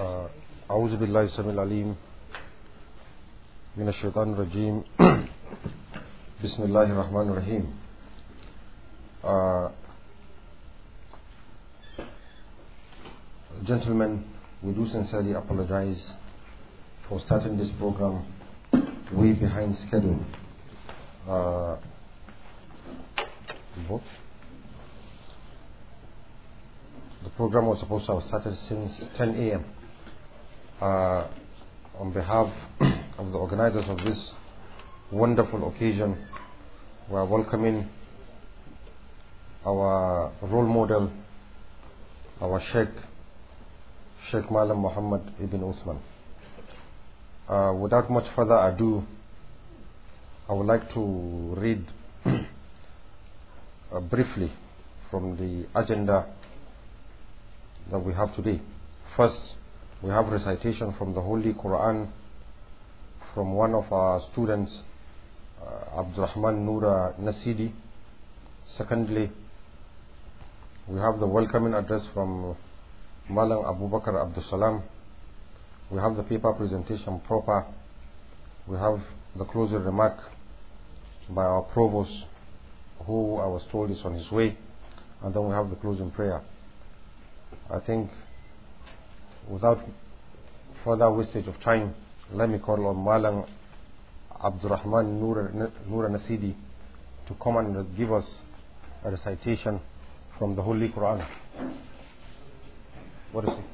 أعوذ بالله السميع العليم من الشيطان الرجيم بسم الله الرحمن الرحيم uh, Gentlemen, we do sincerely apologize for starting this program way behind schedule. Uh, both. The program was supposed to have started since 10 a.m. Uh, on behalf of the organizers of this wonderful occasion, we are welcoming our role model, our Sheikh, Sheikh Malam Muhammad Ibn Usman. Uh, without much further ado, I would like to read uh, briefly from the agenda that we have today. First, we have recitation from the Holy Quran from one of our students, uh, Abdurrahman Noura Nasidi. Secondly, we have the welcoming address from Malang Abu Bakr Abdul Salam. We have the paper presentation proper. We have the closing remark by our provost, who I was told is on his way. And then we have the closing prayer. I think without further wastage of time, let me call on Malang Abdurrahman Nur Nasidi to come and give us a recitation from the Holy Quran. What is it?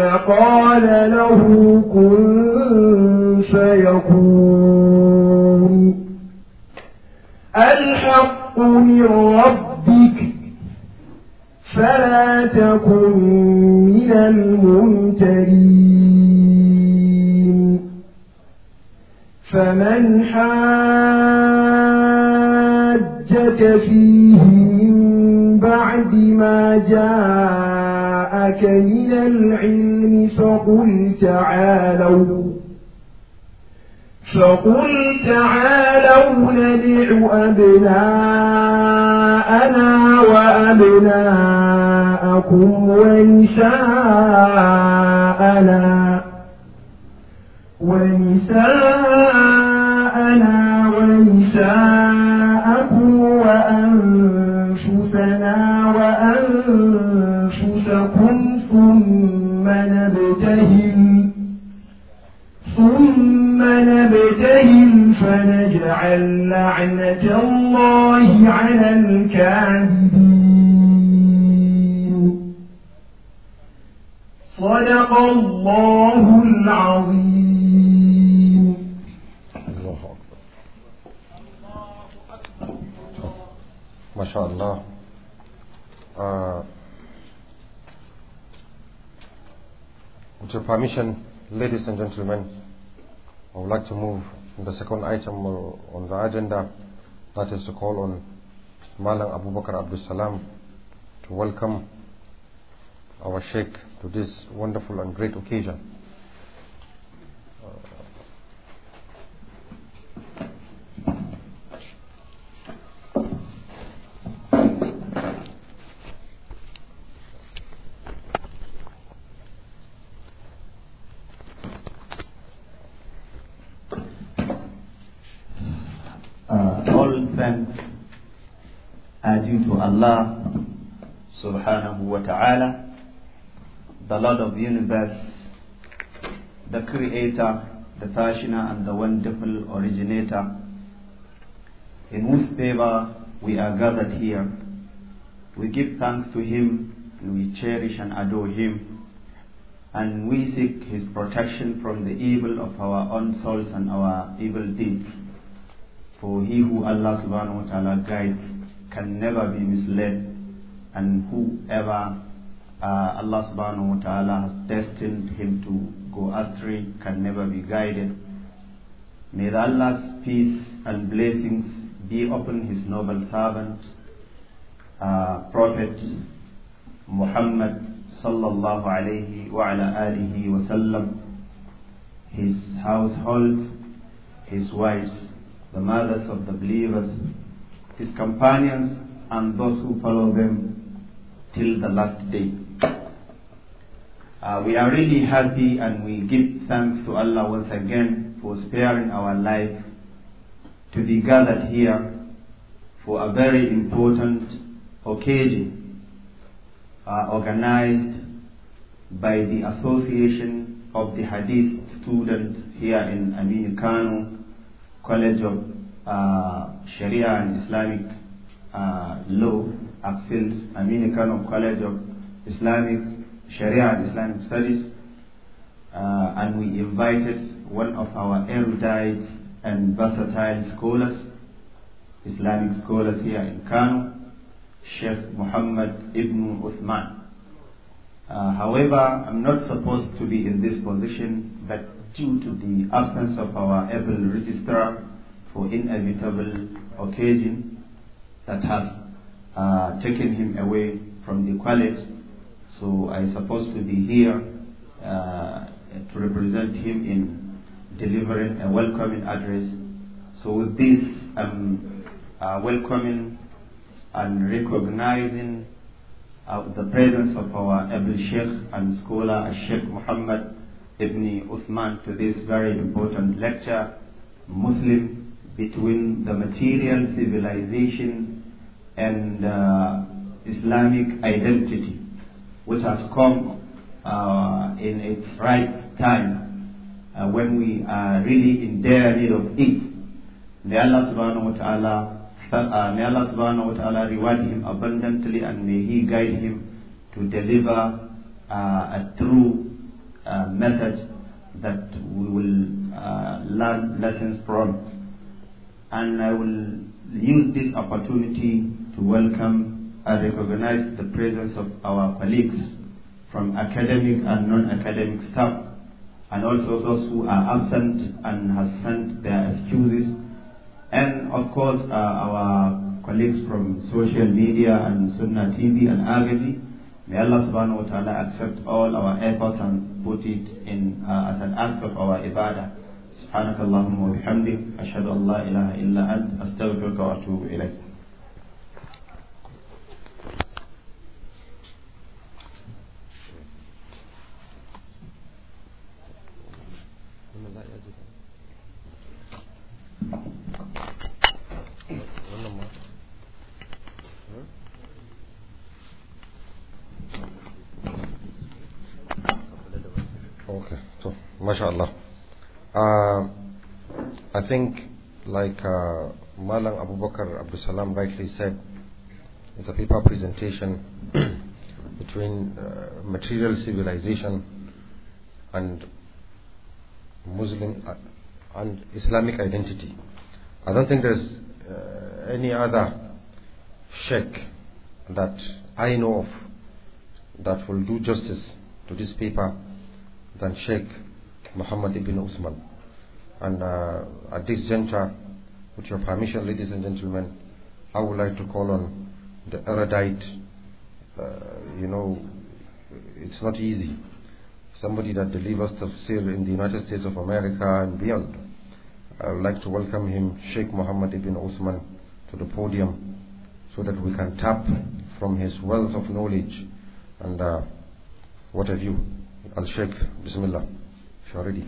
قال له كن فيكون الحق من ربك فلا تكن من الممترين فمن حاجك فيه من بعد ما جاءك معك من العلم فقل تعالوا فقل تعالوا ندع أبناءنا وأبناءكم ونساءنا ونساءنا ونساءنا نجعل لعنة الله على الكاذبين صدق الله العظيم الله أكبر ما شاء الله uh, with your permission ladies and gentlemen I would like to move the second item on the agenda, that is to call on Malang Abu Bakr Abdul Salam to welcome our Sheikh to this wonderful and great occasion. Allah subhanahu wa ta'ala, the Lord of the universe, the creator, the fashioner and the wonderful originator, in whose favor we are gathered here. We give thanks to him and we cherish and adore him. And we seek his protection from the evil of our own souls and our evil deeds. For he who Allah subhanahu wa ta'ala guides can never be misled and whoever uh, Allah subhanahu wa ta'ala has destined him to go astray can never be guided. May Allah's peace and blessings be upon his noble servant, uh, Prophet Muhammad sallallahu alayhi wa ala alihi wa sallam, his household, his wives, the mothers of the believers, his companions, and those who follow them till the last day. Uh, we are really happy and we give thanks to Allah once again for sparing our life to be gathered here for a very important occasion uh, organized by the Association of the Hadith Students here in Aminu Kano College of uh, Sharia and Islamic uh, law at SILS, I mean a kind college of Islamic Sharia and Islamic studies. Uh, and we invited one of our erudite and versatile scholars, Islamic scholars here in Kano, Sheikh Muhammad ibn Uthman. Uh, however, I'm not supposed to be in this position, but due to the absence of our able registrar, for inevitable occasion that has uh, taken him away from the college. So I am supposed to be here uh, to represent him in delivering a welcoming address. So with this, I'm uh, welcoming and recognizing uh, the presence of our able Sheikh and scholar Sheikh Muhammad Ibn Uthman to this very important lecture, Muslim between the material civilization and uh, Islamic identity, which has come uh, in its right time uh, when we are really in dire need of it. May Allah subhanahu wa ta'ala uh, may Allah subhanahu wa ta'ala reward him abundantly and may he guide him to deliver uh, a true uh, message that we will learn lessons from. And I will use this opportunity to welcome and recognize the presence of our colleagues from academic and non-academic staff and also those who are absent and have sent their excuses. And of course, uh, our colleagues from social media and Sunnah TV and Agaji. May Allah subhanahu wa ta'ala accept all our efforts and put it in uh, as an act of our ibadah. سبحانك اللهم وبحمدك أشهد أن لا إله إلا أنت أستغفرك وأتوب إليك ما شاء الله Uh, I think, like uh, Malang Abu Bakr Abdul Salam rightly said, it's a paper presentation between uh, material civilization and Muslim uh, and Islamic identity. I don't think there's uh, any other sheikh that I know of that will do justice to this paper than Sheikh Muhammad ibn Usman. And uh, at this juncture, with your permission, ladies and gentlemen, I would like to call on the erudite. Uh, you know, it's not easy. Somebody that delivers tafsir in the United States of America and beyond. I would like to welcome him, Sheikh Muhammad ibn Usman, to the podium so that we can tap from his wealth of knowledge and uh, what have you. Al Sheikh, Bismillah. شاردي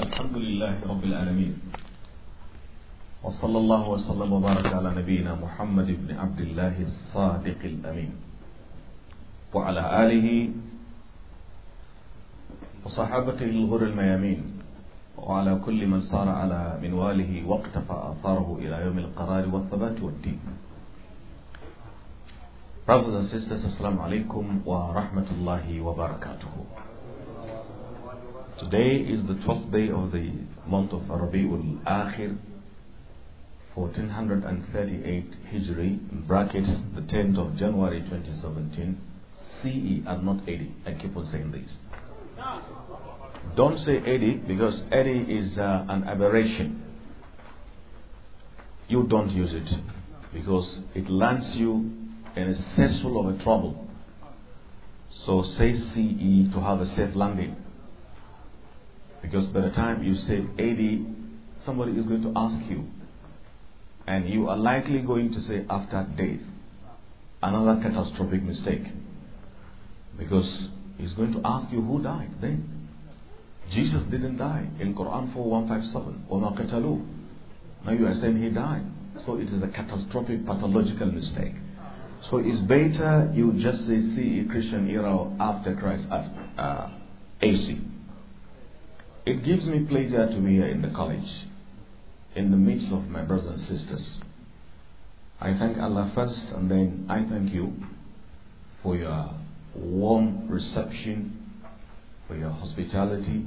الحمد لله رب العالمين وصلى الله وسلم وبارك على نبينا محمد بن عبد الله الصادق الأمين وعلى آله وصحابته الغر الميامين وعلى كل من صار على منواله واقتفى آثاره إلى يوم القرار والثبات والدين Brothers and sisters, Assalamu alaikum wa rahmatullahi wa barakatuhu. Today is the 12th day of the month of Rabi'ul Akhir, 1438 Hijri, in brackets the 10th of January 2017, CE and not AD. I keep on saying this. Don't say Eddie because Eddie is uh, an aberration. You don't use it because it lands you in a cesspool of a trouble. So say CE to have a safe landing. Because by the time you say AD, somebody is going to ask you. And you are likely going to say after death. Another catastrophic mistake. Because he's going to ask you who died then. Jesus didn't die in Quran 4157. Now you are saying he died. So it is a catastrophic pathological mistake. So it's better you just say, see a Christian era after Christ uh, uh AC. It gives me pleasure to be here in the college, in the midst of my brothers and sisters. I thank Allah first and then I thank you for your warm reception, for your hospitality,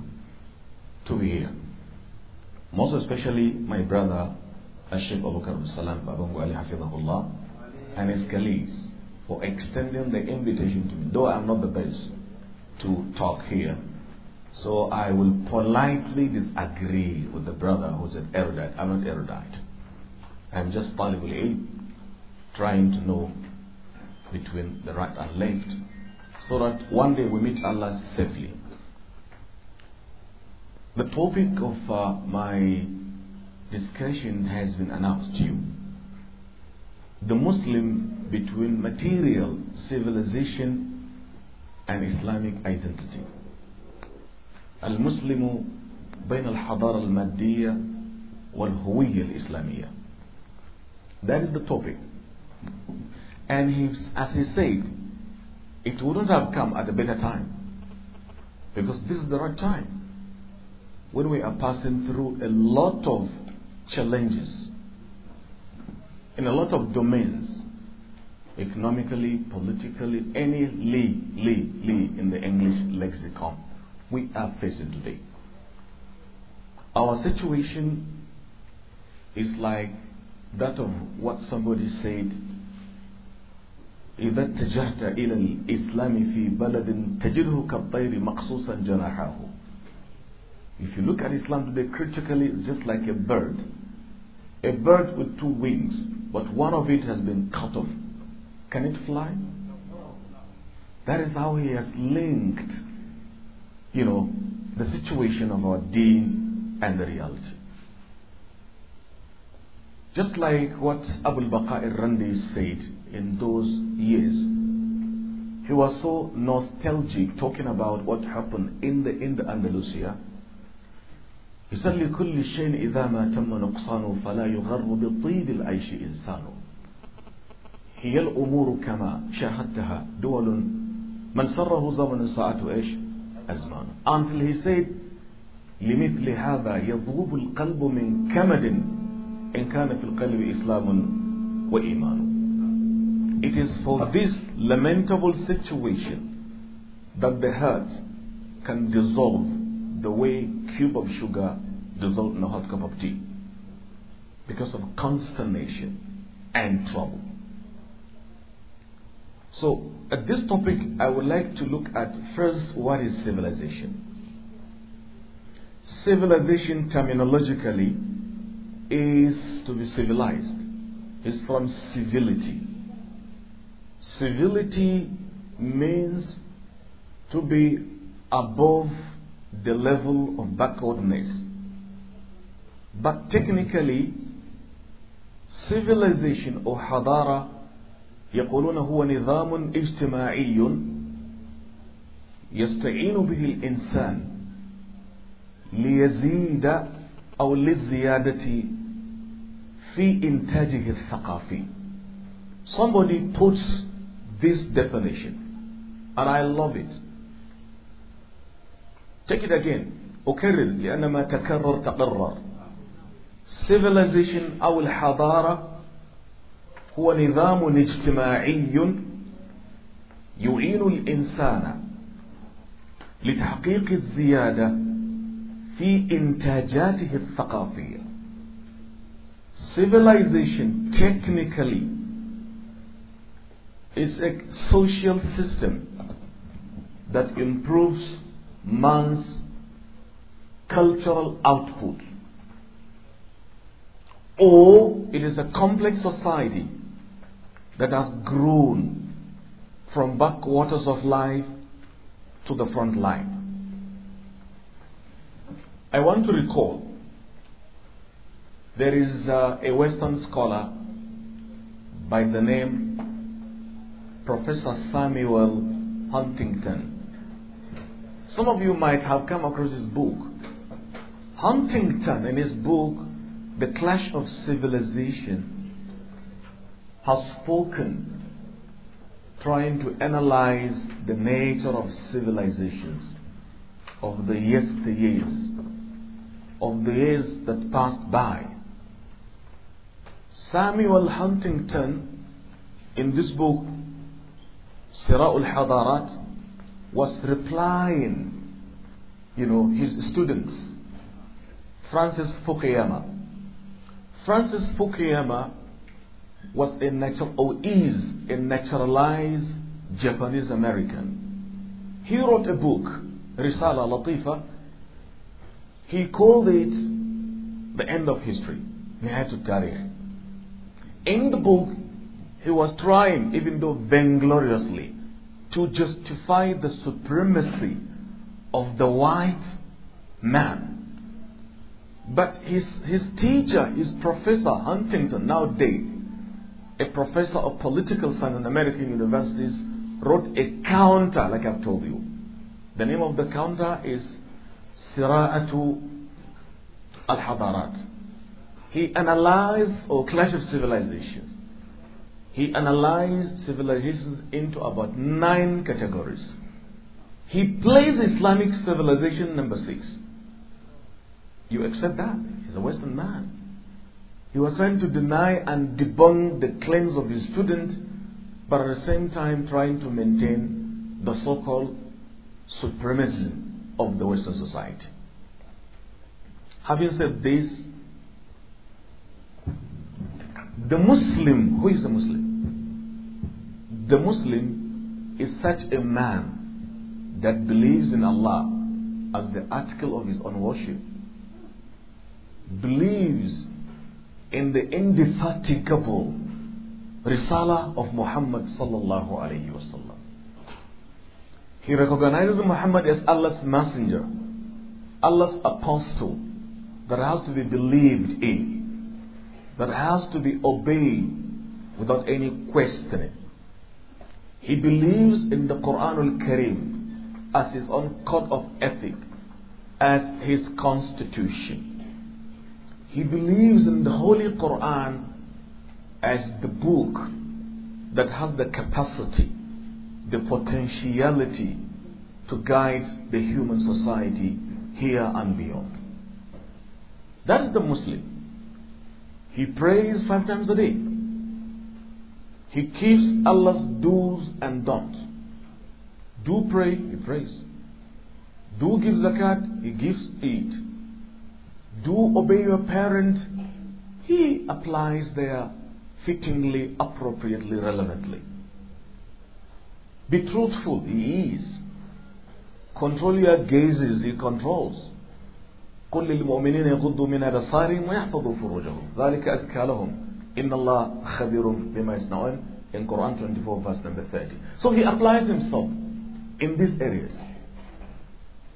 to be here. Most especially my brother, Ashif Abu Bakr Salam Babangu Ali Hafidahullah, and his colleagues for extending the invitation to me, though I'm not the best to talk here. So I will politely disagree with the brother who said erudite. I'm not erudite. I'm just talibul trying to know between the right and left, so that one day we meet Allah safely. The topic of uh, my discussion has been announced to you. The Muslim between material civilization and Islamic identity. Al al بين الحضارة المادية والهوية الإسلامية. That is the topic. And he, as he said, it wouldn't have come at a better time. Because this is the right time when we are passing through a lot of challenges in a lot of domains economically, politically, any lee, lee, in the English lexicon. We are facing today. Our situation is like that of what somebody said إذا اتجهت إلى الإسلام في بلد تجده كالطير مقصوصا جناحه if you look at Islam today critically, it's just like a bird. A bird with two wings, but one of it has been cut off. Can it fly? That is how he has linked, you know, the situation of our deen and the reality. Just like what Abu Bakr al-Randi said in those years, he was so nostalgic talking about what happened in the in the Andalusia يصلي كل شيء إذا ما تم نقصانه فلا يغر بالطيب العيش إنسان هي الأمور كما شاهدتها دول من سره زمن ساعة إيش أزمان أنت he said لمثل هذا يضرب القلب من كمد إن كان في القلب إسلام وإيمان It is for this lamentable situation that the heart can dissolve the way cube of sugar dissolved in a hot cup of tea because of consternation and trouble. So, at this topic, I would like to look at first what is civilization. Civilization, terminologically, is to be civilized, it's from civility. Civility means to be above the level of backwardness. But technically, civilization or hadara يقولون هو نظام اجتماعي يستعين به الإنسان ليزيد أو للزيادة في إنتاجه الثقافي. Somebody puts this definition and I love it. Take it again. أكرر لأن ما تكرر تقرر. Civilization أو الحضارة هو نظام اجتماعي يعين الإنسان لتحقيق الزيادة في إنتاجاته الثقافية. Civilization technically is a social system that improves man's cultural output. Or it is a complex society that has grown from backwaters of life to the front line. I want to recall there is uh, a Western scholar by the name Professor Samuel Huntington. Some of you might have come across his book. Huntington, in his book, The Clash of Civilizations, has spoken trying to analyze the nature of civilizations of the yesteryears, of the years that passed by. Samuel Huntington, in this book, Sira'ul Hadarat, was replying, you know, his students. Francis Fukuyama. Francis Fukuyama was a natural or is a naturalized Japanese American. He wrote a book, Risala Latifa. He called it The End of History, Nihayat Tarikh. In the book, he was trying, even though vaingloriously, to justify the supremacy of the white man. But his, his teacher, his professor, Huntington, nowadays, a professor of political science in American universities, wrote a counter, like I've told you. The name of the counter is Sira'atu al Hadarat. He analyzed or clash of civilizations. He analyzed civilizations into about nine categories. He placed Islamic civilization number six. You accept that? He's a Western man. He was trying to deny and debunk the claims of his student, but at the same time trying to maintain the so called supremacy of the Western society. Having said this, the Muslim, who is a Muslim? The Muslim is such a man that believes in Allah as the article of his own worship, believes in the indefatigable risala of Muhammad sallallahu alayhi wasallam. He recognizes Muhammad as Allah's messenger, Allah's apostle that has to be believed in, that has to be obeyed without any questioning. He believes in the Quran al Karim as his own code of ethic, as his constitution. He believes in the Holy Quran as the book that has the capacity, the potentiality to guide the human society here and beyond. That is the Muslim. He prays five times a day. He keeps Allah's do's and don'ts. Do pray, he prays. Do give zakat, he gives it. Do obey your parent, he applies there fittingly, appropriately, relevantly. Be truthful, he is. Control your gazes, he controls. قل للمؤمنين يغضوا من أبصارهم ويحفظوا فروجهم ذلك أزكى لهم إِنَّ اللَّهَ خَبِيرٌ بِمَا يَصْنَعُونَ in Quran 24 verse number 30. So he applies himself in these areas.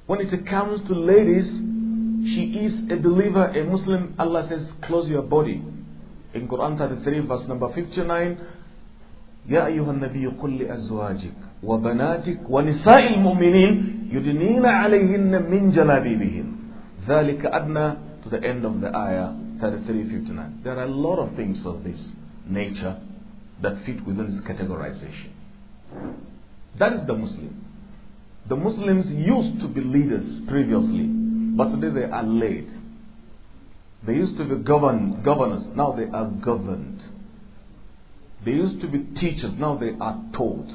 When it comes to ladies, she is a believer, a Muslim. Allah says, close your body. In Quran 33 verse number 59, يا أيها النبي قل لأزواجك وبناتك ونساء المؤمنين يدنين عليهن من جلابيبهن ذلك أدنى to the end of the ayah 3359. There are a lot of things of this nature that fit within this categorization. That is the Muslim. The Muslims used to be leaders previously, but today they are led. They used to be govern, governors, now they are governed. They used to be teachers, now they are taught.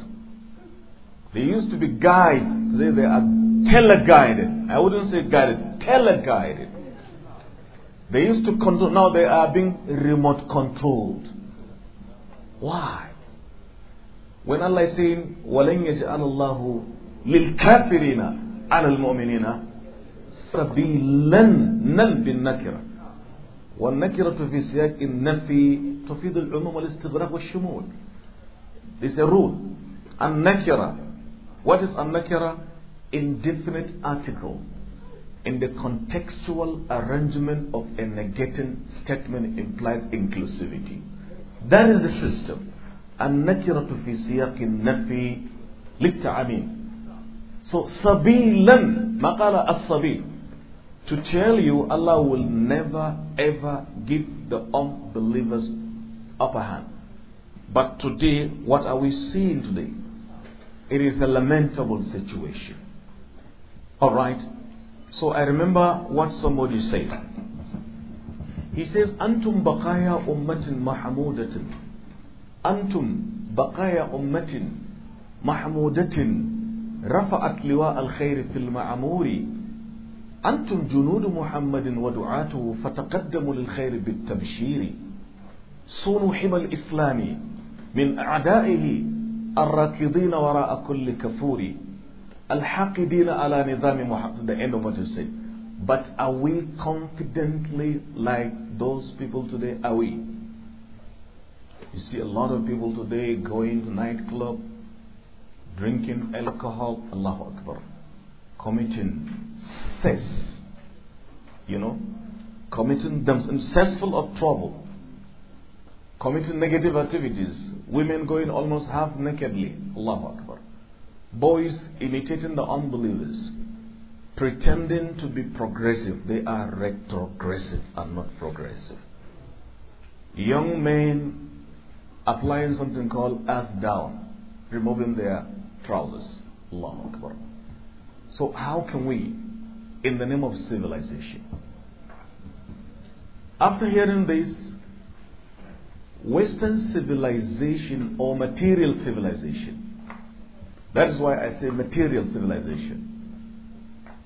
They used to be guides, today they are teleguided. I wouldn't say guided, teleguided. They used to control, now they are being remote controlled. Why? When Allah is saying, وَلَنْ يَجْعَلَ اللَّهُ لِلْكَافِرِينَ عَلَى الْمُؤْمِنِينَ سَبِيلًا نَلْ بِالنَّكِرَةِ والنكرة في سياق النفي تفيد العموم والاستغراق والشمول. This is a rule. النكرة. What is النكرة? Indefinite article in the contextual arrangement of a negating statement implies inclusivity. That is the system. النكرة في سياق النفي للتعميم. So سبيلا ما قال السبيل. To tell you Allah will never ever give the unbelievers upper hand. But today, what are we seeing today? It is a lamentable situation. Alright? So I remember what somebody said. He says, أنتم بقايا أمة محمودة. أنتم بقايا أمة محمودة رفعت لواء الخير في المعمور أنتم جنود محمد ودعاته فتقدموا للخير بالتبشير صونوا حمى الإسلام من أعدائه الراكضين وراء كل كفور Al-Haqidina ala nizami Muhammad, the end of what you said, But are we confidently like those people today? Are we? You see a lot of people today going to nightclub, drinking alcohol, Allahu Akbar, committing sex, you know, committing themselves successful of trouble, committing negative activities, women going almost half nakedly, Allahu Akbar boys imitating the unbelievers, pretending to be progressive. They are retrogressive and not progressive. Young men applying something called ass down, removing their trousers. Allahu Akbar. So, how can we, in the name of civilization, after hearing this, Western civilization or material civilization that is why I say material civilization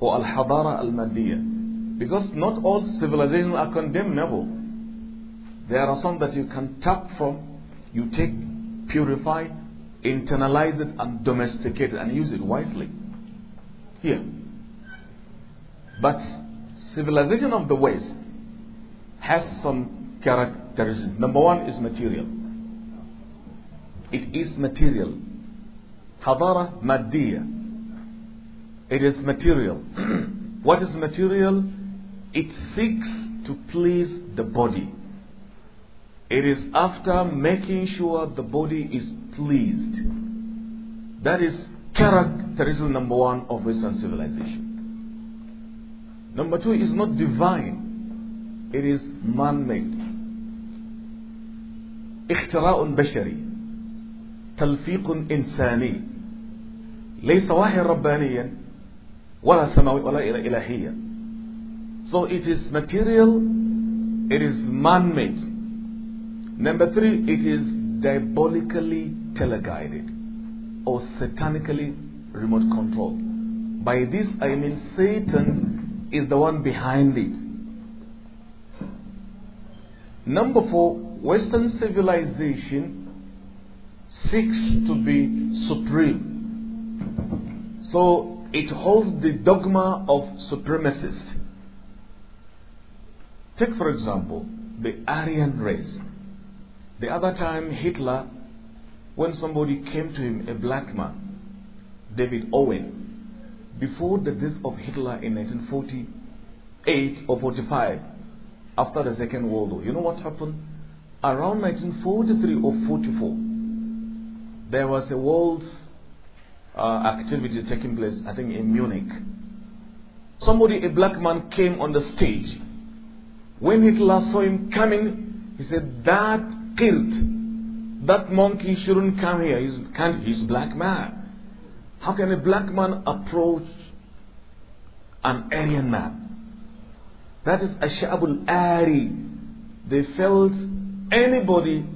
or al hadara al madiyah. Because not all civilizations are condemnable. There are some that you can tap from, you take, purify, internalize it, and domesticate it and use it wisely. Here. But civilization of the West has some characteristics. Number one is material. It is material حضارة maddiya. it is material what is material it seeks to please the body it is after making sure the body is pleased that is characterism number one of western civilization number two is not divine it is man-made اختراء بشري تلفيق إنساني ليس وحيا ربانيا ولا سماوي ولا إلهية so it is material it is man-made number three it is diabolically teleguided or satanically remote controlled by this I mean Satan is the one behind it number four Western civilization seeks to be supreme so it holds the dogma of supremacist. Take, for example, the Aryan race. The other time, Hitler, when somebody came to him, a black man, David Owen, before the death of Hitler in 1948 or 45, after the Second World War, you know what happened? Around 1943 or 44, there was a world uh, activity taking place, I think in Munich. Somebody, a black man, came on the stage. When Hitler saw him coming, he said, That killed. that monkey shouldn't come here. He's, can't, he's black man. How can a black man approach an Aryan man? That is Ash'abul Ari. They felt anybody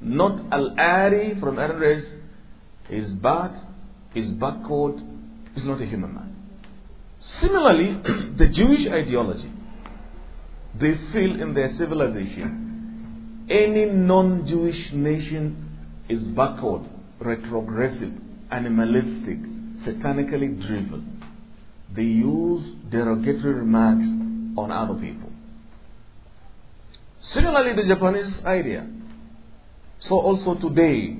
not Al Ari from Aryan race is bad his barcode is not a human man. Similarly, the Jewish ideology, they feel in their civilization, any non Jewish nation is backward, retrogressive, animalistic, satanically driven. They use derogatory remarks on other people. Similarly, the Japanese idea. So, also today,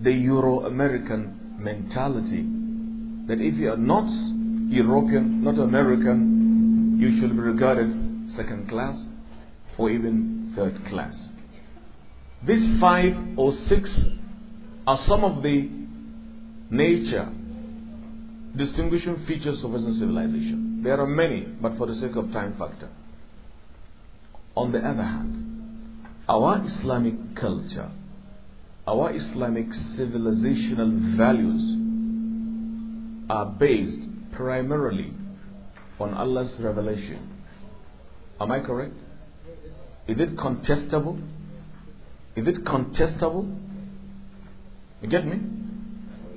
the Euro American mentality that if you are not European, not American, you should be regarded second class or even third class. These five or six are some of the nature distinguishing features of Western civilization. There are many, but for the sake of time factor. On the other hand, our Islamic culture our Islamic civilizational values are based primarily on Allah's revelation. Am I correct? Is it contestable? Is it contestable? You get me?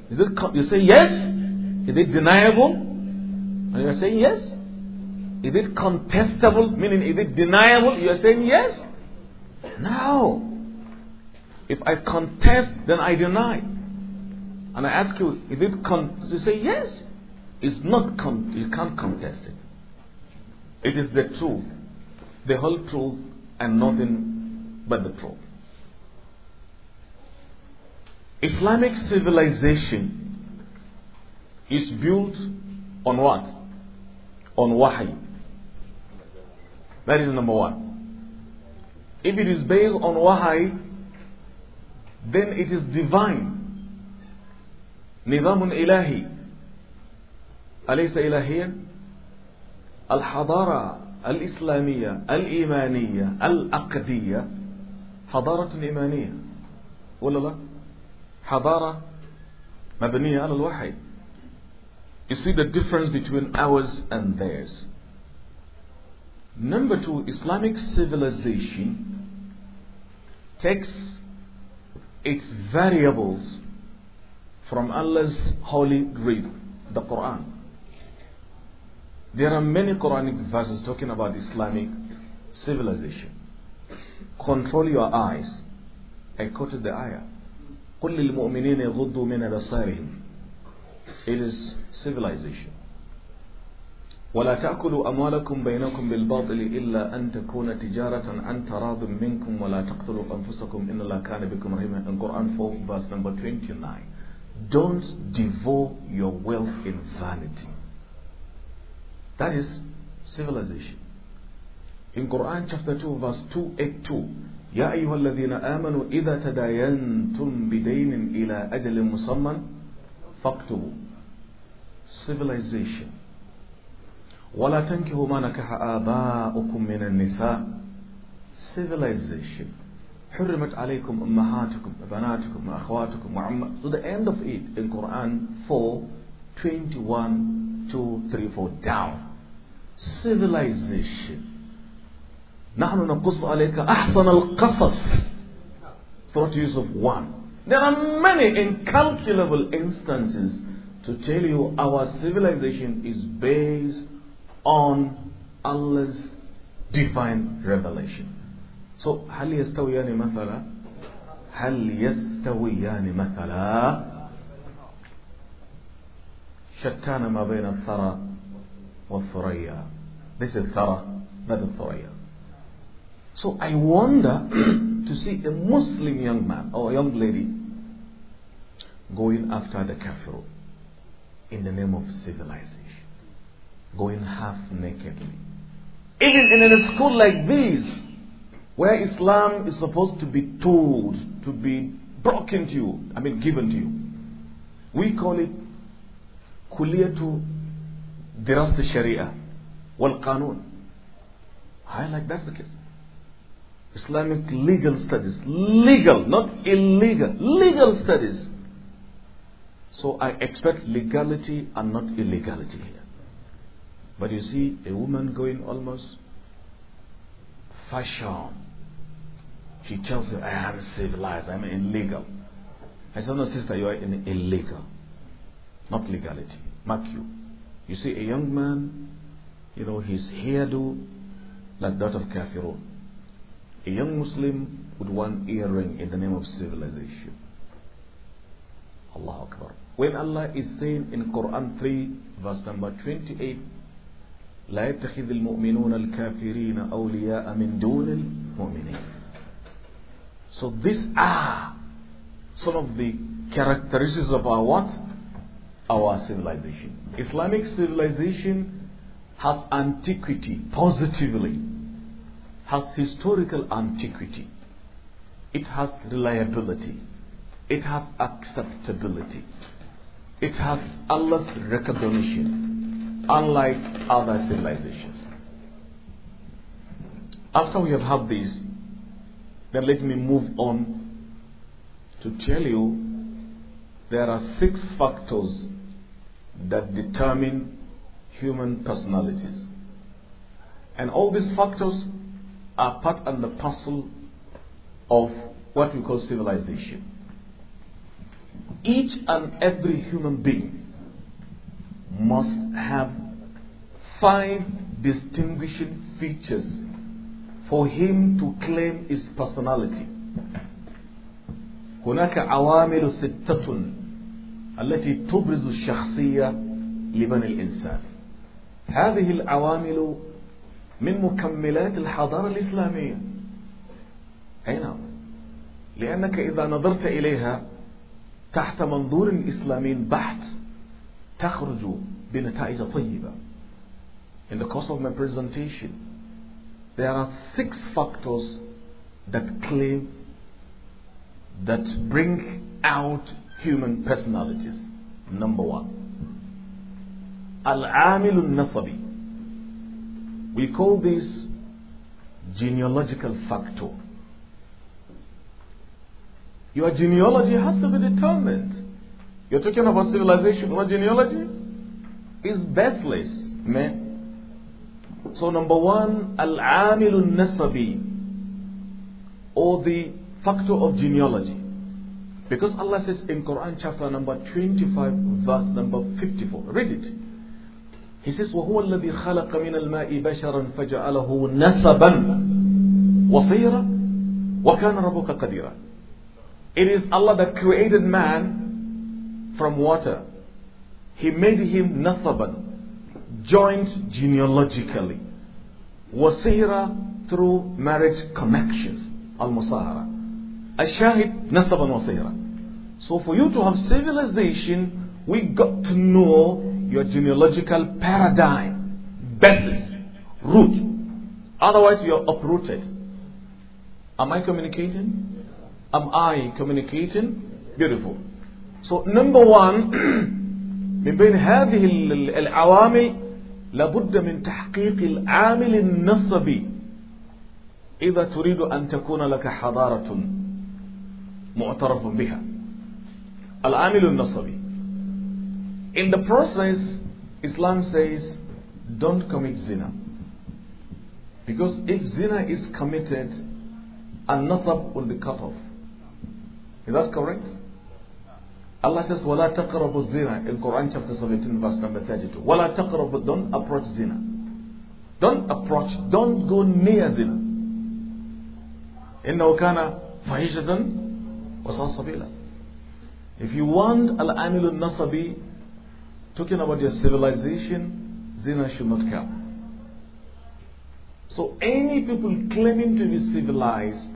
Is it you say yes? Is it deniable? And you are saying yes. Is it contestable? Meaning, is it deniable? You are saying yes? No. If I contest, then I deny. And I ask you, is it con? You say yes. It's not con. You can't contest it. It is the truth, the whole truth, and nothing but the truth. Islamic civilization is built on what? On wahi. That is number one. If it is based on wahi, then it is divine. Nidamun ilahi. Alaysa ilahiyan? Al hadara, al islamiyya, al imaniya al aqdiyya. حضارة إيمانية ولا لا حضارة مبنية al الوحي You see the difference between ours and theirs Number two, Islamic civilization takes its variables from Allah's holy grid, the Quran. There are many Quranic verses talking about Islamic civilization. Control your eyes. I quoted the ayah. قل للمؤمنين يغضوا من أبصارهم. It is civilization. ولا تأكلوا أموالكم بينكم بالباطل إلا أن تكون تجارة عن تراض منكم ولا تقتلوا أنفسكم إن الله كان بكم رحيما in Quran 4 verse number 29 Don't devour your wealth in vanity That is civilization In Quran chapter 2 verse 282 يا أيها الذين آمنوا إذا تداينتم بدين إلى أجل مسمى فاكتبوا Civilization وَلَا تَنْكِهُ مَا نَكَحَ آبَاؤُكُم مِّنَ النِّسَاءِ Civilization. حرمت عليكم أمهاتكم بناتكم وأخواتكم وعم to the end of it in Quran 4 21 2 3 4 down civilization نحن نقص عليك أحسن القصص thought use of one there are many incalculable instances to tell you our civilization is based on Allah's divine revelation. So, هل يستويان مثلا؟ هل يستويان مثلا؟ شتان ما بين الثرى والثريا. This is thara, that is thuraya. So I wonder to see a Muslim young man or young lady going after the kafir in the name of civilization going half nakedly. Even in a school like this, where Islam is supposed to be told, to be broken to you, I mean given to you, we call it kuliyatu dirasat sharia wal qanun. I like that's the case. Islamic legal studies, legal, not illegal, legal studies. So I expect legality and not illegality here. But you see a woman going almost fashion. She tells you, I am civilized, I'm illegal. I said, No, sister, you are in illegal. Not legality. Mark you. You see a young man, you know, his hairdo like that of Kafirun. A young Muslim with one earring in the name of civilization. Allah Akbar. When Allah is saying in Quran 3, verse number 28, لا يتخذ المؤمنون الكافرين أولياء من دون المؤمنين so these are some of the characteristics of our what? Our civilization. Islamic civilization has antiquity positively, has historical antiquity, it has reliability, it has acceptability, it has Allah's recognition unlike other civilizations. After we have had this, then let me move on to tell you there are six factors that determine human personalities. And all these factors are part and the parcel of what we call civilization. Each and every human being must have five distinguishing features for him to claim his personality. هناك عوامل ستة التي تبرز الشخصية لبني الإنسان. هذه العوامل من مكملات الحضارة الإسلامية. أي نعم. لأنك إذا نظرت إليها تحت منظور إسلامي بحت تخرج بنتائج طيبة in the course of my presentation there are six factors that claim that bring out human personalities number one العامل النصبي we call this genealogical factor your genealogy has to be determined you're talking about civilization or genealogy? It's baseless, man. So number one, al-amilun nasabi, or the factor of genealogy. Because Allah says in Quran chapter number 25, verse number 54. Read it. He says, وَهُوَ الَّذِي خَلَقَ مِنَ الْمَاءِ بَشَرًا فَجَعَلَهُ نَسَبًا وَصِيرًا وَكَانَ رَبُّكَ قَدِيرًا It is Allah that created man from water. He made him nasaban, joined genealogically. Wasira through marriage connections. Al Musahara. Ashahid nasaban wasira. So for you to have civilization, we got to know your genealogical paradigm, basis, root. Otherwise, you're uprooted. Am I communicating? Am I communicating? Beautiful. So number one, من بين هذه العوامل لابد من تحقيق العامل النصبي إذا تريد أن تكون لك حضارة معترف بها العامل النصبي In the process, Islam says, don't commit zina. Because if zina is committed, a nasab will be cut off. Is that correct? Allah says, "Wala تَقْرَبُ zina in Quran chapter 17, verse number 32. Wala تقرب تَقْرَبُ Don't approach zina. Don't approach, don't go near zina. Inna كَانَ فَهِشَةً وَسَوْ سَبِيلًا If you want Al-Amil nasabi talking about your civilization, zina should not come. So any people claiming to be civilized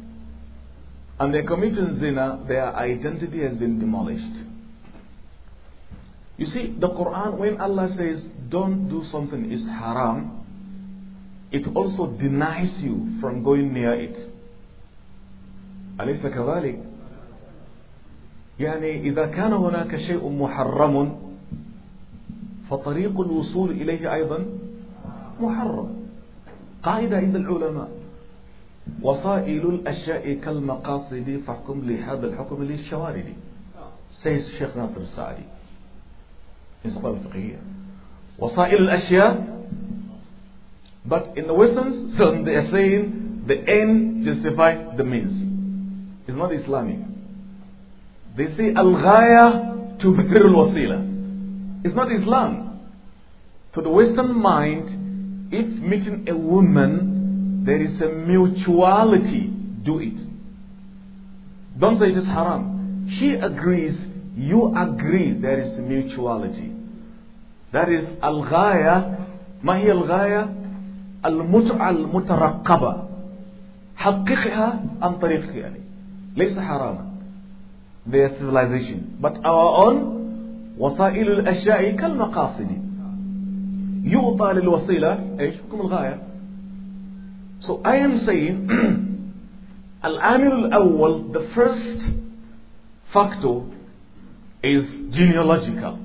and they're committing zina, their identity has been demolished. You see, the Quran, when Allah says, don't do something is haram, it also denies you from going near it. أليس كذلك؟ يعني إذا كان هناك شيء محرم فطريق الوصول إليه أيضا محرم قاعدة عند العلماء وصائل الأشياء كالمقاصد فحكم لهذا الحكم للشوارد says Sheikh ناصر السعدي It's not fiqhiyya. Wasail But in the Westerns, so they are saying the end justifies the means. It's not Islamic. They say al-ghaya to al-wasila. It's not Islam. To the Western mind, if meeting a woman, there is a mutuality, do it. Don't say it is haram. She agrees, you agree, there is mutuality. That is al-ghaya. Ma hiya al-ghaya? Al-mut'a al-mutaraqqaba. Haqqiqha an tariq yani. Laysa harama. Their civilization. But our own وسائل الأشياء كالمقاصد يعطى للوسيلة إيش حكم الغاية So I am saying العامل الأول the first factor is genealogical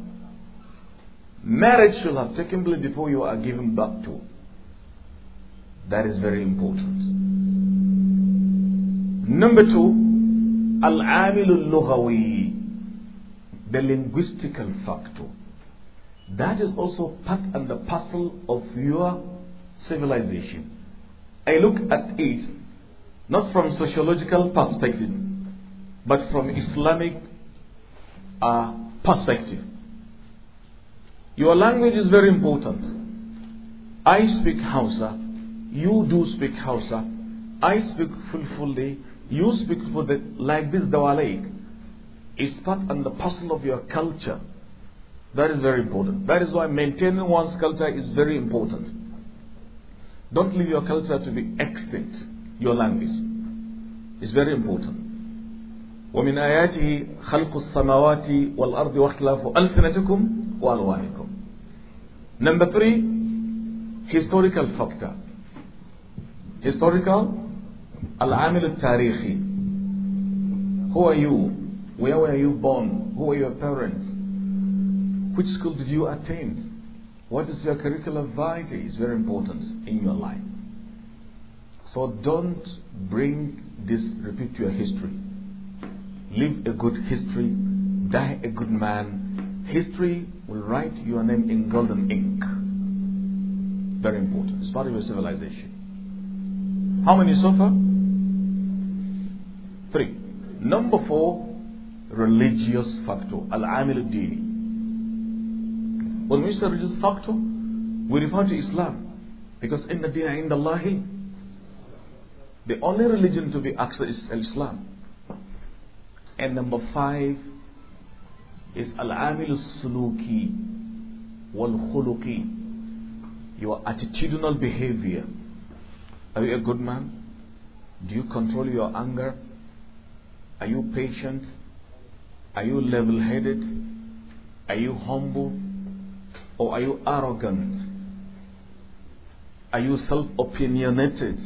Marriage should have taken place before you are given birth to. That is very important. Number two, al-amilul lughawi, the linguistical factor. That is also part and the parcel of your civilization. I look at it not from sociological perspective, but from Islamic uh, perspective. Your language is very important. I speak Hausa. You do speak Hausa. I speak fully. You speak Fulde Like this Dawalaik is part and the parcel of your culture. That is very important. That is why maintaining one's culture is very important. Don't leave your culture to be extinct. Your language is very important. ومن آياته خلق السماوات والأرض واختلاف ألسنتكم وألوانكم Number three, historical factor. Historical, العامل التاريخي. Who are you? Where were you born? Who are your parents? Which school did you attend? What is your curriculum vitae? Is very important in your life. So don't bring this, repeat your history. Live a good history, die a good man, History will write your name in golden ink. Very important. It's part of your civilization. How many so far? Three. Number four, religious factor. Al-amil dini. When we say religious factor, we refer to Islam. Because in the dina, in the lahi, the only religion to be accepted is Islam. And number five, is al-amil suluki wal khuluki your attitudinal behavior are you a good man do you control your anger are you patient are you level headed are you humble or are you arrogant are you self opinionated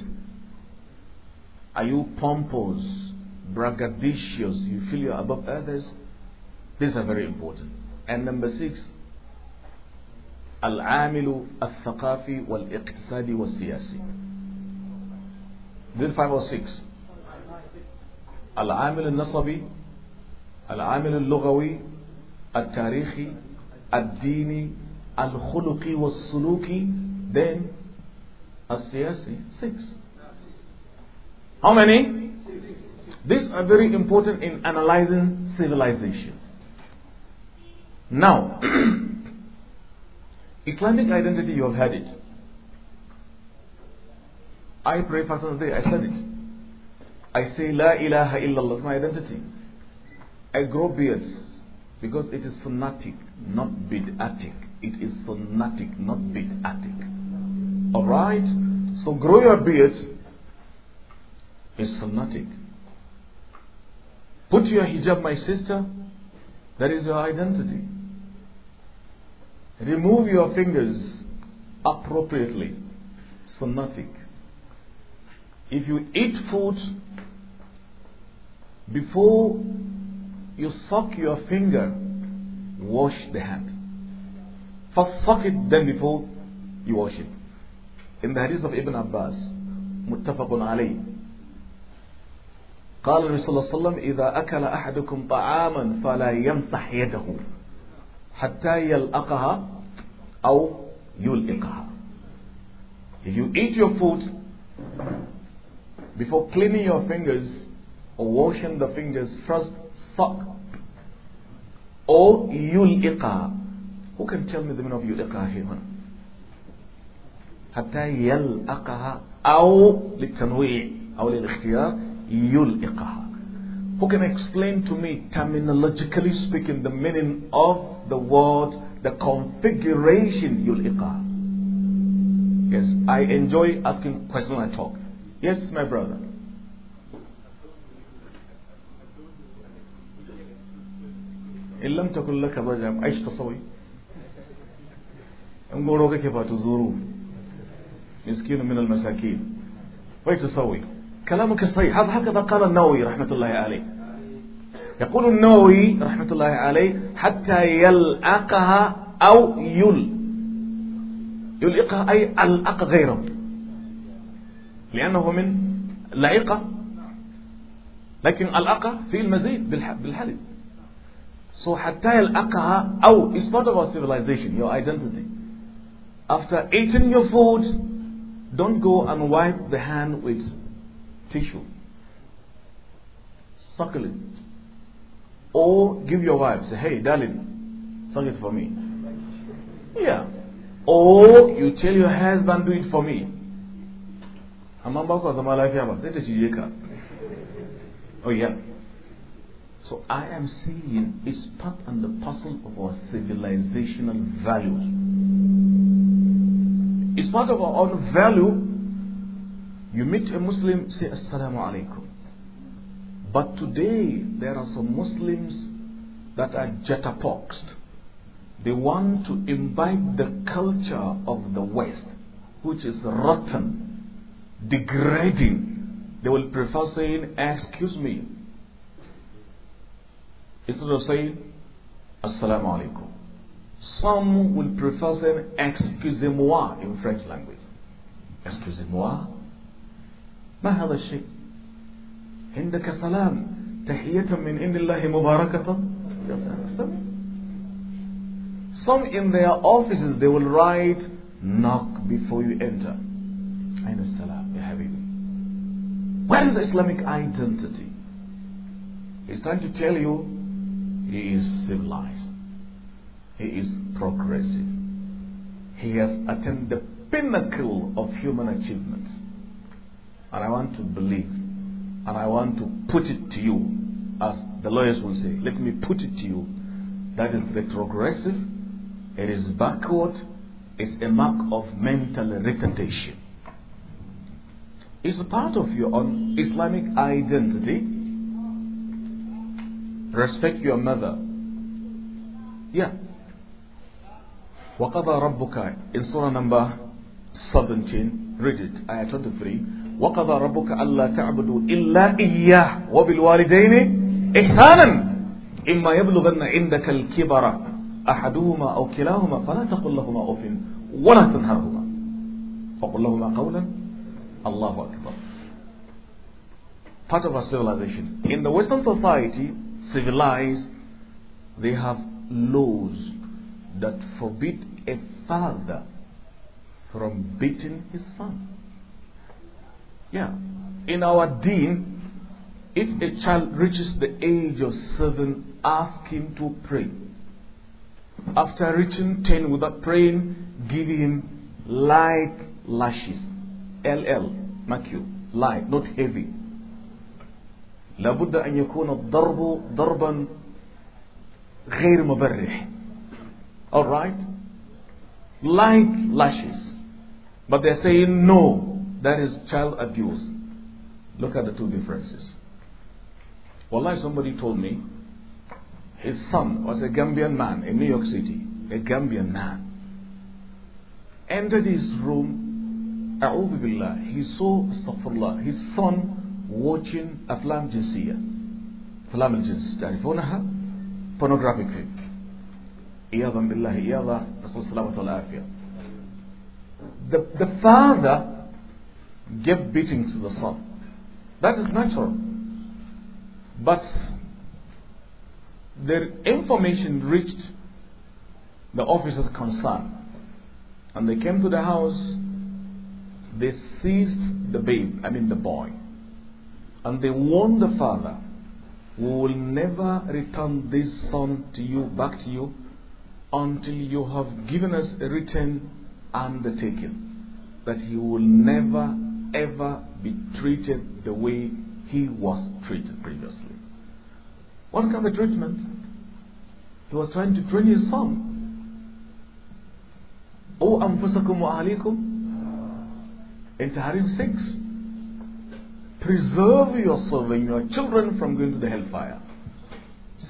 are you pompous braggadocious you feel you're above others these are very important. And number six, العامل الثقافي والاقتصادي والسياسي. Then five or six. العامل النصبي العامل اللغوي التاريخي الديني الخلقي والسلوكي then السياسي six how many these are very important in analyzing civilization now, Islamic identity, you have heard it. I pray for the day, I said it. I say La ilaha illallah, it's my identity. I grow beards because it is sunnatic, not bid'atic. It is sunnatic, not bid'atic. Alright? So grow your beard is sunnatic. Put your hijab, my sister, that is your identity remove your fingers appropriately. It's sunnatic. If you eat food, before you suck your finger, wash the hand. First suck it, then before you wash it. In the hadith of Ibn Abbas, متفق عليه قال الرسول صلى الله عليه وسلم إذا أكل أحدكم طعاما فلا يمسح يده حتى يلأقها أو يلقها if you eat your food before cleaning your fingers or washing the fingers first suck or يلقها. who can tell me the meaning of يلقها here حتى يلقها أو للتنويع أو للاختيار يلقها who can explain to me terminologically speaking the meaning of the word the configuration you'll iqah. Yes, I enjoy asking questions when I talk. Yes, my brother. إن لم تكن لك ضجع أيش تسوي؟ نقولوا كيف تزوروه مسكين من المساكين ويتسوي كلامك صحيح هذا هكذا قال النووي رحمة الله عليه يقول النووي رحمة الله عليه حتى يلعقها أو يل يلعقها أي ألعق غيره لأنه من لعقة لكن ألعقها في المزيد بالحلب So حتى يلعقها أو is part of our civilization, your identity. After eating your food, don't go and wipe the hand with tissue. Suckle it Or give your wife, say, hey, darling, sing it for me. Yeah. Or you tell your husband, do it for me. Oh yeah. So I am saying it's part and the parcel of our civilizational values. It's part of our own value. You meet a Muslim, say Assalamu alaikum. But today there are some Muslims that are jetapoxed. They want to imbibe the culture of the West, which is rotten, degrading. They will prefer saying, Excuse me, instead of saying, Assalamu alaikum. Some will prefer saying, Excusez-moi in French language. Excusez-moi. ma هذا عندك سلام تحية من عند الله مباركة some in their offices they will write knock before you enter أين السلام يا حبيبي where is Islamic identity it's time to tell you he is civilized he is progressive he has attained the pinnacle of human achievement and I want to believe and I want to put it to you, as the lawyers will say, let me put it to you. That is retrogressive, it is backward, it's a mark of mental retardation. It's a part of your own Islamic identity. Respect your mother. Yeah. وَقَضَى رَبُّكَ in Surah number 17, read it, ayah 23. وقضى ربك ألا تعبدوا إلا إياه وبالوالدين إحسانا إما يبلغن عندك الكبر أحدهما أو كلاهما فلا تقل لهما أف ولا تنهرهما فقل لهما قولا الله أكبر part of our civilization in the western society civilized they have laws that forbid a father from beating his son Yeah. In our deen, if a child reaches the age of seven, ask him to pray. After reaching ten without praying, give him light lashes. LL, mark you, light, not heavy. لابد أن يكون الضرب ضربا غير مبرح. Alright? Light lashes. But they're saying no. That is child abuse. Look at the two differences. Wallahi, somebody told me his son was a Gambian man in New York City, a Gambian man. Entered his room, A'udhu Billah, he saw, astaghfirullah, his son watching Aflam Jinsiya. Aflam al Jins, pornographic film. The, the father give beating to the son. That is natural. But the information reached the officers concerned. And they came to the house, they seized the babe, I mean the boy. And they warned the father, We will never return this son to you, back to you, until you have given us a written undertaking that you will never ever be treated the way he was treated previously. What kind of treatment? He was trying to train his son. O أنفسكم وأهليكم in Tahrim 6 Preserve yourself and your children from going to the hellfire.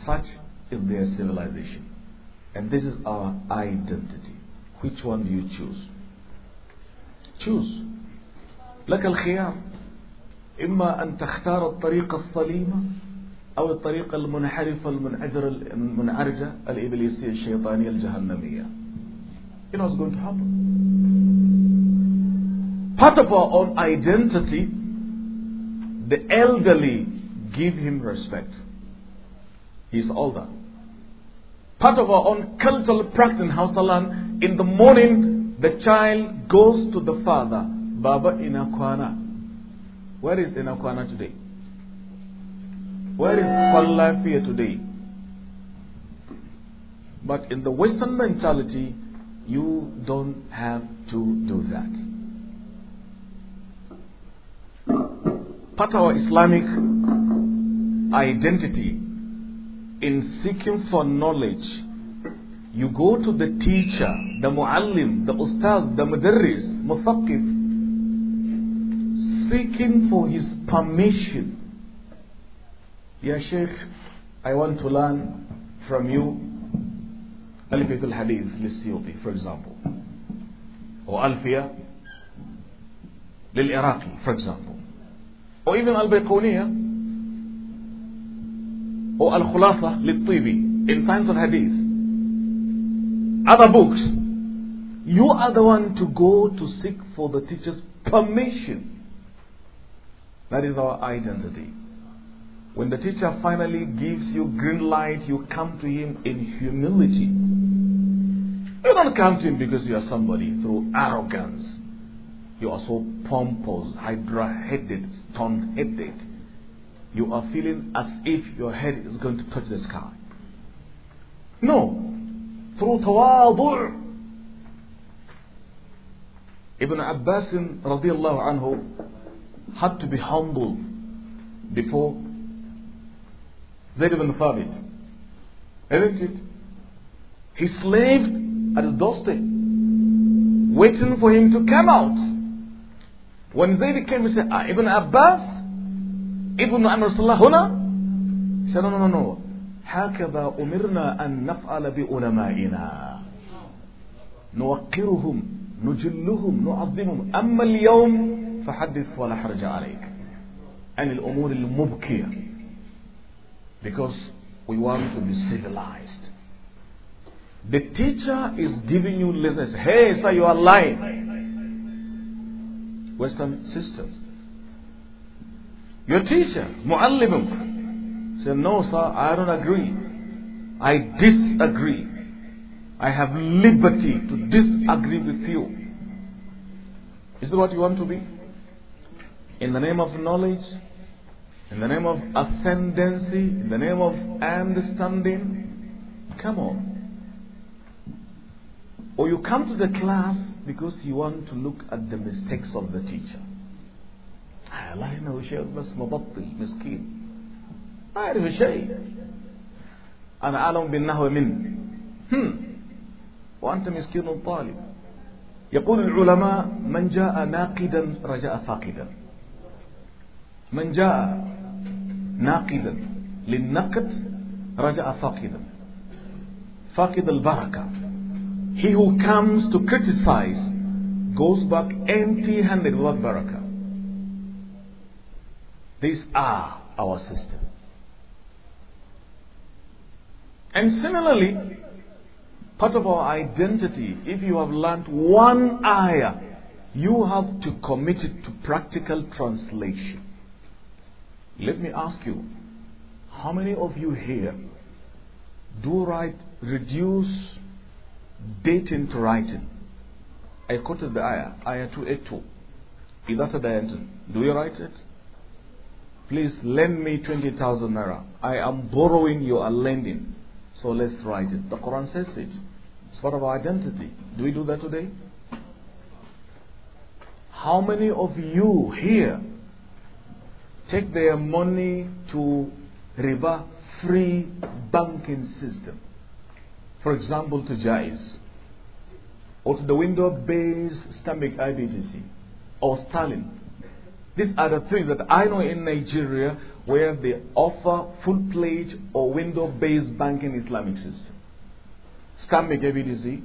Such is their civilization. And this is our identity. Which one do you choose? Choose. لك الخيار إما أن تختار الطريق الصليمة أو الطريق المنحرفة المنعجرة المنعرجة الإبليسية الشيطانية الجهنمية You know what's going to happen? Part of our own identity, the elderly give him respect. He's older. Part of our own cultural practice in Hausaland, in the morning, the child goes to the father Baba Inakwana. Where is Inakwana today? Where is Kwallafia today? But in the Western mentality, you don't have to do that. Part of our Islamic identity in seeking for knowledge, you go to the teacher, the muallim, the ustaz, the mudarris, mufakif, seeking for his permission. Ya Sheikh, I want to learn from you Alif al Hadith للسيوطي, for example, or Alfiya للعراقي, for example, or even Al Bayquniya, or Al Khulasa للطيبي in Science of Hadith. Other books, you are the one to go to seek for the teacher's permission. That is our identity. When the teacher finally gives you green light, you come to him in humility. You don't come to him because you are somebody through arrogance. You are so pompous, hydra headed, stone headed. You are feeling as if your head is going to touch the sky. No. Through tawadu. Ibn Abbas radiallahu anhu had to be humble before Zayd ibn Thabit. Isn't it? He slaved at his doorstep, waiting for him to come out. When Zayd came, he said, ah, Ibn Abbas, Ibn Amr Salahuna. He said, No, no, no, no. هكذا أمرنا أن نفعل بعلمائنا نوقرهم نجلهم نعظمهم أما اليوم فحدث ولا حرج عليك عن الأمور المبكية because we want to be civilized the teacher is giving you lessons hey sir you are lying western system your teacher muallimum said no sir I don't agree I disagree I have liberty to disagree with you is that what you want to be? in the name of knowledge, in the name of ascendancy, in the name of understanding. Come on. Or you come to the class because you want to look at the mistakes of the teacher. لا إنه شيء بس مبطل مسكين ما أعرف شيء أنا أعلم بالنهو منه هم. وأنت مسكين طالب يقول العلماء من جاء ناقدا رجاء فاقدا من جاء ناقدا للنقد رجع فاقدا فاقد البركة he who comes to criticize goes back empty handed without barakah these are our system and similarly part of our identity if you have learned one ayah you have to commit it to practical translation let me ask you, how many of you here do write, reduce dating to writing? I quoted the ayah, ayah 282. that dayatin. Do you write it? Please lend me 20,000 naira. I am borrowing, you are lending. So let's write it. The Quran says it. It's part of our identity. Do we do that today? How many of you here take their money to riba free banking system. For example, to Jais, or to the window based stomach IBGC, or Stalin. These are the things that I know in Nigeria where they offer full pledge or window based banking Islamic system. Stomach IBGC,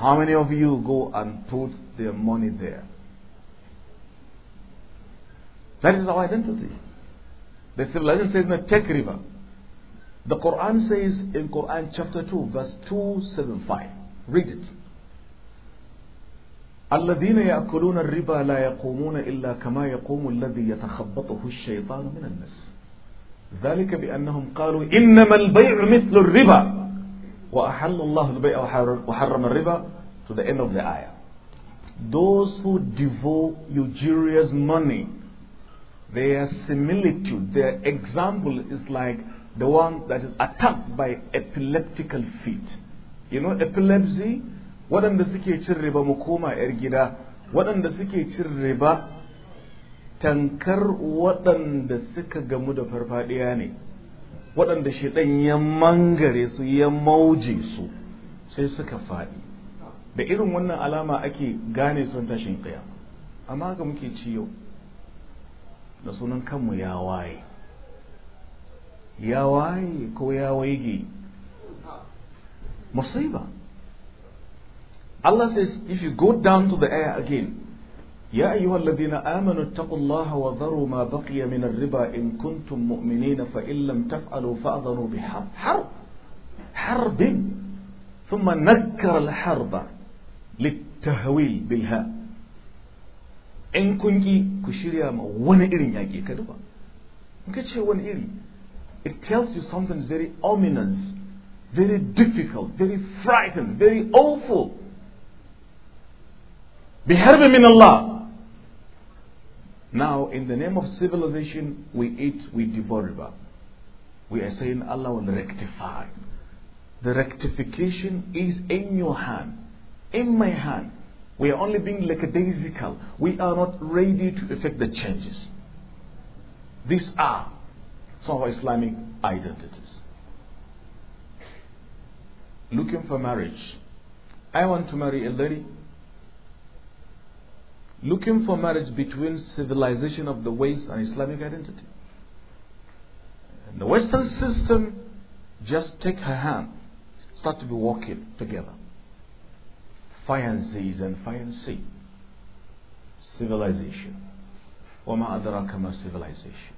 how many of you go and put their money there? That is our identity. The civilization says, no, take river. The Quran says in Quran chapter 2, verse 275. Read it. الذين يأكلون الربا لا يقومون إلا كما يقوم الذي يتخبطه الشيطان من الناس ذلك بأنهم قالوا إنما البيع مثل الربا وأحل الله البيع وحرم الربا to the end of the ayah. Those who devote usurious money Their similitude, their example is like the one that is attacked by epileptical fit. You know, epilepsy, waɗanda suke cin riba mu koma 'yar gida, waɗanda suke cin riba tankar waɗanda suka gamu da farfadiya ne, waɗanda shaidan ya mangare su ya mauje su sai suka faɗi. Da irin wannan alama ake gane sun tashin ƙiyama. Amma ga muke ci yau. da sunan kanmu ya waye ya waye ko ya waige musiba Allah says if you go down to the air again يا أيها الذين آمنوا اتقوا الله وذروا ما بقي من الربا إن كنتم مؤمنين فإن لم تفعلوا فأذنوا بحرب حرب حرب ثم نكر الحرب للتهويل بالهاء in kunki ku shirya ma wani irin yaƙi ka duba in ka ce wani iri it tells you something very ominous very difficult very frightened very awful بحرب من Allah. Now, in the name of civilization, we eat, we devour riba. We are saying Allah will rectify. The rectification is in your hand, in my hand. We are only being lackadaisical. We are not ready to effect the changes. These are some of our Islamic identities. Looking for marriage. I want to marry a lady. Looking for marriage between civilization of the West and Islamic identity. And the Western system just take her hand, start to be walking together sciences and fancy civilization. وَمَا أَدْرَاكَ kama civilization.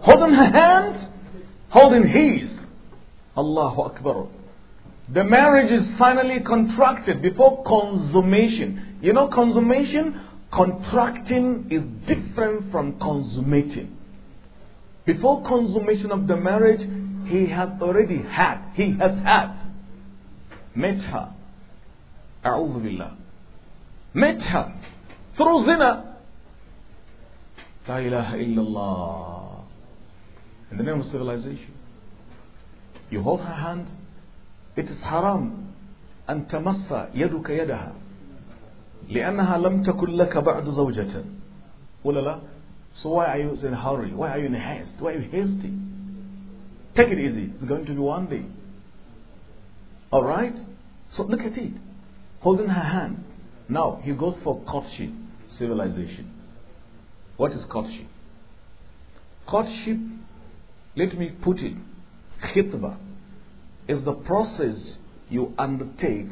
Holding her hand, holding his. Allahu Akbar. The marriage is finally contracted before consummation. You know, consummation, contracting is different from consummating. Before consummation of the marriage, he has already had, he has had, met her, أعوذ بالله متها her through zina La ilaha illallah in the name of civilization you hold her hand it is haram أن تمس يدك يدها لأنها لم تكن لك بعد زوجة ولا لا So why are you in a hurry? Why are you in a haste? Why are you hasty? Take it easy. It's going to be one day. Alright? So look at it. holding her hand. Now he goes for courtship civilization. What is courtship? Courtship, let me put it, khitba, is the process you undertake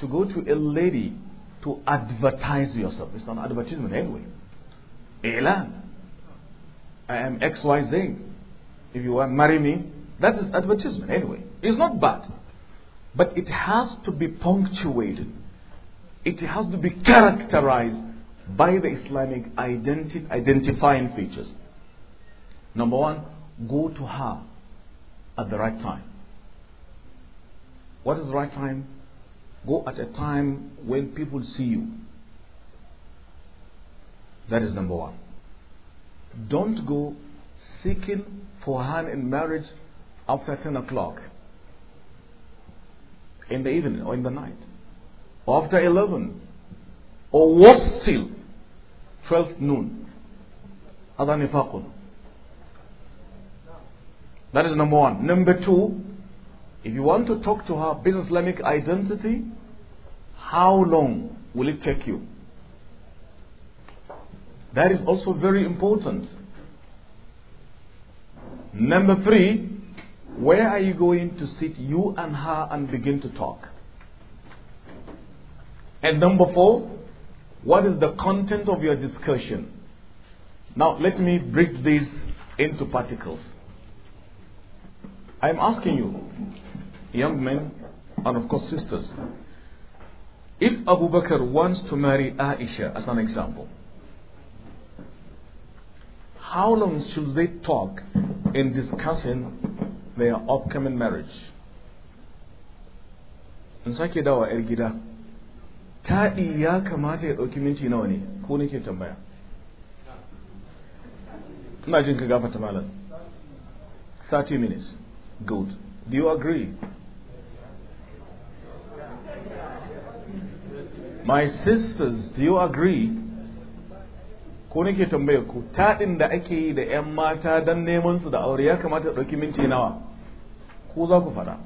to go to a lady to advertise yourself. It's an advertisement anyway. Elan. I am XYZ. If you want to marry me, that is advertisement anyway. It's not bad. But it has to be punctuated it has to be characterized by the Islamic identi- identifying features. Number one, go to her at the right time. What is the right time? Go at a time when people see you. That is number one. Don't go seeking for her in marriage after 10 o'clock in the evening or in the night after 11, or worse still, 12 noon. هذا نفاق That is number one. Number two, if you want to talk to her about Islamic identity, how long will it take you? That is also very important. Number three, where are you going to sit, you and her, and begin to talk? And number four, what is the content of your discussion? Now, let me break this into particles. I'm asking you, young men, and of course, sisters, if Abu Bakr wants to marry Aisha, as an example, how long should they talk in discussing their upcoming marriage? taɗi ya kamata ya ɗauki minti nawa ne ko nake tambaya ina jin ka gafata malam 30 minutes good do you agree my sisters do you agree ko nake tambaya ku taɗin da ake yi da 'yan mata don neman su da aure ya kamata ya ɗauki minti nawa ko za ku faɗa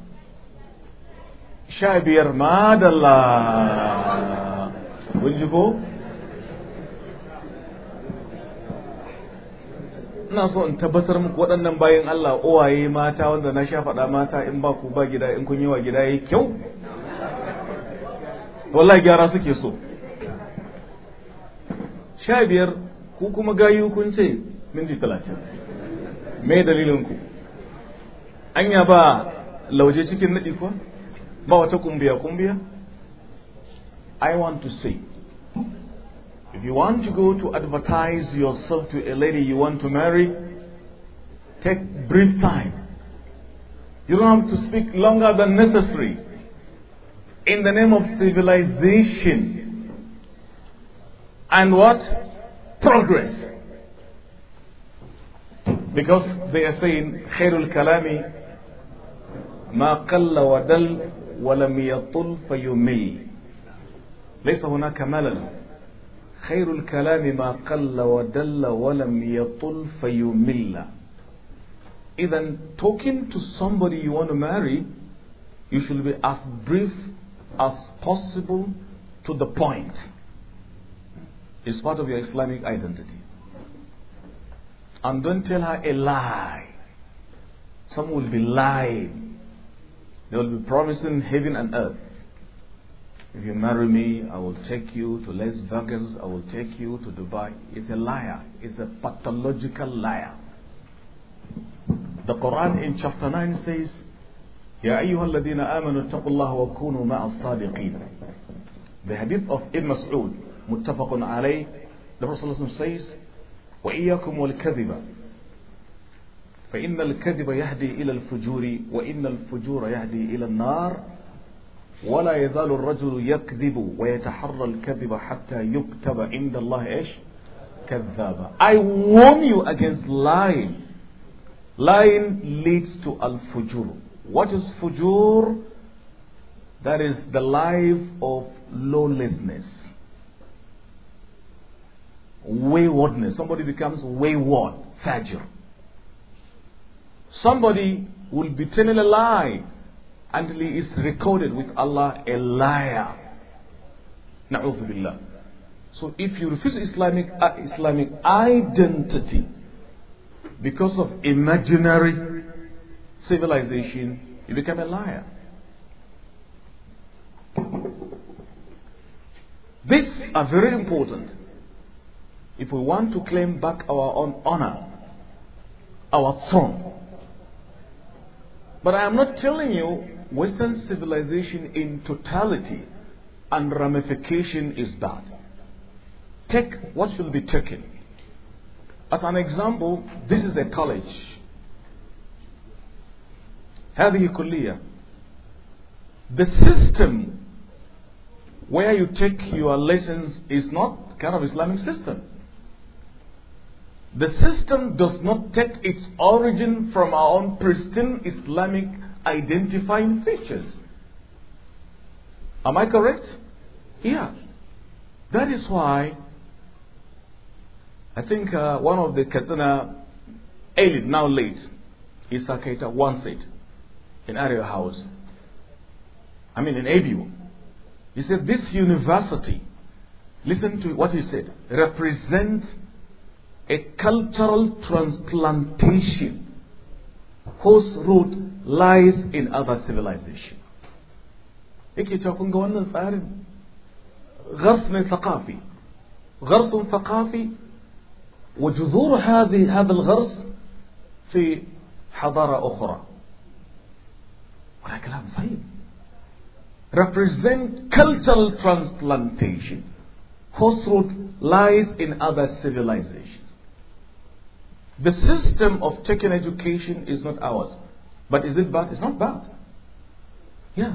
sha biyar madalla kun ji ko ina so in tabbatar muku waɗannan bayan Allah uwaye mata wanda na sha faɗa mata in ba ku ba gida in kun yi wa gida yi kyau wallahi gyara suke so sha biyar ku kuma gayu kun ce minti talatin me dalilinku anya ba lauje cikin naɗi kuwa Bawa kumbia I want to say, If you want to go to advertise yourself to a lady you want to marry, take brief time. You don't have to speak longer than necessary. In the name of civilization and what? Progress. Because they are saying, خير الكلام ما قل ودل ولم يطل فيمل ليس هناك ملل خير الكلام ما قل ودل ولم يطل فيمل إذا talking to somebody you want to marry you should be as brief as possible to the point It's part of your Islamic identity and don't tell her a lie some will be lying They will be promising heaven and earth. If you marry me, I will take you to Las Vegas, I will take you to Dubai. It's a liar, it's a pathological liar. The Quran in chapter 9 says, "Ya أيها الذين آمنوا اتقوا الله وكونوا The hadith of Ibn Mas'ud, متفق عليه, the Prophet says, وإياكم والكذب فإن الكذب يهدي إلى الفجور وإن الفجور يهدي إلى النار ولا يزال الرجل يكذب ويتحرى الكذب حتى يكتب عند الله إيش كذابا I warn you against lying Lying leads to al-fujur What is fujur? That is the life of lawlessness Waywardness Somebody becomes wayward Fajr Somebody will be telling a lie until he is recorded with Allah a liar. Na'udhu billah. So if you refuse Islamic, uh, Islamic identity because of imaginary civilization, you become a liar. These are very important if we want to claim back our own honor, our throne. But I am not telling you Western civilization in totality and ramification is that. Take what should be taken. As an example, this is a college. هذه كلية. The system where you take your lessons is not kind of Islamic system. The system does not take its origin from our own pristine Islamic identifying features. Am I correct? Yeah. That is why I think uh, one of the Kazana elite, now late, Isa Keita once said in Ariel House, I mean in ABU, he said, This university, listen to what he said, represents a cultural transplantation whose root lies in other civilization yake cewa kun ga wannan tsarin غرس من ثقافي غرس ثقافي وجذور هذه هذا الغرس في حضارة أخرى ولا كلام صحيح represent cultural transplantation whose root lies in other civilization The system of taking education is not ours. But is it bad? It's not bad. Yeah,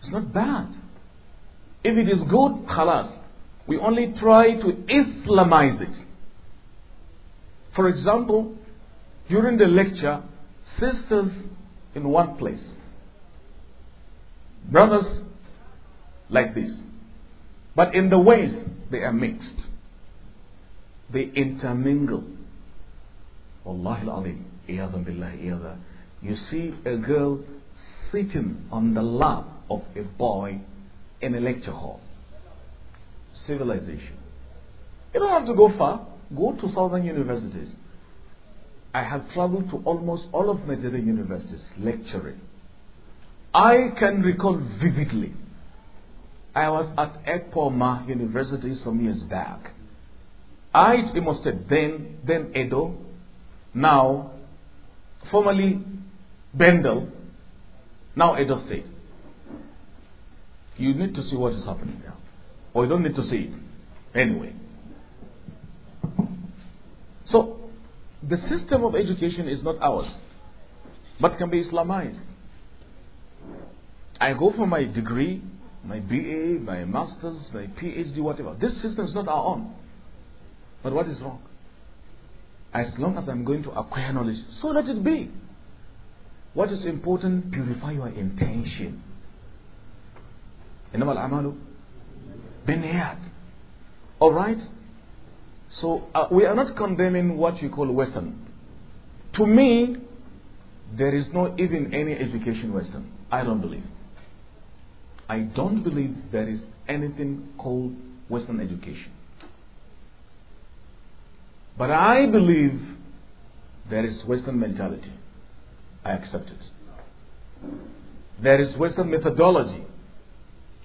it's not bad. If it is good, halas. We only try to Islamize it. For example, during the lecture, sisters in one place, brothers like this. But in the ways, they are mixed, they intermingle. Wallahi al-Azim, Iyadhan billahi iyadha. You see a girl sitting on the lap of a boy in a lecture hall. Civilization. You don't have to go far. Go to southern universities. I have traveled to almost all of Nigeria universities lecturing. I can recall vividly. I was at Ekpoma University some years back. I must have then, then Edo, now formerly Bendel, now Edo State. You need to see what is happening there. Or you don't need to see it. Anyway. So, the system of education is not ours, but can be Islamized. I go for my degree, my BA, my master's, my PhD, whatever. This system is not our own. But what is wrong? as long as I'm going to acquire knowledge, so let it be. What is important? Purify your intention. إنما الأعمال بالنيات. All right. So uh, we are not condemning what you call Western. To me, there is no even any education Western. I don't believe. I don't believe there is anything called Western education. But I believe there is Western mentality. I accept it. There is Western methodology.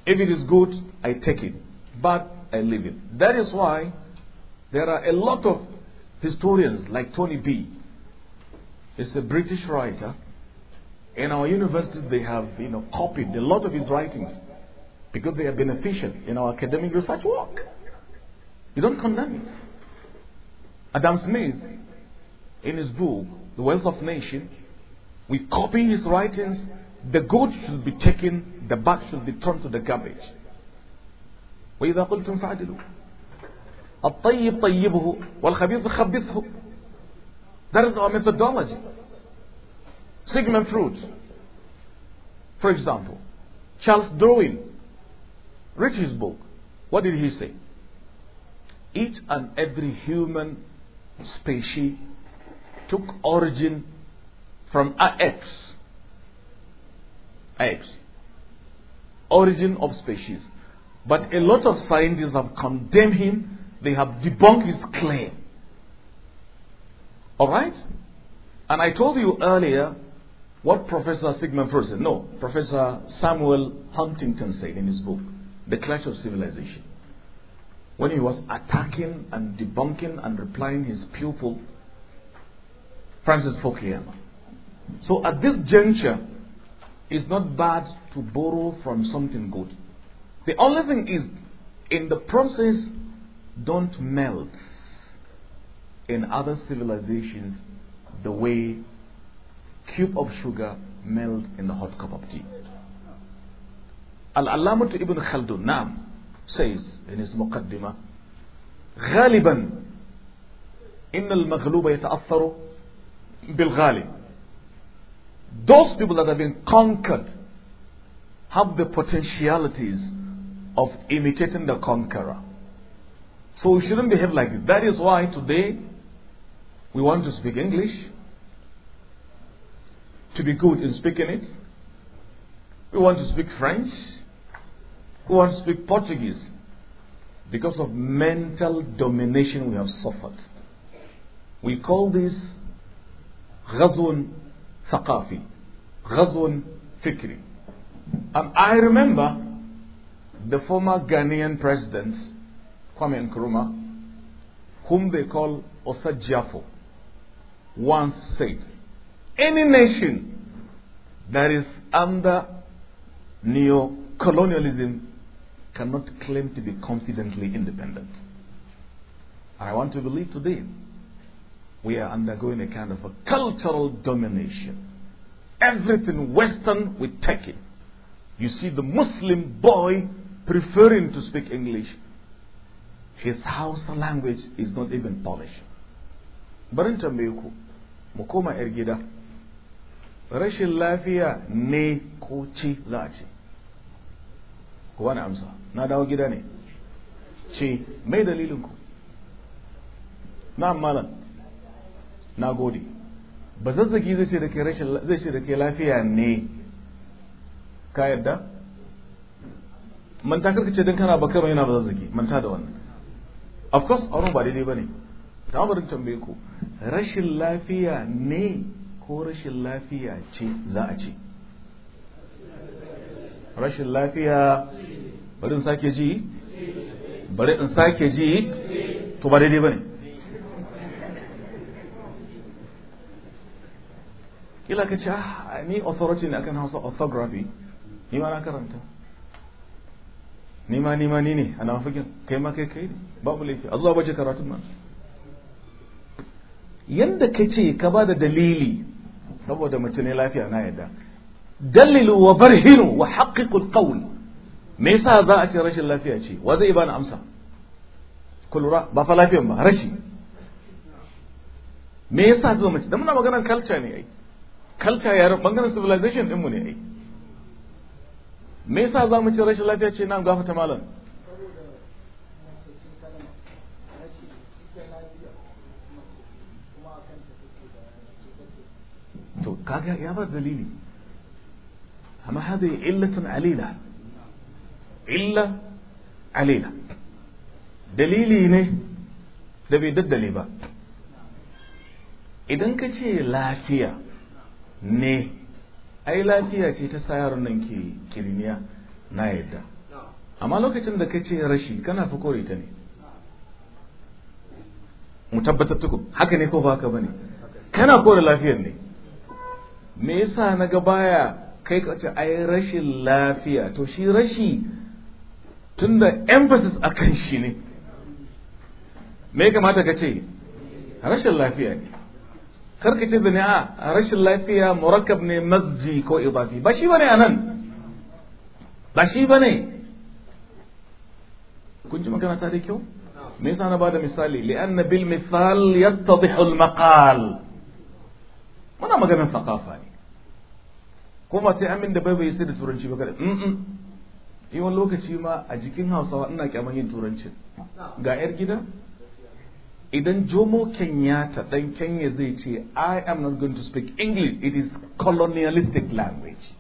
If it is good, I take it. But I leave it. That is why there are a lot of historians like Tony B. He's a British writer. In our university, they have you know copied a lot of his writings because they are beneficial in our academic research work. You don't condemn it. Adam Smith, in his book, The Wealth of Nations*, we copy his writings. The good should be taken, the bad should be thrown to the garbage. وإذا قلتم فعدلوا الطيب طيبه والخبيث خبثه That is our methodology. Sigmund Freud, for example, Charles Darwin, read his book. What did he say? Each and every human Species took origin from apes. Apes. Origin of species. But a lot of scientists have condemned him, they have debunked his claim. Alright? And I told you earlier what Professor Sigmund Freud said. No, Professor Samuel Huntington said in his book, The Clash of Civilization when he was attacking and debunking and replying his pupil, Francis Fukuyama. So at this juncture, it's not bad to borrow from something good. The only thing is, in the process, don't melt in other civilizations the way cube of sugar melt in the hot cup of tea. Al-Alamut ibn Khaldun, Nam says in his muqaddimah, غالبا إن المغلوب يتأثر بالغالب. Those people that have been conquered have the potentialities of imitating the conqueror. So we shouldn't behave like that. That is why today we want to speak English, to be good in speaking it. We want to speak French, who want to speak Portuguese because of mental domination we have suffered. We call this غزو ثقافي غزو فكري um, I remember the former Ghanaian president Kwame Nkrumah whom they call Osa once said any nation that is under neo-colonialism cannot claim to be confidently independent. And I want to believe today we are undergoing a kind of a cultural domination. Everything Western, we take it. You see the Muslim boy preferring to speak English. His house language is not even Polish. Barinta tambaye mukoma mu rashin lafiya ne ko ci ce. ku amsa na dawo gida ne ce mai dalilinku na malam na gode ba zazzagi zai ce da ke rashin zai ce da ke lafiya ne ka yadda manta karka ce don kana kama yana ba zazzagi manta da wannan of course auren ba daidai ba ne ta barin tambaye ku rashin lafiya ne ko rashin lafiya ce za a ce rashin lafiya bari in sake ji bari in sake ji to ba daidai bane kila ka ce ah, ni authority ne akan hausa orthography ni ma na karanta ni ma ni ma ni ne a mafikin kai ma kai kai ne babu laifi a zuwa baje karatun ma yanda ka ce ka ba da dalili saboda mace ne lafiya na yadda dallilu wa barhinu wa haqqiqul qawl me yasa za a ce rashin lafiya ce wa zai bani amsa Kulura. ba fa lafiyan ba rashi me yasa zo mace dan muna maganar culture ne ai culture ya bangaren civilization din mu ne ai me yasa za mu ce rashin lafiya ce nan gafa ta malam to kaga ya ba dalili أما هذه علة عليلة علة عليلة dalili ne da bai daddale ba idan ka ce lafiya ne ai lafiya ce ta yaron nan ke kirniya na yadda amma lokacin da ka ce rashi kana fi kore ta ne mu tabbatar tuku haka ne ko ba haka ba ne kana kore lafiyar ne me yasa na ga baya kai ka ce ai rashin lafiya to shi rashi tunda emphasis akan shi ne me ya kamata ka ce rashin lafiya ne karka ce da ne a rashin lafiya murakkab ne mazji ko idafi ba shi bane anan ba shi bane kun ji magana ta da kyau me yasa na ba da misali li'an bil mithal yattadihu al maqal muna maganar thaqafa ne ko sai amin da bai sai da turanci ba kada in eh, wani lokaci ma a jikin hausawa ina kyaman yin turancin ga yar gida idan jomo kenyatta dan kenya zai ce i am not going to speak english it is colonialistic language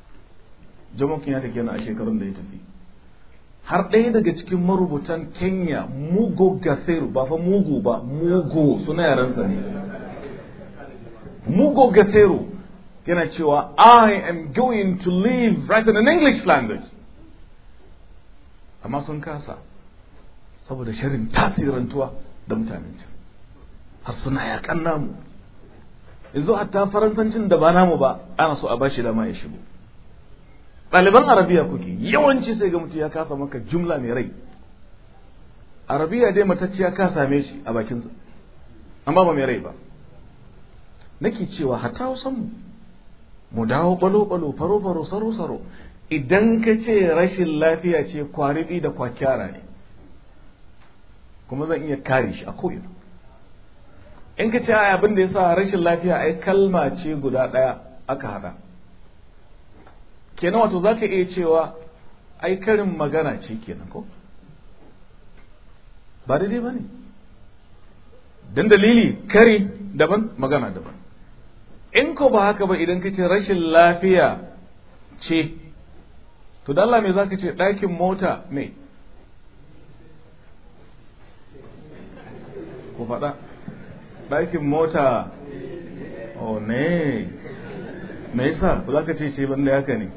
jomo kenyatta kenan a shekarun da ya tafi har ɗaya daga cikin marubutan kenya mugo gathiru ba fa mugu ba mugo suna yaransa ne mugo gathiru yana cewa I am going to live right in an English language amma sun kasa saboda shirin tasirantuwa da mutanen can har suna yakan namu yanzu hatta faransancin da ba namu ba ana so a bashi dama ya shigo ɗaliban arabiya kuke yawanci sai ga mutum ya kasa maka jumla mai rai arabiya dai matacciya ka same shi a bakinsa amma ba mai rai ba nake cewa hatta wasanmu. mu mu dawo kwalo-kwalo, faro-faro saro-saro idan ka ce rashin lafiya ce kwaribi da kwakyara ne kuma zan iya kare shi a ko'ina in ka ce ai abin da ya sa rashin lafiya ai kalma ce guda ɗaya aka haɗa kenan wato za ka iya cewa ai karin magana ce kenan ko ba daidai ba ne don dalili kari daban magana daban in ko ba haka ba idan ka ce rashin lafiya ce to da Allah me ka ce ɗakin mota me ku faɗa ɗakin mota oh ne me yasa ba ka ce ce banda haka ne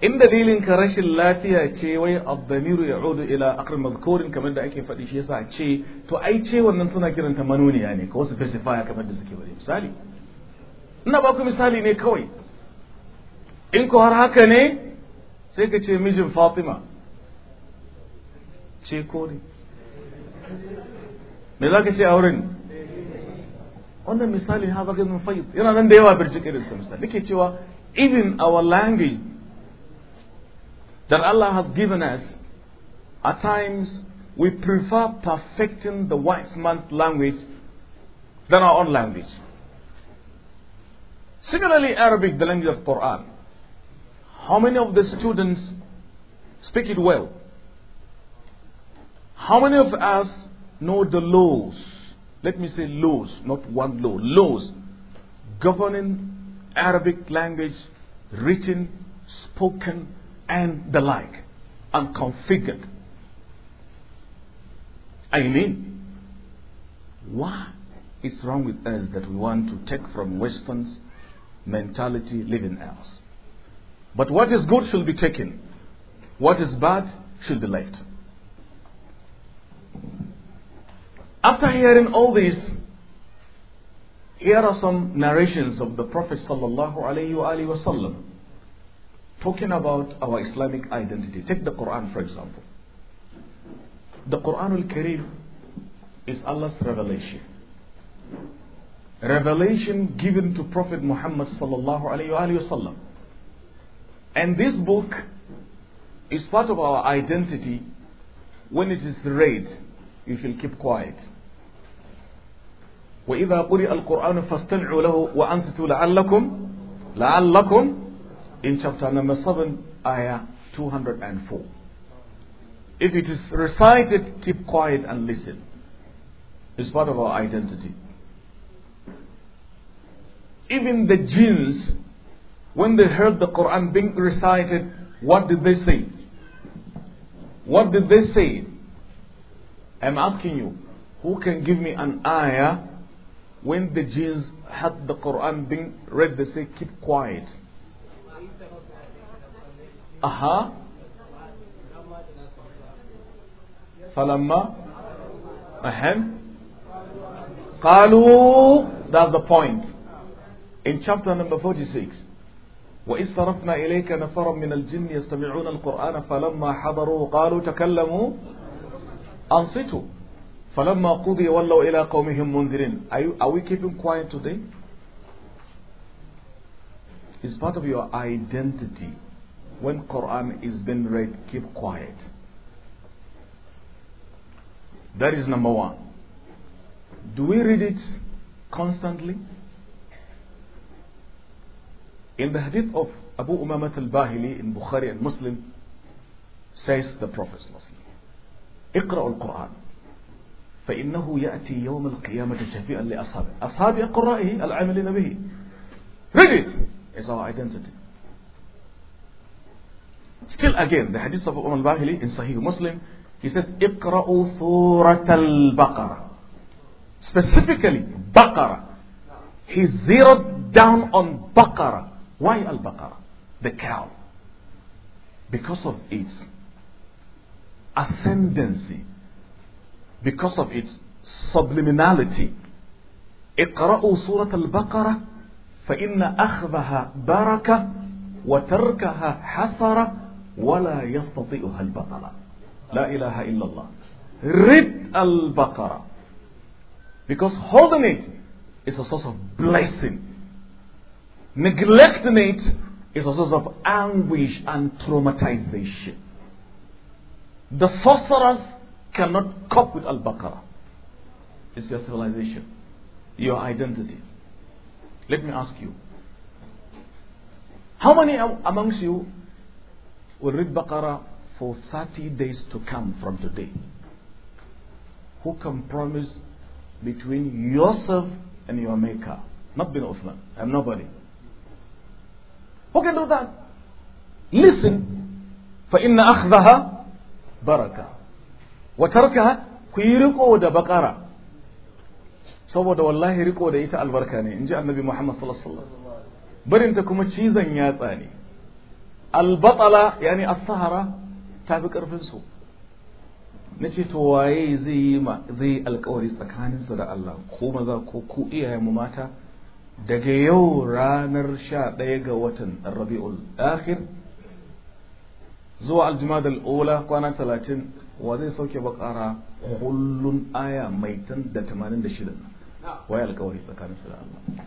in dalilin ka rashin lafiya ce wai abdamiru ya rudu ila akar mazkorin kamar da ake faɗi shi yasa ce to ai ce wannan suna kiranta manoniya ne ko su fesifaya kamar da suke bari misali ina ba ku misali ne kawai in ku har haka ne sai ka ce mijin fatima ce ko ne me za ka ce a wurin wannan misali ha zaka zama fayyid yana nan da yawa birjik irin sa misali nake cewa even our language that Allah has given us at times we prefer perfecting the white man's language than our own language Similarly, Arabic, the language of Quran. How many of the students speak it well? How many of us know the laws? Let me say laws, not one law, laws governing Arabic language, written, spoken, and the like, and configured. I mean, what is wrong with us that we want to take from Westerns mentality living else. But what is good should be taken, what is bad should be left. After hearing all this, here are some narrations of the Prophet sallallahu talking about our Islamic identity. Take the Quran for example. The Quran al-Karim is Allah's revelation revelation given to Prophet Muhammad sallallahu alaihi wasallam. And this book is part of our identity. When it is read, you should keep quiet. وإذا قرئ القرآن فاستمعوا له وأنصتوا لعلكم لعلكم in chapter number 7 ayah 204 if it is recited keep quiet and listen it's part of our identity even the jinns, when they heard the Quran being recited, what did they say? What did they say? I'm asking you, who can give me an ayah when the jinns had the Quran being read, they say, keep quiet. Aha. Falamma. Ahem. Kalu? That's the point. in chapter number 46 وإذ صرفنا إليك نفرا من الجن يستمعون القرآن فلما حضروا قالوا تكلموا أنصتوا فلما قضي ولوا إلى قومهم منذرين are, you, are we keeping quiet today? It's part of your identity when Quran is being read keep quiet that is number one do we read it constantly? In the hadith of Abu Umamat al-Bahili in Bukhari and Muslim, says the Prophet اقرأوا القرآن فإنه يأتي يوم القيامة شفيئا لأصحابه أصحاب قرائه العاملين به Read it! It's our identity. Still again, the hadith of Abu Umamat al-Bahili in Sahih Muslim, he says اقرأوا سورة البقرة Specifically, Baqarah. He zeroed down on Baqarah. Why Al Baqarah? The cow. Because of its ascendancy, because of its subliminality. اقرأوا سورة البقرة فإن أخذها بركة وتركها حسرة ولا يستطيعها البطلة لا إله إلا الله read البقرة because holding it is a source of blessing Neglecting it is a source of anguish and traumatization. The sorcerers cannot cope with Al Baqarah. It's your civilization, your identity. Let me ask you how many amongst you will read Baqarah for 30 days to come from today? Who can promise between yourself and your Maker? Not bin Uthman. I'm nobody. Who can do that? Listen. فَإِنَّ أَخْذَهَا baraka. وَتَرْكَهَا ku yi riko da bakara saboda wallahi riko da ita albarka ne in annabi muhammad sallallahu barinta kuma cizon yatsa ne albatala yani as-sahara ta fi karfin su na ce to waye zai yi ma zai alkawari tsakaninsa da Allah ko maza ko ku iyayen mu mata daga yau ranar sha ɗaya ga watan rabi'ul akhir zuwa aljimadal ula kwana talatin wa zai sauke bakara kullum aya mai tan da tamanin da shida waye alkawari tsakanin su da Allah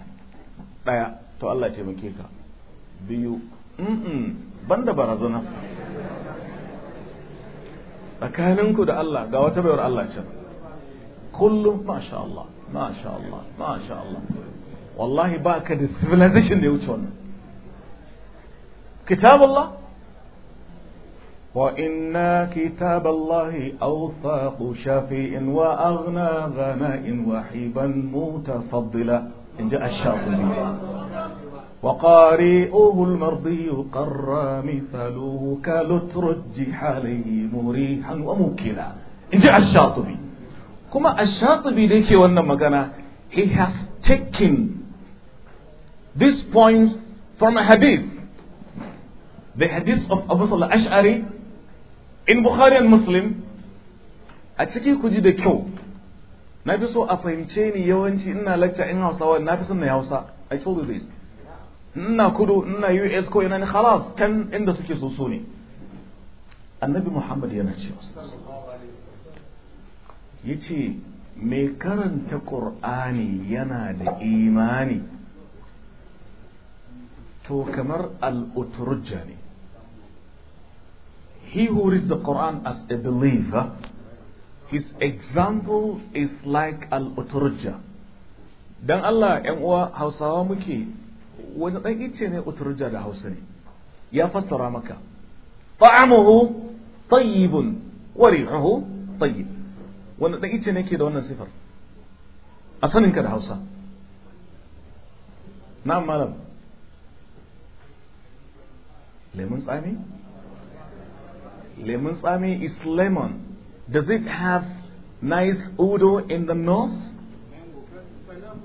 ɗaya to Allah ya taimake ka biyu banda barazana tsakaninku da Allah ga wata baiwar Allah can kullum masha Allah masha Allah masha Allah والله باك ka da civilization كتاب الله wuce wannan وإن كتاب الله أوثاق شفيء وأغنى غناء وحيبا متفضلا إن جاء الشاطبي وقارئه المرضي قر مثله كلتر حاله مريحا وموكلا إن جاء الشاطبي كما الشاطبي ليكي وانا مغانا he has taken this point from a hadith. The hadith of Abu Salah Ash'ari in Bukhari and Muslim a ciki ku ji da kyau. Na fi so a fahimce ni yawanci ina lacca in Hausawa na fi son na Hausa. I told you this. Ina kudu, ina US ko ina ni khalas can inda suke so so ne. Annabi Muhammad yana wasu. Ya ce, mai karanta Ƙur'ani yana da imani. to kamar al ne he who reads the Quran as a believer his example is like al-uturujja dan Allah ‘yan uwa hausawa muke wani ɗan ice ne uturja da hausa ne ya fassara maka ta'amuhu tayyibun wa rihuhu tayyib wani ɗan ice ne ke da wannan sifar a saninka da hausa na'am malam Lemon tsami? Lemon tsami is lemon. Does it have nice odor in the nose?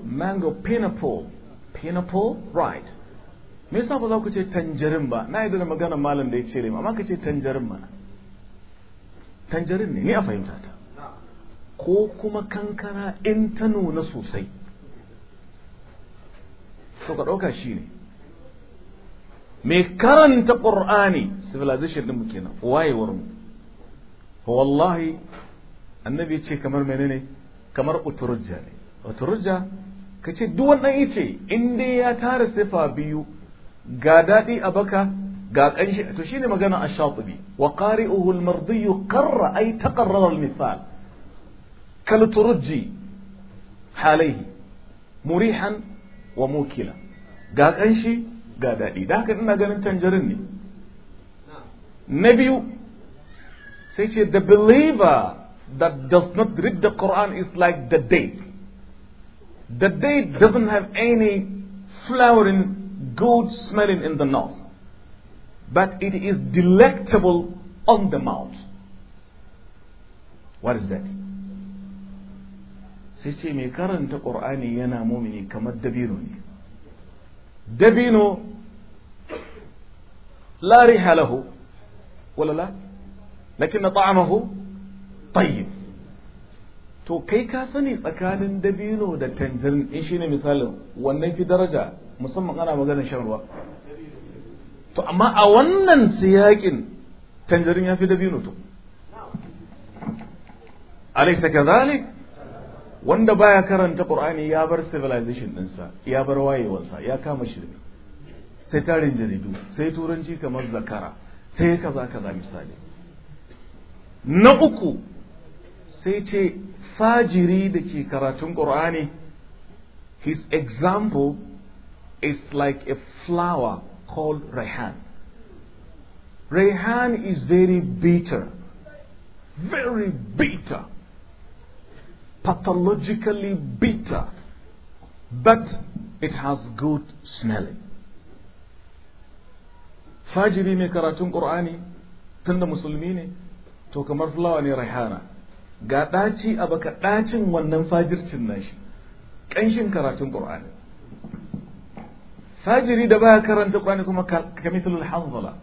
Mango, pineapple. Pineapple, right. Me yasa ba za ku ce tanjarin ba? Na yi da magana malam da ya ce lemu, amma ka ce tanjarin mana. Tanjarin ne, ni a fahimta ta. Ko kuma kankana in ta nuna sosai. To ka ɗauka shi ne. mai karanta ƙur'ani civilization ɗinmu kenan wayewar mu wallahi annabi ce kamar menene kamar uturujja ne uturujja ka ce duk wannan ice inda ya tara sifa biyu ga daɗi a baka ga ƙanshi to shine magana a shatibi wa qari'uhu al-mardi karra ay taqarrara al-mithal kal turji murihan wa mukila ga ƙanshi ga daɗi da haka ina ganin tanjarin ne na biyu sai ce the believer that does not read the Quran is like the date the date doesn't have any flowering good smelling in the nose but it is delectable on the mouth what is that sai ce mai karanta ƙur'ani yana mumini kamar dabino ne dabino la riha lahu wala la lakin ta'amahu tayyib to kai ka sani tsakanin dabino da tanjirin in shine misalin wannan fi daraja musamman ana maganar shan ruwa to amma a wannan siyakin tanjirin ya fi dabino to alaysa kadhalik wanda baya karanta qur'ani ya bar civilization ɗinsa ya bar wayewarsa ya kama shirme sai tarin jaridu sai turanci kamar zakara sai kaza kaza misali na uku sai ce fajiri da ke karatun qur'ani his example is like a flower called rehan rehan is very bitter very bitter pathologically bitter, but it has good smelling. Fajiri mai karatun Ƙur'ani tunda musulmi ne, to kamar fulawa ne raihana. Ga ɗaci a baka ɗacin wannan fajircin nashi, ƙanshin karatun Ƙur'ani. Fajiri da baya karanta Ƙur'ani kuma kamithilul hanzala,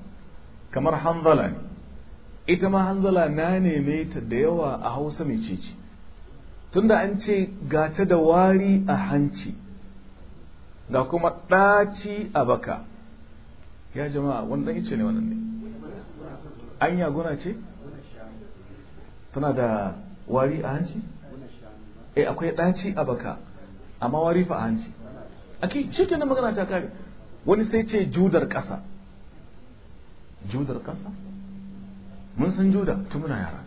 kamar hanzala ne. Ita ma hanzala na neme ta da yawa a Hausa mai cici. tunda an ce gata da wari a hanci da kuma ɗaci a baka ya jama'a wannan ice ne wannan ne an guna ce tana da wari a hanci eh akwai ɗaci a baka amma wari fa a hanci ake cikin da magana ta kare wani sai ce judar ƙasa judar ƙasa mun san juda tun muna yara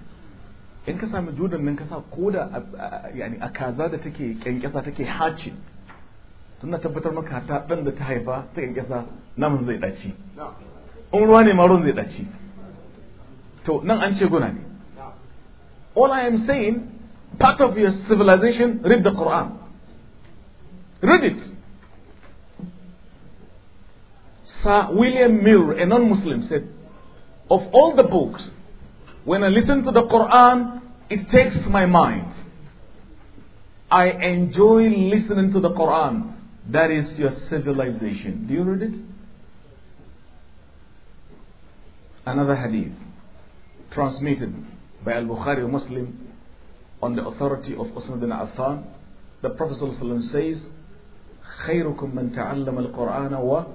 in ka sami jordan nan ka sa ko yani a kaza da take kyankyasa take hace tun tabbatar maka ta dan da ta haifa ta kyankyasa naman zai daci in ruwa ne maron zai daci to nan an ce guna ne all i am saying part of your civilization read the quran read it sir william mill a non-muslim said of all the books when I listen to the Quran, it takes my mind. I enjoy listening to the Quran. That is your civilization. Do you read it? Another hadith transmitted by Al Bukhari Muslim on the authority of Usman bin Affan. The Prophet says, خيركم من تعلم القرآن و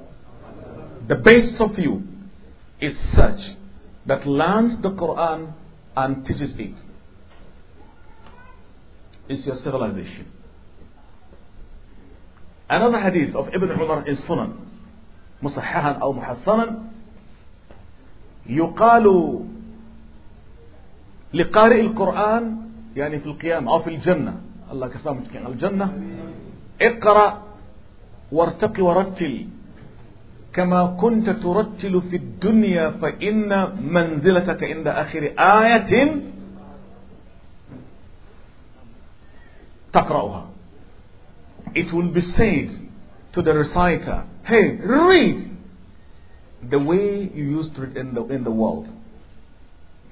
The best of you is such that learns the Quran and teaches it is your civilization. Another hadith of Ibn Umar in Sunan, مصححا أو محصنا يقال لقارئ القرآن يعني في القيامة أو في الجنة الله كسامتك الجنة اقرأ وارتقي ورتل كما كنت ترتل في الدنيا فإن منزلتك عند آخر آية تقرأها It will be said to the reciter, hey, read the way you used to read in the, in the world.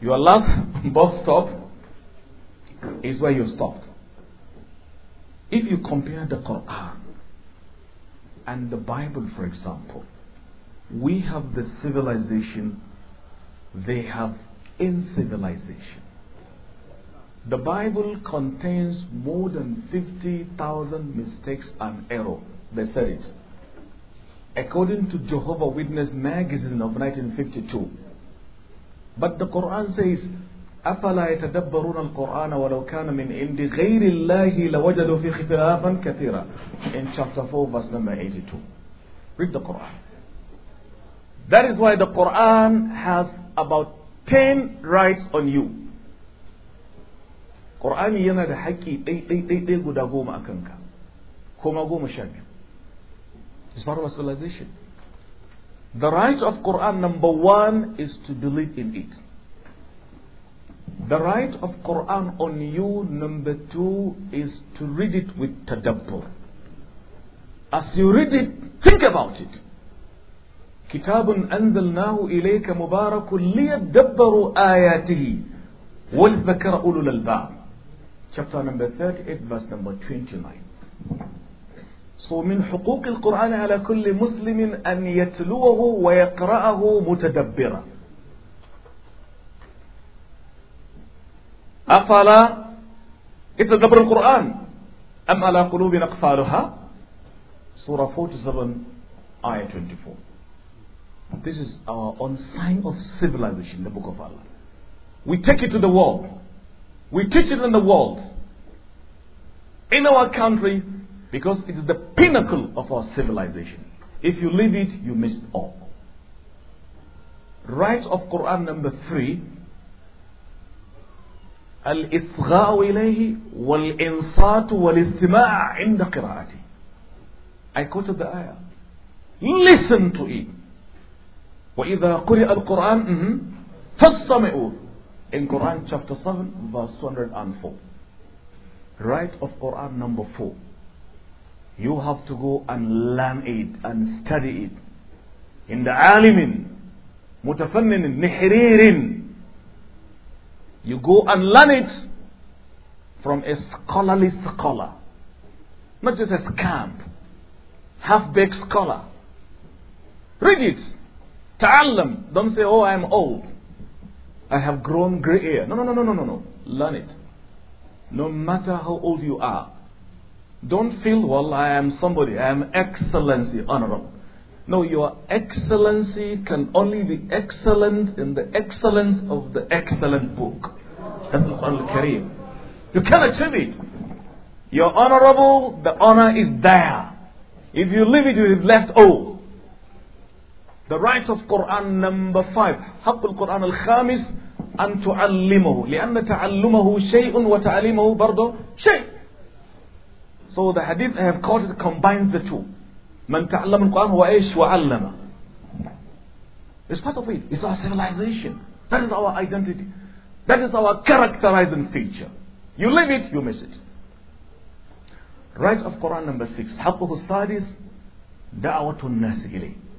Your last bus stop is where you stopped. If you compare the Quran and the Bible, for example, we have the civilization, they have civilization. The Bible contains more than 50,000 mistakes and errors. They said it. According to Jehovah Witness magazine of 1952. But the Quran says, أفلا يتدبرون القرآن ولو من عند الله لوجدوا فيه اختلافا كثيرا. In chapter 4 verse number 82. Read the Quran. That is why the Quran has about 10 rights on you. Qur'ani yana da haƙƙi ɗai guda goma a kanka, koma goma sha biyu. It's part of civilization. The right of Quran number one is to believe in it. The right of Quran on you number two is to read it with tadabbur. As you read it, think about it. كتاب أنزلناه إليك مبارك ليدبروا آياته ولذكر أولو الألباب chapter number 38 verse number 29 so من حقوق القرآن على كل مسلم أن يتلوه ويقرأه متدبرا أفلا يتدبر القرآن أم على قلوب أقفالها سورة 47 آية 24 This is our own sign of civilization, the book of Allah. We take it to the world. We teach it in the world. In our country, because it is the pinnacle of our civilization. If you leave it, you miss all. Right of Quran number three. al الإصغاء إليه istima in the قراءته I quoted the ayah. Listen to it. وإذا قرئ القرآن فاستمعوا in Quran chapter 7 verse 204 right of Quran number 4 you have to go and learn it and study it in the alimin mutafannin nihririn you go and learn it from a scholarly scholar not just a scamp half-baked scholar read it Ta'allam. Don't say, oh, I'm old. I have grown gray hair. No, no, no, no, no, no, no. Learn it. No matter how old you are. Don't feel, well, I am somebody. I am excellency, honorable. Oh, no, your excellency can only be excellent in the excellence of the excellent book. That's the Quran Kareem. You can achieve it. You're honorable, the honor is there. If you leave it, you've left all. The right of Quran number five. حق القرآن الخامس أن تعلمه لأن تعلمه شيء وتعلمه برضه شيء. So the hadith I have quoted combines the two. من تعلم القرآن هو إيش وعلمه. It's part of it. It's our civilization. That is our identity. That is our characterizing feature. You live it, you miss it. Right of Quran number six. حقه السادس دعوة الناس إليه.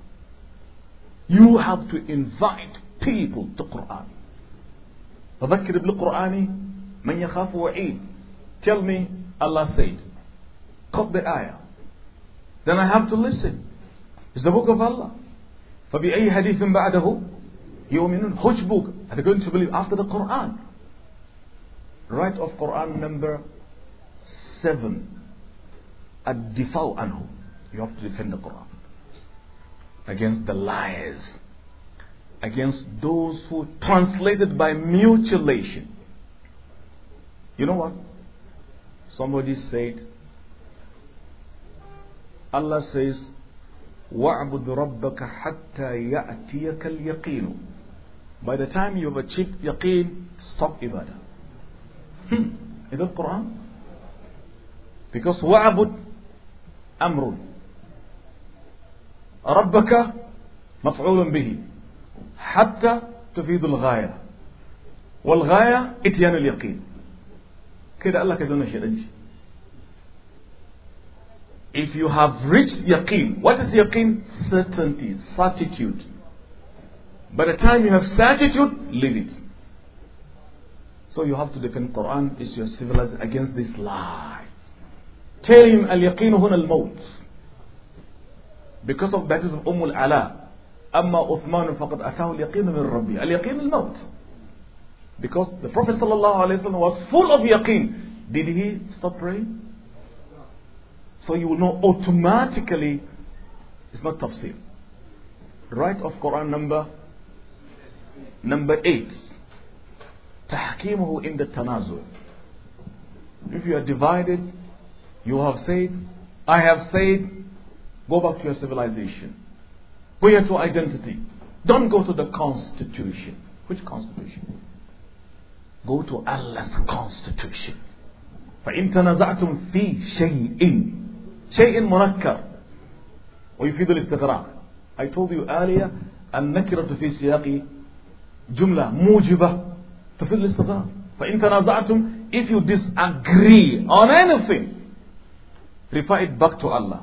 You have to invite people to Quran. فذكر بالقرآن من يخاف وعيد. Tell me, Allah said. Cut the ayah. Then I have to listen. It's the book of Allah. فبأي حديث بعده يؤمنون. Which book are they going to believe after the Quran? Right of Quran number seven. الدفاع عنه. You have to defend the Quran against the liars, against those who translated by mutilation. You know what? Somebody said, Allah says, وَعْبُدْ رَبَّكَ حَتَّى يَأْتِيَكَ الْيَقِينُ By the time you have achieved yaqeen, stop ibadah. Hmm. Is that Quran? Because wa'abud amrun. ربك مفعول به حتى تفيد الغاية والغاية اتيان اليقين كده قال لك دون شيء If you have reached yaqeen, what is yaqeen? Certainty, certitude. By the time you have certitude, leave it. So you have to defend Quran is your civilized against this lie. Tell him al-yaqeen الموت al-maut. because of baptism أم العلاء أما عثمان فقد أتاه اليقين من ربي اليقين الموت because the Prophet صلى الله عليه وسلم was full of yakin. did he stop praying? so you will know automatically it's not tafsir right of Quran number number 8 تحكيمه in the tanazul if you are divided you have said I have said Go back to your civilization. Go back to identity. Don't go to the constitution. Which constitution? Go to Allah's constitution. فإن تنازعتم في شيء شيء منكر ويفيد الاستغراق I told you earlier النكرة في سياق جملة موجبة تفيد الاستغراق فإن تنازعتم if you disagree on anything refer it back to Allah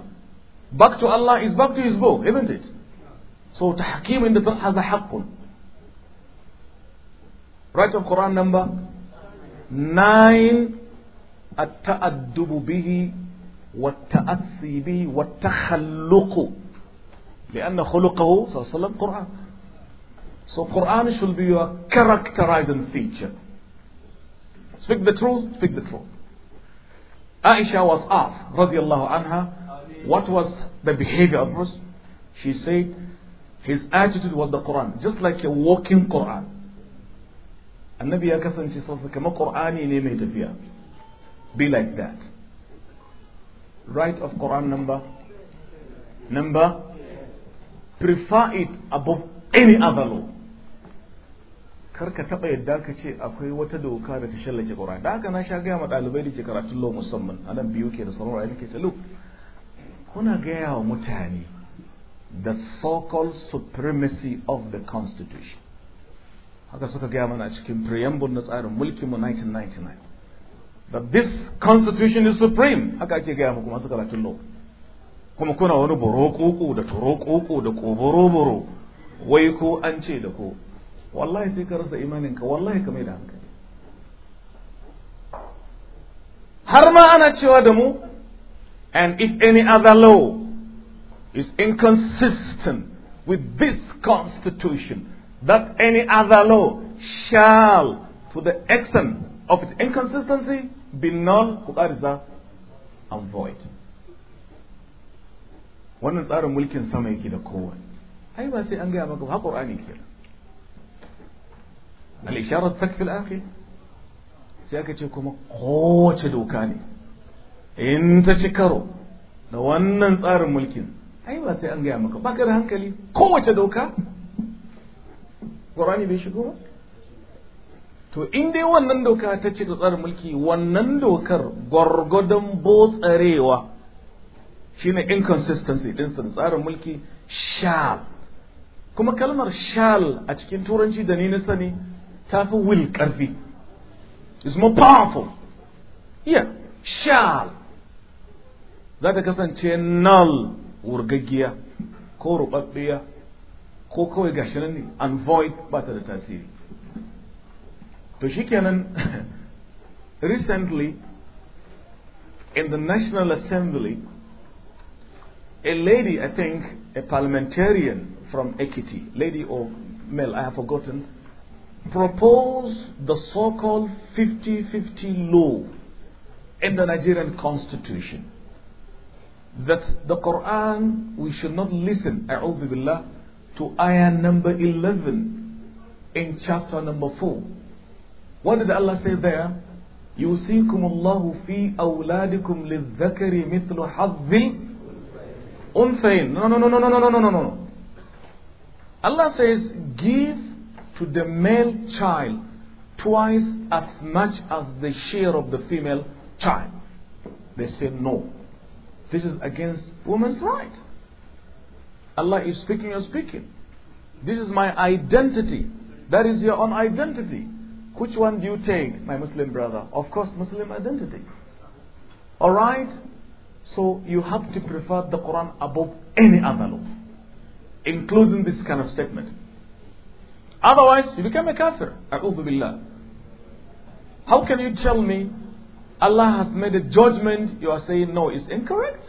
Back to Allah is back to His book, isn't it? So tahkim in the book has a haqqun. Right of Quran number 9 التأدب به والتأسي به والتخلق لأن خلقه صلى الله عليه وسلم قرآن So Quran should be your characterizing feature. Speak the truth, speak the truth. Aisha was asked, الله anha, what was the behavior of Bruce? She said his attitude was the Quran, just like a walking Quran. Annabi ya kasance sassa kamar Qur'ani image of tafiya. Be like that. Right of Quran number? Number? Prefer it above any other law. kar ka taɓa yadda ka ce akwai wata doka da ta shallake ƙura da haka na sha gaya ma ɗalibai da ke karatun lo musamman a nan biyu ke da sauran ra'ayi ke kuna gaya wa mutane the so-called supremacy of the constitution haka suka gaya mana a cikin preamble na tsarin mulkinmu 1999 that this constitution is supreme haka ake gaya muku masu karatun law kuma kuna wani borokoko da torokoko da koboroboro wai ko an ce da ko wallahi sai ka rasa imaninka wallahi ka mai da hankali har ma ana cewa da mu And if any other law is inconsistent with this Constitution, that any other law shall, to the extent of its inconsistency, be null, and void. Wannan tsarin mulkin sama yake da kowa. Ai ba sai an gaya maka ba, Qur'ani ke. al Sai aka ce kuma kowace doka ne. in ta ci karo da wannan tsarin mulkin ai ba sai an gaya maka baka da hankali kowace doka ƙorani bai shigo ba to in dai wannan doka ta ci tsarin mulki wannan dokar gwargwadon botsarewa shine inconsistency ɗinsa da tsarin mulki shal. kuma kalmar shal a cikin turanci da ni na sani ta fi will ƙarfi is more powerful yeah shal. za ta kasance null wurgaggiya ko rubabbiya ko kawai gashi nan ne and void ba ta da tasiri to shikenan recently in the national assembly a lady i think a parliamentarian from ekiti lady or male i have forgotten proposed the so-called 50-50 law in the nigerian constitution that the Quran, we should not listen, a'udhu billah, to ayah number 11 in chapter number 4. What did Allah say there? يوصيكم الله في أولادكم للذكر مثل حظ no, no no no no no no no no no Allah says give to the male child twice as much as the share of the female child they say no this is against women's rights. Allah is speaking, you're speaking. This is my identity. That is your own identity. Which one do you take, my Muslim brother? Of course, Muslim identity. Alright? So you have to prefer the Quran above any other law, including this kind of statement. Otherwise, you become a kafir. A'udhu billah. How can you tell me Allah has made a judgment, you are saying no, it's incorrect.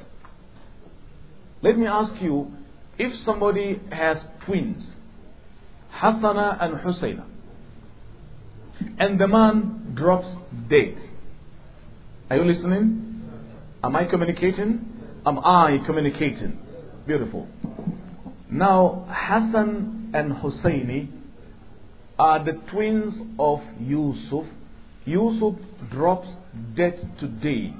Let me ask you if somebody has twins, Hassana and Husayna, and the man drops dead. Are you listening? Am I communicating? Am I communicating? Beautiful. Now, Hassan and Husseini are the twins of Yusuf. Yusuf drops death today,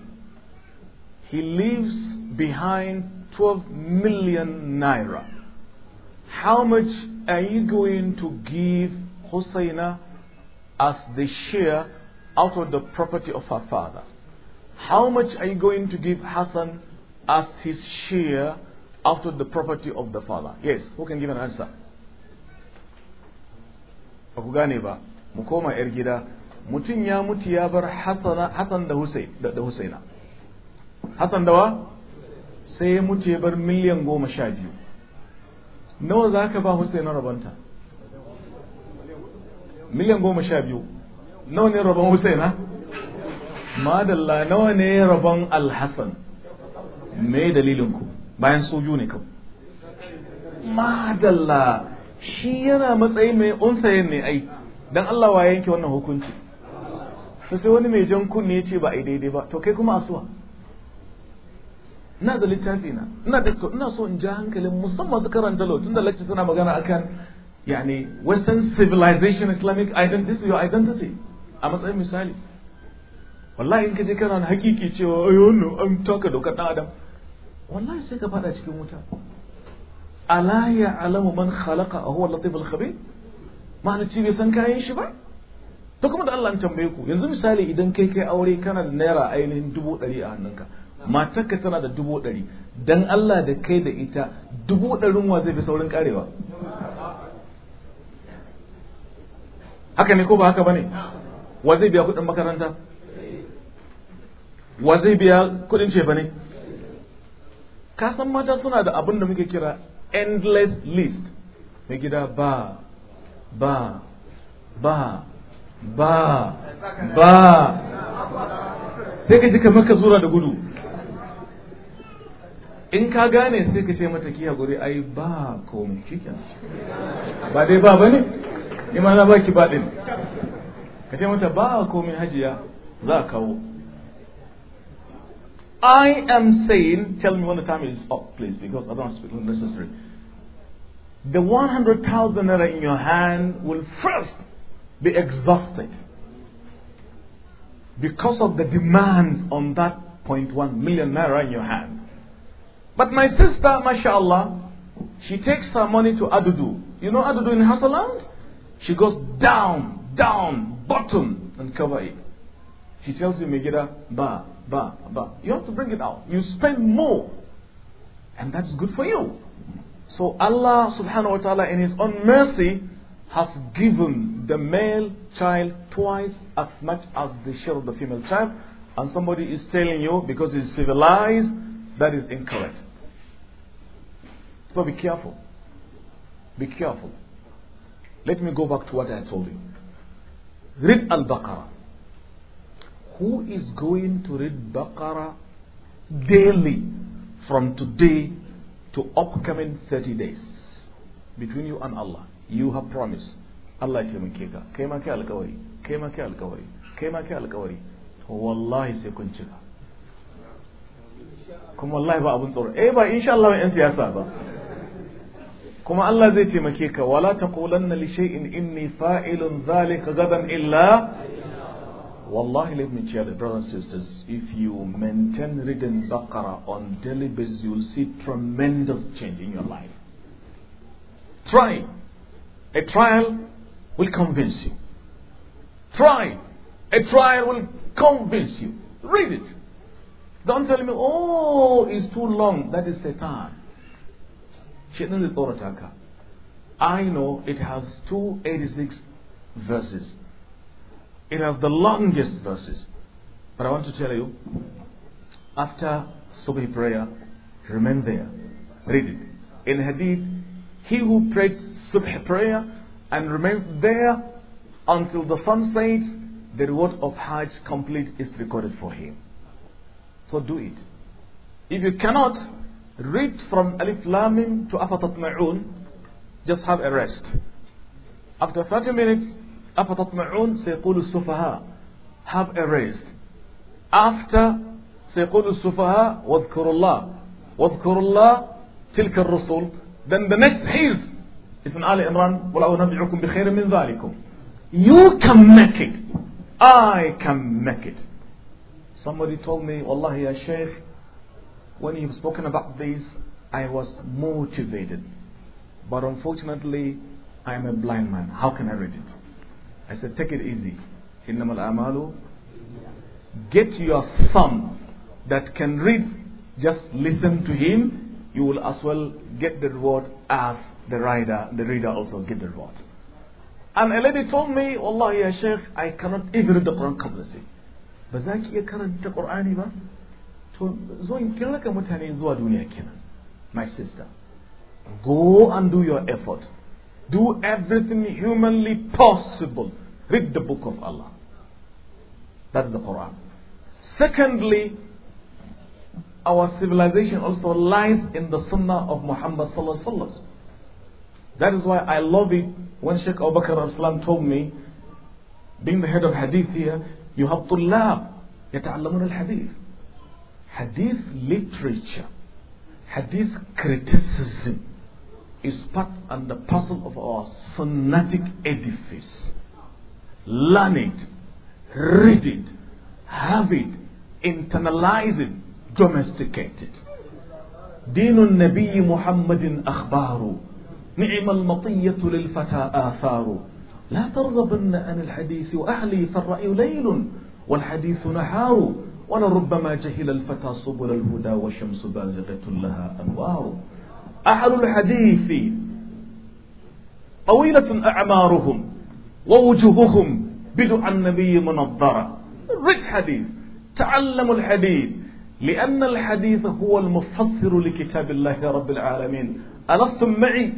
he leaves behind 12 million naira. How much are you going to give Hosseina as the share out of the property of her father? How much are you going to give Hassan as his share out of the property of the father? Yes, who can give an answer? mutum ya mutu ya bar Hassan da Husaina Hassan da wa sai ya mutu ya bar miliyan goma sha biyu nawa za ka ba Husaina rabanta miliyan goma sha biyu nawa ne rabon Husaina madalla nawa ne rabon alhassan me dalilinku bayan soju ne kawai madalla shi yana matsayi mai unsayin ne ai don Allah wa yanke wannan hukunci to sai wani mai jan kunne ya ce ba a yi daidai ba to kai kuma asuwa ina da littafi na ina da ina so in ji hankalin musamman su karanta lo da lecture suna magana akan yani western civilization islamic identity your identity a matsayin misali wallahi in ka je kana hakiki cewa ayo no an taka dokar dan adam wallahi sai ka fada cikin wuta ala ya alamu man khalaqa huwa latiful khabir ma'ana ci bai san kayan shi ba to kuma da Allah an tambaye ku yanzu misali idan kai kai aure kana da naira ainihin dubu ɗari a hannunka matarka tana da dubu ɗari dan Allah da kai da ita dubu ɗarin wa zai fi saurin karewa haka ne ko ba haka bane wa zai biya kuɗin makaranta wa zai biya kuɗin ce ne ka san mata suna da abin da muke kira endless list na gida ba ba ba ba ba sai ka ji kamar ka zura da gudu in ka gane sai ka ce mata ki guri ai ba komai shikin ba dai ba bane ni ma na baki ba din ka ce mata ba komai hajiya za a kawo I am saying, tell me when the time is up, please, because I don't speak unnecessary. The 100,000 naira in your hand will first be exhausted because of the demands on that 0.1 million naira in your hand. But my sister, mashallah, she takes her money to Adudu. You know Adudu in Hassaland? She goes down, down, bottom, and cover it. She tells you, Megidda, ba, ba, ba. You have to bring it out. You spend more. And that's good for you. So Allah subhanahu wa ta'ala in His own mercy has given the male child twice as much as the share of the female child, and somebody is telling you because he's civilized, that is incorrect. So be careful. Be careful. Let me go back to what I told you. Read Al Baqarah. Who is going to read Baqarah daily from today to upcoming 30 days between you and Allah? you have promised Allah ya taimake ka kai ma kai alkawari kai ma kai alkawari kai ma kai alkawari wallahi sai kun cika kuma wallahi ba abun tsoro eh ba insha Allah yan siyasa ba kuma Allah zai taimake ka wala taqulanna li shay'in inni fa'ilun dhalika gadan illa Wallahi, let me tell you, brothers and sisters, if you maintain reading Baqarah on daily basis, you'll see tremendous change in your life. Try a trial will convince you. Try. A trial will convince you. Read it. Don't tell me, oh, it's too long. That is Satan. Shaitan is not attacker. I know it has 286 verses. It has the longest verses. But I want to tell you, after Subhi prayer, remain there. Read it. In Hadith, he who prayed subh prayer and remains there until the sun sets, the reward of Hajj complete is recorded for him. So do it. If you cannot read from Alif Lamim to Maun, just have a rest. After 30 minutes, say سيقول السفهاء. Have a rest. After سيقول السفهاء واذكروا الله Tilka الله Then the next his it's Ali Imran, You can make it. I can make it. Somebody told me, Wallahi ya Shaykh, when you've spoken about this, I was motivated. But unfortunately, I am a blind man. How can I read it? I said, take it easy. Get your son that can read. Just listen to him. You will as well get the reward as the rider, the reader also get the reward. And a lady told me, Wallahi ya Sheikh, I cannot even read the Quran completely. Ba za ki iya Qur'ani ba? To zo in kirka mutane zuwa duniya kenan. My sister, go and do your effort. Do everything humanly possible. Read the book of Allah. That's the Quran. Secondly, our civilization also lies in the sunnah of Muhammad sallallahu alaihi wasallam. That is why I love it when Sheikh Abu Bakr Islam told me, being the head of hadith here, you have to lab, يتعلمون الحديث. Hadith literature, hadith criticism is part and the parcel of our sonatic edifice. Learn it, read it, have it, internalize it, domesticate it. دين النبي محمد أخباره نعم المطية للفتى آثار لا ترغبن عن الحديث وأهلي فالرأي ليل والحديث نهار ولربما جهل الفتى سبل الهدى والشمس بازغة لها أنوار أهل الحديث طويلة أعمارهم ووجوههم بدع النبي منظرة رج حديث تعلموا الحديث لأن الحديث هو المفسر لكتاب الله رب العالمين ألستم معي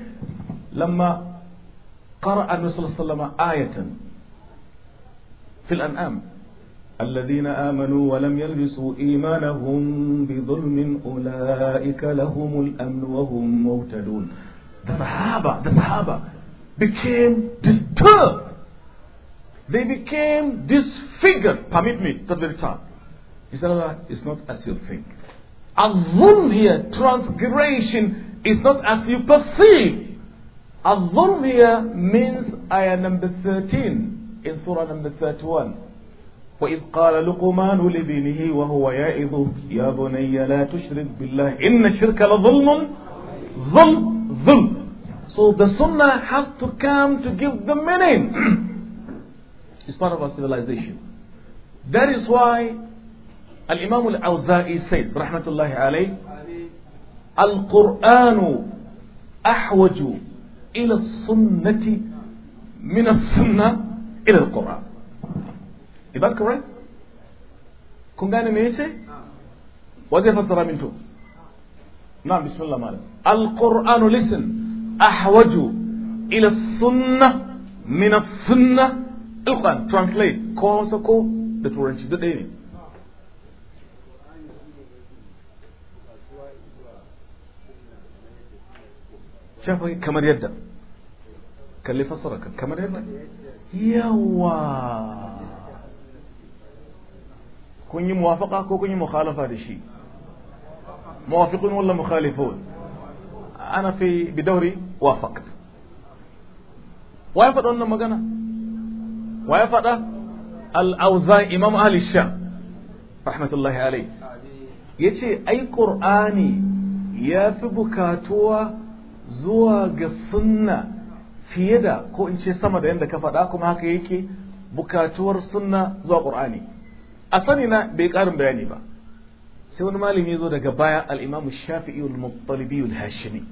لما قرأ النبي صلى الله عليه وسلم آية في الأنعام الذين آمنوا ولم يلبسوا إيمانهم بظلم أولئك لهم الأمن وهم مهتدون The Sahaba, the Sahaba became disturbed. They became disfigured. Permit me, that very time. He said, Allah it's not as you think. A here, transgression, is not as you perceive. Al-Dhurriya means ayah number 13 in surah number 31. وإذ قال لقمان لبنه وهو يعظه يا بني لا تشرك بالله إن شِرْكَ لظلم ظلم ظلم So the sunnah has to come to give the meaning. it's part of our civilization. That is why Al-Imam Al-Awza'i says, Rahmatullahi alayh, Al-Qur'anu ahwaju إلى السنة من السنة إلى القرآن Is that correct? كن قانا ميتي؟ وزيفة صرا منتو نعم بسم الله مالك القرآن لسن أحوج إلى السنة من السنة القرآن Translate كوسكو The Torrent Do they شافه إيه؟ كمر يده كلف صرك كمر يده يوا كوني موافقة كو كوني مخالفة هذا الشيء موافقون ولا مخالفون أنا في بدوري وافقت وافقت أنه ما قنا وافقت الأوزاء إمام أهل الشام رحمة الله عليه يتي أي قرآني يا في بكاتوه zuwa ga sunna fiye da ko in ce sama da yadda ka faɗa kuma haka yake bukatuwar sunna zuwa ƙur'ani a sani na bai ƙarin bayani ba sai wani malami ya zo daga baya al'imamu shafi'i al-muttalibi al-hashimi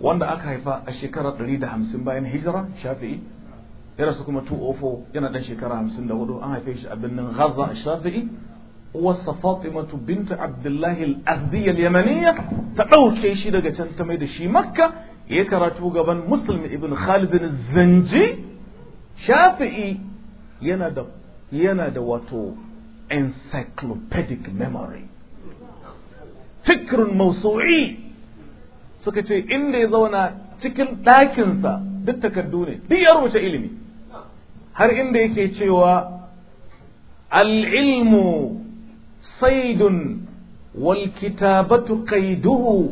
wanda aka haifa a shekarar 150 bayan hijira shafi'i ya rasu kuma 204 yana ɗan shekara 54 an haife shi a birnin gaza shafi'i uwarsa fatimatu bintu abdullahi al-azdi al-yamaniya ta ɗauke shi daga can ta mai da shi makka ya karatu gaban muslim ibn khalid zanji shafi'i yana da yana da wato encyclopedic memory fikrun mausu'i suka ce inda ya zauna cikin ɗakinsa duk takardu ne duk ya rubuta ilimi har inda yake cewa al-ilmu صيد والكتابة قيده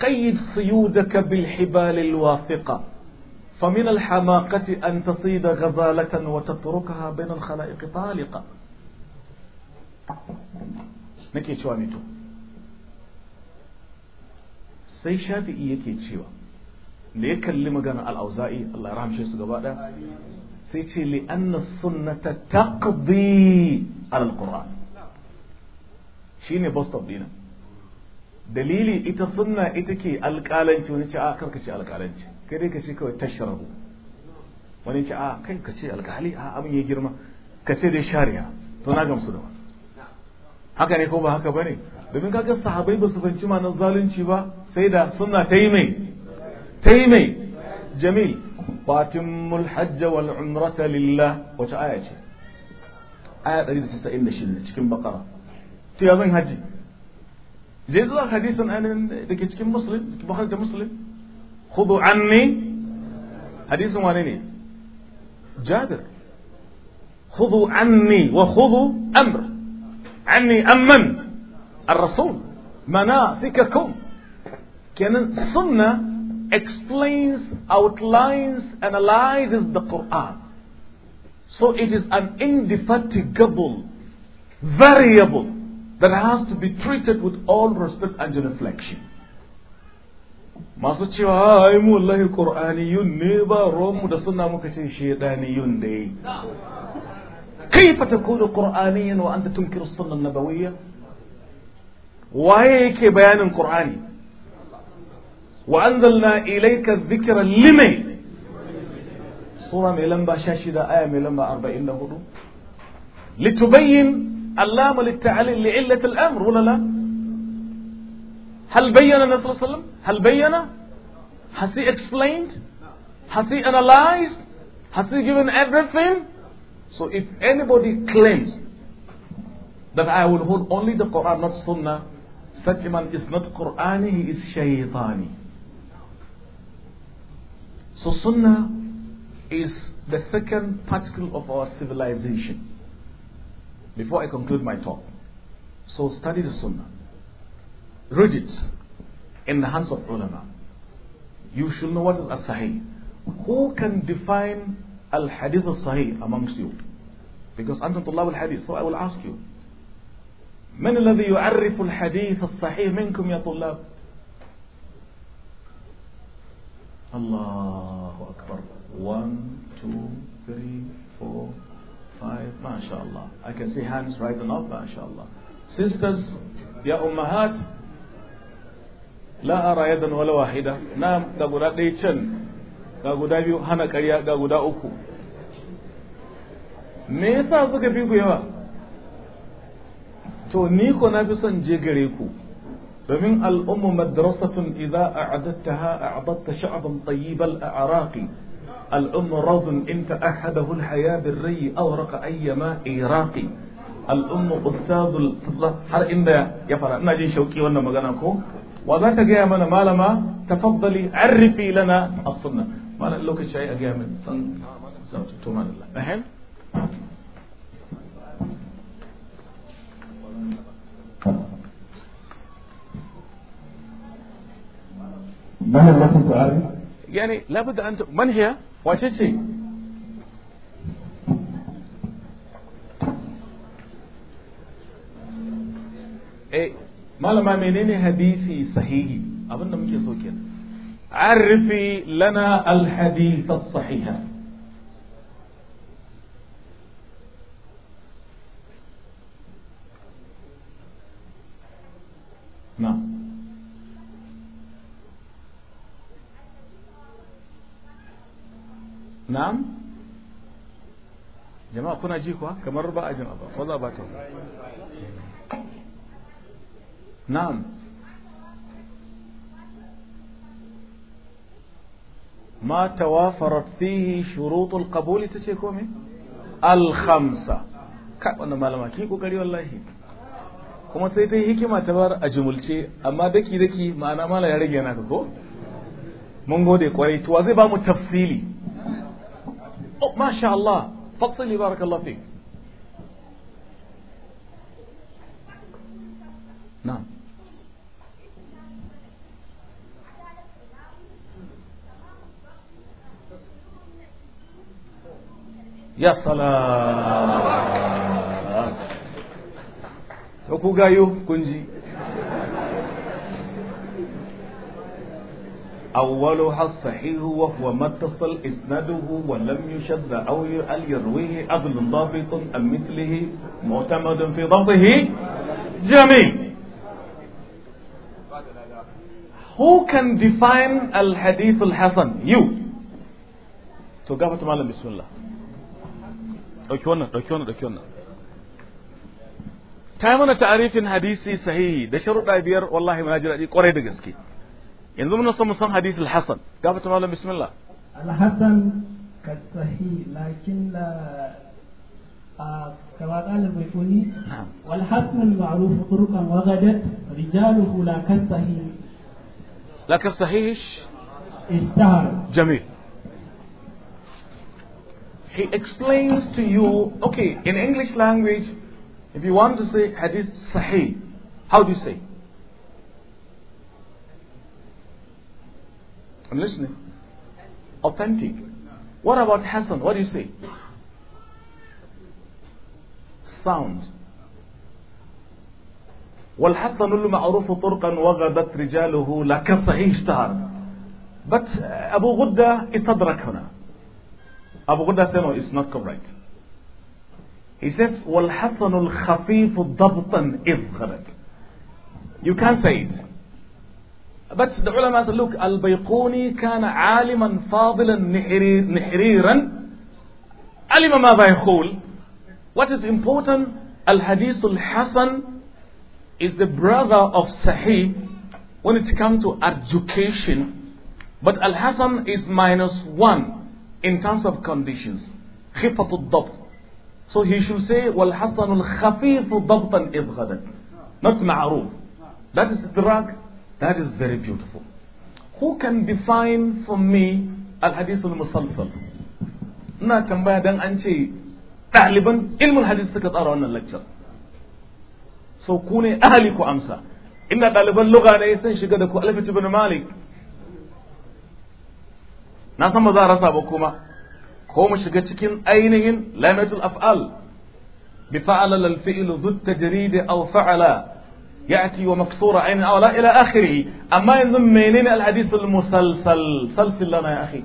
قيد صيودك بالحبال الواثقة فمن الحماقة أن تصيد غزالة وتتركها بين الخلائق طالقة نكي تو سيشاتي إيكي تشيوا ليك اللي مقانا الأوزائي الله يرحم شو سيقبا سيتي لأن السنة تقضي على القرآن Shi shine boston dina dalili ita sunna ita ke alƙalanci wani ce a ah, karka ce alƙalanci kai dai ka ce kawai tasharabu wani ce a ah, kai ka ce alƙali a ah, abin ya girma ka ce dai shari'a to na gamsu da wani haka ne ko ba haka bane domin kaga sahabai ba su fahimci ma zalunci ba sai da sunna ta yi mai ta yi mai jamil fatimul mulhajja wal umrata lillah wace aya ce aya 196 cikin baqara cewa haji zai hadisan anan ainihin da cikin muslim da bukhari da muslim khudu anni hadisan wane ne jabir khudu anni wa khudu amr anni amman الرسول مناسككم كان سنة explains, outlines, analyzes the Quran. So it is an indefatigable variable that has to be treated with all respect and genuflection. Masu cewa ai mu wallahi Qur'aniyun ne ba ruwanmu da suna muka ce shedaniyun ne. كيف تكون قرآنيا وأنت تنكر السنة النبوية وهيك بيان قرآني وأنزلنا إليك الذكر لمن سورة ميلمبا شاشدة آية ميلمبا أربعين هدو لتبين اللام للتعليل لعلة الأمر ولا لا هل بين النبي صلى الله عليه وسلم هل بين has he explained has he analyzed has he given everything so if anybody claims that I will hold only the Quran not Sunnah such a man is not Quran he is shaytani so Sunnah is the second particle of our civilization before I conclude my talk. So study the Sunnah. Read it in the hands of ulama. You should know what is a sahih. Who can define al hadith al sahih amongst you? Because أنتم طلاب الحديث, so I will ask you. من الذي يعرف الحديث الصحيح منكم يا طلاب؟ الله أكبر. One, two, three, four, five, mashallah. I can see hands rising up, mashallah. Sisters, ya ummahat, la ara yadan wala wahida. Na ga guda ɗaya can, ga guda biyu hana ƙarya, ga guda uku. Me yasa suka fi ku yawa? To ni ko na fi son je gare ku. domin al'ummu madrasatun idza a'adattaha a'adatta sha'ban tayyibal a'raqi الأم روض إن تأحده الحياة بالري أورق أيما إيراقي الأم أستاذ الفضل هل إن دا يفر إن جي شوكي وانا مغانكو وذاك جاء من مالما تفضلي عرفي لنا الصنة ما لك شيء أجي من تومان الله نحن من التي تعرف؟ يعني لابد ان ت... من هي؟ wace ce eh malama menene hadisi sahihi abinda muke so kenan عرفي لنا الحديث الصحيح نعم na'am jama'a kuna ji kuwa kamar ba a jin ba ko za ba ta na'am ما توافرت فيه شروط القبول تشي كومي الخمسة kai wannan malama kin kokari wallahi kuma sai dai hikima ta bar a jimulce amma daki daki ma'ana mala ya rage naka ko mun gode kwarai zai bamu mu tafsili ما شاء الله فصل لي بارك الله فيك نعم يا صلاة توكو جايو كنجي أولها الصحيح وهو ما اتصل إسناده ولم يشد أو يرويه عدل ضابط أم مثله معتمد في ضبطه جميل Who can define You. To ta malam bismillah. Ɗauki Ta yi mana ta'arifin hadisi sahihi da sharuɗa biyar wallahi muna ji daɗi ƙwarai da gaske. ان يعني ضمن نص حديث الحسن كيف تقول بسم الله الحسن كالصحيح لكن لا آه، كما قال البيكوني نعم. والحسن المعروف طرقا وغدت رجاله لا كالصحيح لا كالصحيح اشتهر جميل He explains to you, okay, in English language, if you want to say hadith sahih, how do you say? I'm listening. Authentic. What about Hassan? What do you say? Sound. والحسن المعروف طرقا وغدت رجاله لك صحيح اشتهر But uh, Abu Ghudda istadrakana. Abu Ghudda said no, it's not correct. He says, وَالْحَسَنُ الْخَفِيفُ ضَبْطًا إِذْغَرَتْ You can't say it. بس العلماء سلوك البيقوني كان عالما فاضلا نحرير نحريرا علم ماذا يقول what is important الحديث الحسن is the brother of Sahih when it comes to education but Al-Hasan is minus one in terms of conditions خفة الضبط so he should say والحسن الخفيف ضبطا إذ غدا not معروف that is the drug That is very beautiful. Who can define for me al-hadith al-musalsal? Ina tambaya dan an ce ɗaliban ilmin hadith suka tsara wannan lecture. So ku ne ahali ku amsa. Ina ɗaliban lugha ne sun shiga da ku Alfit ibn Malik. Na san ba za a rasa ba kuma. Ko mu shiga cikin ainihin lamatul af'al. Bi fa'ala lal fi'lu dhu tajrid aw fa'ala يأتي ومكسورة عين أو لا إلى آخره أما ينظم منين الحديث المسلسل سلسل لنا يا أخي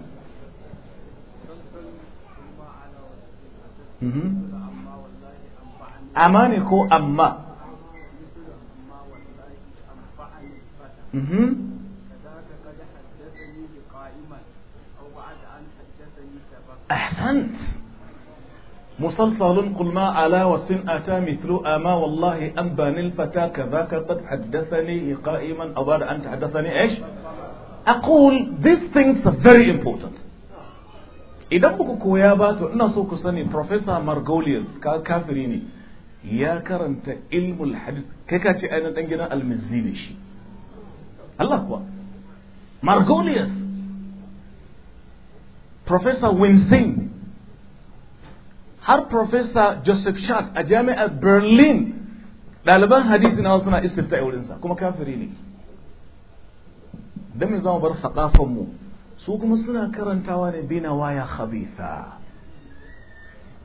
أمانكو أما أما أحسنت مسلسل قل ما على وسن أتى مثل أما والله أنباني الفتى كذاك قد حدثني قائما أو بعد أن تحدثني إيش أقول these things are very important idan muku koya ba to ina so ku sani professor Margolius ka kafiri ne ya karanta ilmul hadis kai ka ce ainihin dan gidan almizi ne shi Allah kuwa Margolius professor har profesa Joseph Schack a jami'ar Berlin ɗaliban hadisi na suna istifta a wurinsa kuma kafiri ne don me za mu bar faɗafanmu su kuma suna karantawa ne bina waya khabitha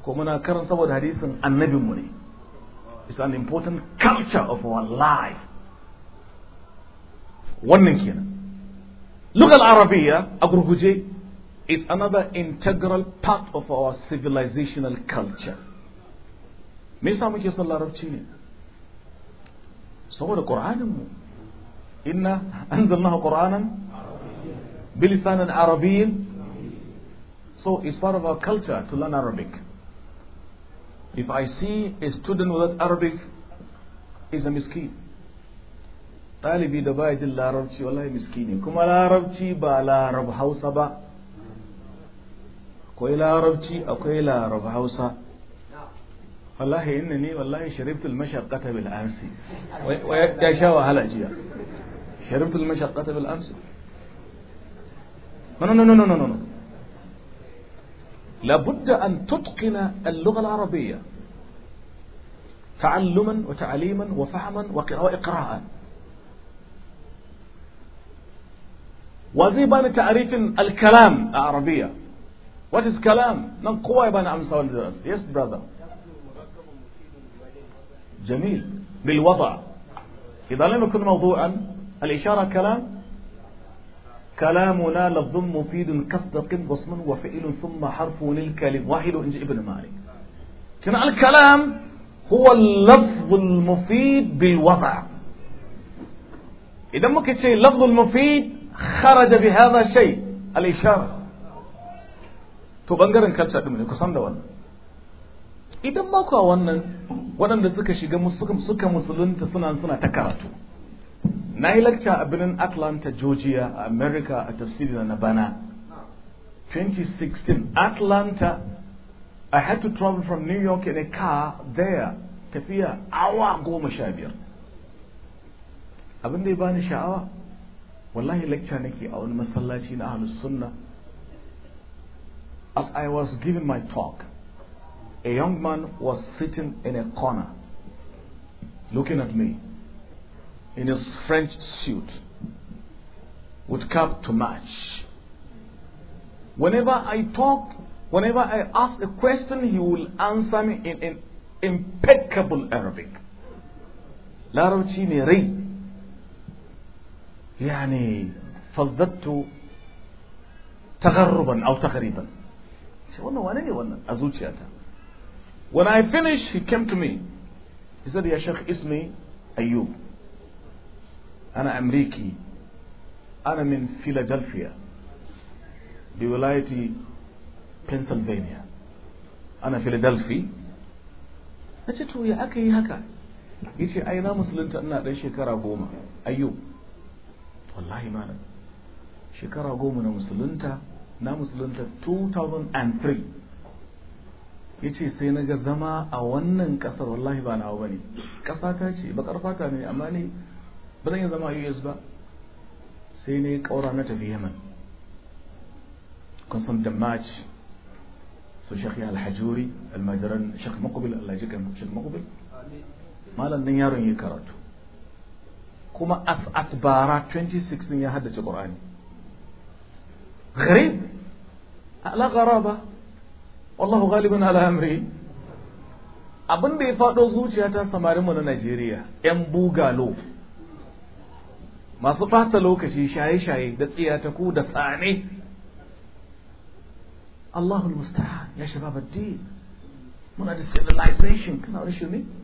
ko muna karan saboda hadisin annabinmu ne it's an important culture of our life wannan kenan lugal arabiya a gurguje is another integral part of our civilizational culture. Me samu muke son larabci ne? Saboda mu. Inna anzalnahu Qur'anan al arabiyyin. So it's part of our culture to learn Arabic. If I see a student without Arabic, is a miskin. Ɗalibi da baya jin larabci wallahi miskini kuma larabci ba larab Hausa ba akwai larabci akwai larab hausa wallahi inna ni wallahi sharibtul mashaqqata bil amsi ya sha wahala jiya sharibtul mashaqqata bil amsi no no no no no no لابد أن تتقن اللغة العربية تعلما وتعليما وفهما وإقراء وزي بان تعريف الكلام العربية What is kalam? نعم قوة يبقى أمس والدرس Yes brother جميل بالوضع إذا لم يكن موضوعا الإشارة كلام كلامنا للضم مفيد كصدق بصم وفعل ثم حرف للكلم واحد إنج ابن مالك كنا الكلام هو اللفظ المفيد بالوضع إذا ممكن شيء اللفظ المفيد خرج بهذا الشيء الإشارة to bangaren culture din ne kusan da wannan idan ba ku wannan waɗanda suka shiga suka musulunta suna suna ta karatu na yi lakca a birnin atlanta georgia a america a tafsiri na bana 2016 atlanta i had to travel from new york in a car there tafiya awa goma sha biyar abin da ya bani sha'awa wallahi lakca nake a wani masallaci na ahlus sunna As I was giving my talk, a young man was sitting in a corner looking at me in his French suit with cap to match. Whenever I talk, whenever I ask a question, he will answer me in, in impeccable Arabic. لاربتي نيري يعني فازددت تغربا أو تقريبا wannan wane ne wannan a zuciyata when I finished he came to me he said ya shekh ismi ayyub ana amriki ana min philadelphia the wilayati pennsylvania ana philadelphia na ce to ya aka yi haka ya ce ai na musulunta ina ɗan shekara goma ayyub wallahi malam shekara goma na musulunta na musulunta 2003 ya ce sai na ga zama a wannan kasar wallahi ba na ne ƙasa ta ce bakar fata ne amma ne ba zan yi zama a us ba sai ne ƙaura na tafi yaman kusan da march su shekhi alhajuri almajiran shekhi makubil allajikan shekhi makubil malam nan yaron yi karatu kuma as at bara 2016 ya haddace qur'ani غريب لا غرابة wallahu galibin ala amri abin da ya faɗo zuciyata samarinmu na Najeriya ‘yan bugalo masu fata lokaci shaye-shaye da tsiyataku da tsane Allahul musta'an ya shabab addin muna da civilization kana wani shirme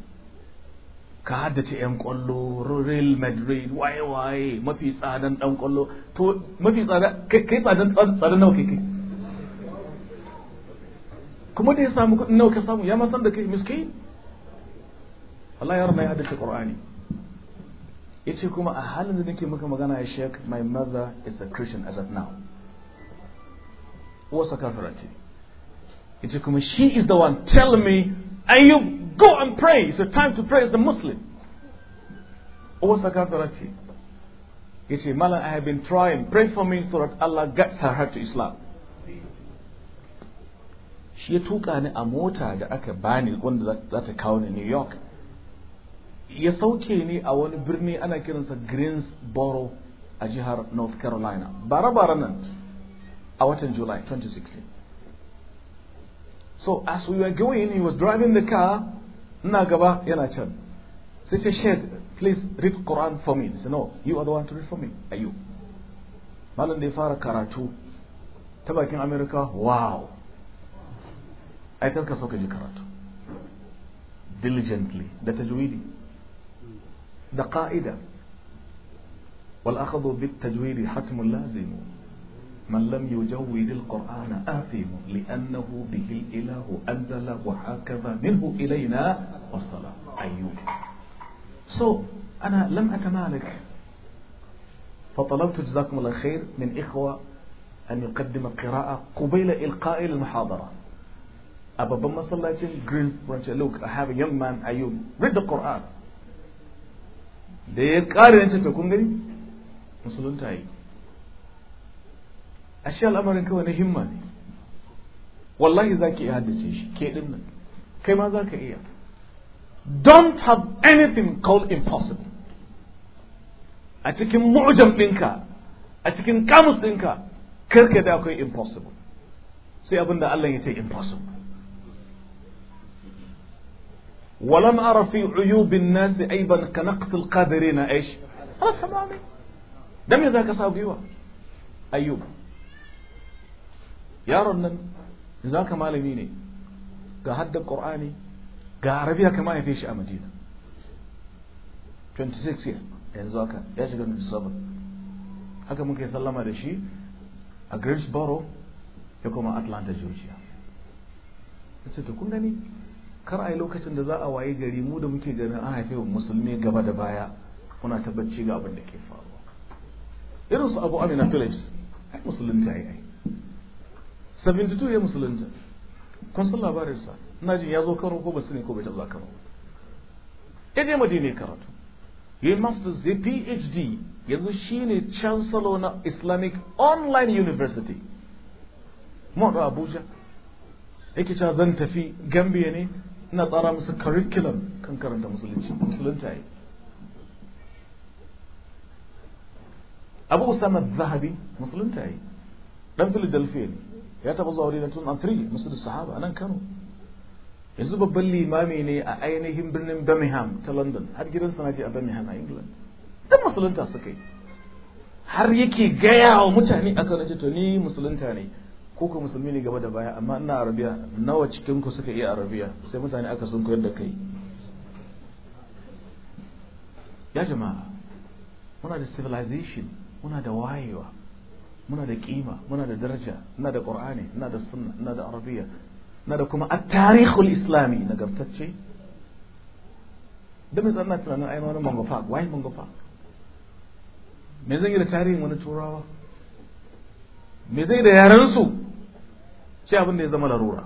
ka haddace 'yan kwallo real madrid waye waye mafi tsadan dan kwallo to mafi tsada kai tsadan tsadan nawa kai kai kuma da ya samu kudin nawa ka samu ya ma san da kai miskin Allah ya rana ya haddace qur'ani yace kuma a halin da nake maka magana ya shek my mother is a christian as of now wasa Ya ce yace kuma she is the one tell me ayyub Go and pray. It's a time to pray as a Muslim. Uwasa kafirati. He said, Mala, I have been trying. Pray for me so that Allah gets her heart to Islam. She took an amota a mota da aka bani wanda za ta kawo ni New York. Ya sauke ni a wani birni ana kiransa Greensboro a jihar North Carolina. Bara-bara nan a watan July 2016. So as we were going, he was driving the car ina gaba yana can sai ce shaykh please read Quran for me sai no you are the one to read for me are you malam da ya fara karatu ta bakin America wow ai karka so ka ji karatu diligently The tajwidi The qa'ida wal akhadhu bit tajwidi hatmun lazim من لم يجود القرآن آثم لأنه به الإله أنزل وهكذا منه إلينا وصل أيوب so أنا لم أتمالك فطلبت جزاكم الله خير من إخوة أن يقدم القراءة قبيل إلقاء المحاضرة أبا بما صلاتين Greens branch look I have a young man Ayub read the Quran دي قارئ أنت تكون ce مسلم kun ashe al'amarin kawai na himma ne wallahi za ki iya haddace shi ke din kai ma za ka iya don't have anything called impossible a cikin mu'jam ɗinka a cikin kamus ɗinka karka da akwai impossible sai abinda Allah ya ce impossible ولم أر في عيوب الناس عيبا كنقص القادرين إيش هذا تمامي دم يزاك صاحب أيوب yaron nan yanzu haka malami ne ga haddar ƙor'ani ga arabiya kama ya fi shi a madina 26 year yanzu haka ya shiga 27 haka muka yi sallama da shi a Greensboro ya koma Atlanta Georgia yace ta, kun gani kar a yi lokacin da za a waye gari mu da muke ganin an haife musulmi gaba da baya kuna tabbaci ga abin da ke faruwa irin su Abu Amina Phillips ai musulunta ai ai 72 ya musulunta kun san labarinsa ina jin ya zo karo ko ba sani ko bai taɓa karo ya je madina karatu ya yi masters ya phd yanzu shine chancellor na islamic online university mawadu abuja yake cewa zan tafi gambia ne na tsara musu curriculum kan karanta musulunci musulunta ya abu usama zahabi musulunta ya dan philadelphia ne ya taɓa zuwa wuri tun an musu da sahaba anan kano yanzu babban limami ne a ainihin birnin birmingham ta london har gidansa na ce a birmingham a england dan musulunta suka yi har yake gaya wa mutane aka nace to ni musulunta ne ko ku musulmi ne gaba da baya amma ina arabiya nawa cikin ku suka iya arabiya sai mutane aka sun koyar da kai ya jama'a muna da civilization muna da wayewa muna da kima muna da daraja ina da qur'ani ina da sunna ina da arabiya ina da kuma at-tarikhul islami nagartacce da mai zanna tunanin ai wani mango park why mango park me zan yi da tarihin wani turawa me zai da yaran su sai abin da ya zama larura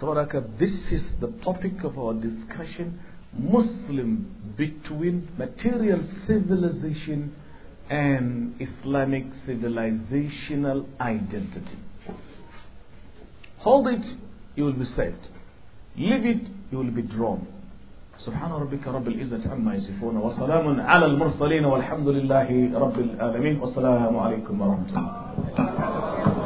saboda haka this is the topic of our discussion Muslim between material civilization an Islamic civilizational identity. Hold it, you will be saved. Leave it, you will be drawn. سبحان ربك رب العزة عما يصفون وسلام على المرسلين والحمد لله رب العالمين والسلام عليكم ورحمة الله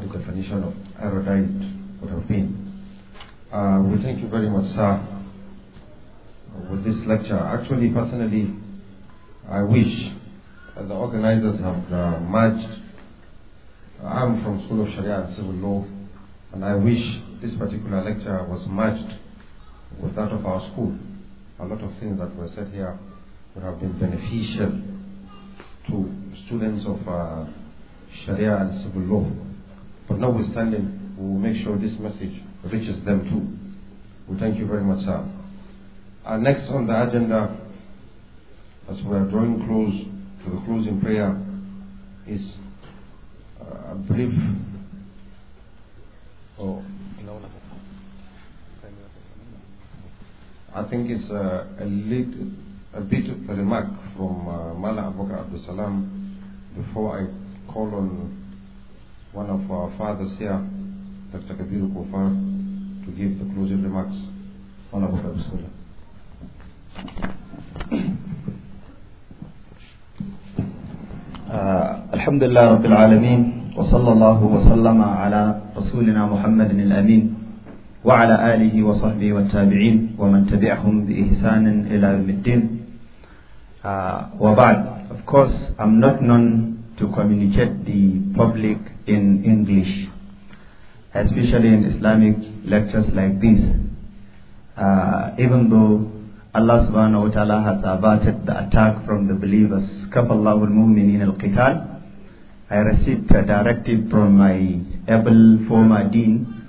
what the definition of erudite would have been. Uh, we thank you very much, sir, with this lecture. Actually, personally, I wish that the organizers have uh, merged. I'm from School of Sharia and Civil Law, and I wish this particular lecture was merged with that of our school. A lot of things that were said here would have been beneficial to students of uh, Sharia and Civil Law. But notwithstanding, we will make sure this message reaches them too. We thank you very much, sir. Our next on the agenda, as we are drawing close to the closing prayer, is uh, a brief oh, I think it's uh, a, a, little, a bit of a remark from uh, Mala Abu Abdul Salam before I call on one of our fathers here, Dr. Kadir Kufar, to give the closing remarks. One of our Bismillah. الحمد لله رب العالمين وصلى الله وسلم على رسولنا محمد الأمين وعلى آله وصحبه والتابعين ومن تبعهم بإحسان إلى يوم الدين uh, وبعد of course I'm not known to communicate the public in English, especially in Islamic lectures like this. Uh, even though Allah subhanahu wa ta'ala has averted the attack from the believers, I received a directive from my able former dean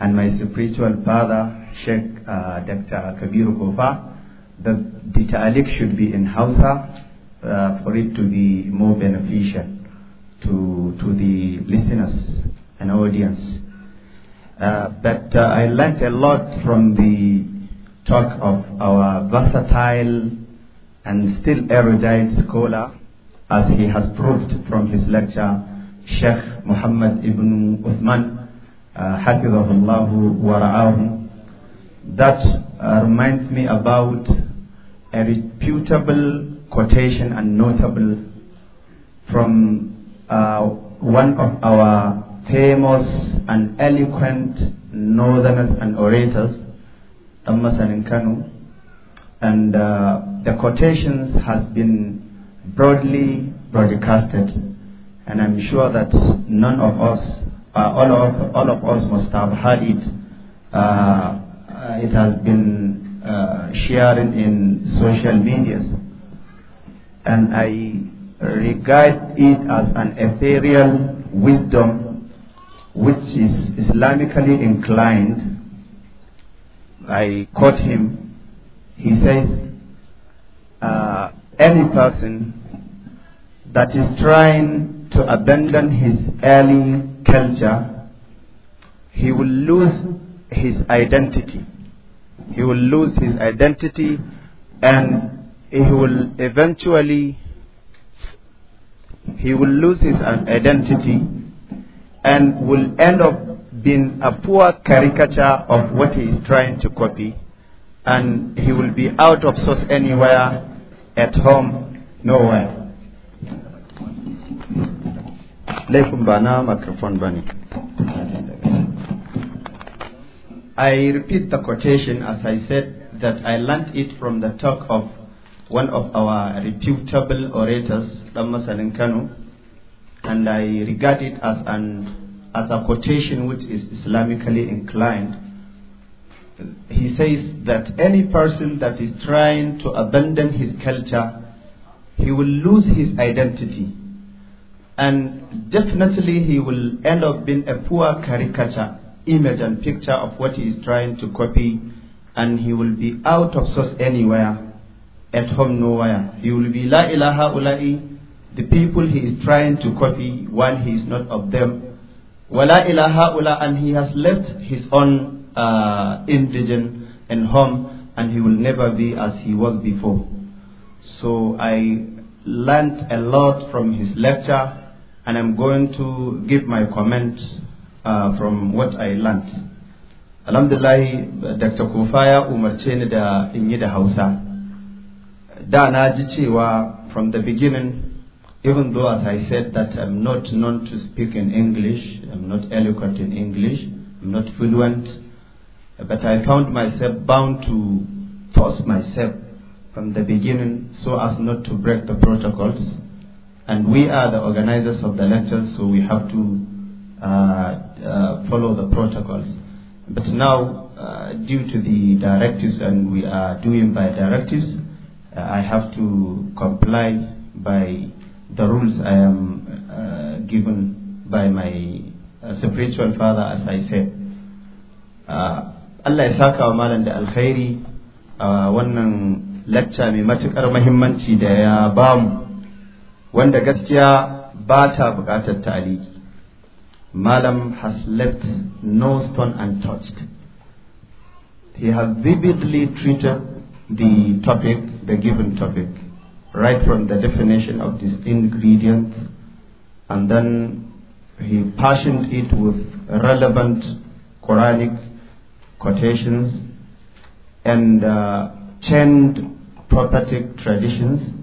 and my spiritual father, Sheikh uh, Dr. Kabir Kofa, that the ta'alik should be in Hausa uh, for it to be more beneficial to, to the listeners and audience. Uh, but uh, I learnt a lot from the talk of our versatile and still erudite scholar, as he has proved from his lecture, Sheikh Muhammad ibn Uthman, uh, Hafizahullah wa ra'ahum. That uh, reminds me about a reputable quotation and notable from uh, one of our famous and eloquent northerners and orators, Ammasan Kanu, and uh, the quotations has been broadly broadcasted, and I'm sure that none of us, uh, all of all of us, must have heard it. Uh, uh it has been uh, shared in social medias, and I regard it as an ethereal wisdom which is Islamically inclined. I quote him. He says, uh, any person that is trying to abandon his early culture, he will lose his identity. He will lose his identity and he will eventually he will lose his identity and will end up being a poor caricature of what he is trying to copy. And he will be out of source anywhere, at home, nowhere. microphone I repeat the quotation as I said that I learnt it from the talk of one of our reputable orators, Dhammasanin Kano, and I regard it as an as a quotation which is Islamically inclined. He says that any person that is trying to abandon his culture, he will lose his identity. And definitely he will end up being a poor caricature, image and picture of what he is trying to copy, and he will be out of source anywhere at home nowhere. He will be La ilaha ula'i, the people he is trying to copy while he is not of them. Wala ilaha ula, and he has left his own uh, indigen and home, and he will never be as he was before. So I learned a lot from his lecture, and I'm going to give my comment uh, from what I learned. Alhamdulillah, Dr. Kufaya Umar ni da in Hausa da na ji cewa from the beginning even though as I said that I'm not known to speak in English, I'm not eloquent in English, I'm not fluent, but I found myself bound to force myself from the beginning so as not to break the protocols. And we are the organizers of the lectures, so we have to uh, uh, follow the protocols. But now, uh, due to the directives, and we are doing by directives, I have to comply by the rules I am uh, given by my uh, spiritual father, as I said. Uh, Allah ya saka wa malam da alkhairi a wannan lacca mai matuƙar mahimmanci da ya bamu wanda gaskiya ba ta buƙatar ta'aliki. Malam has left no stone untouched. He has vividly treated the topic the given topic, right from the definition of these ingredients, and then he passioned it with relevant Quranic quotations and uh, chained prophetic traditions.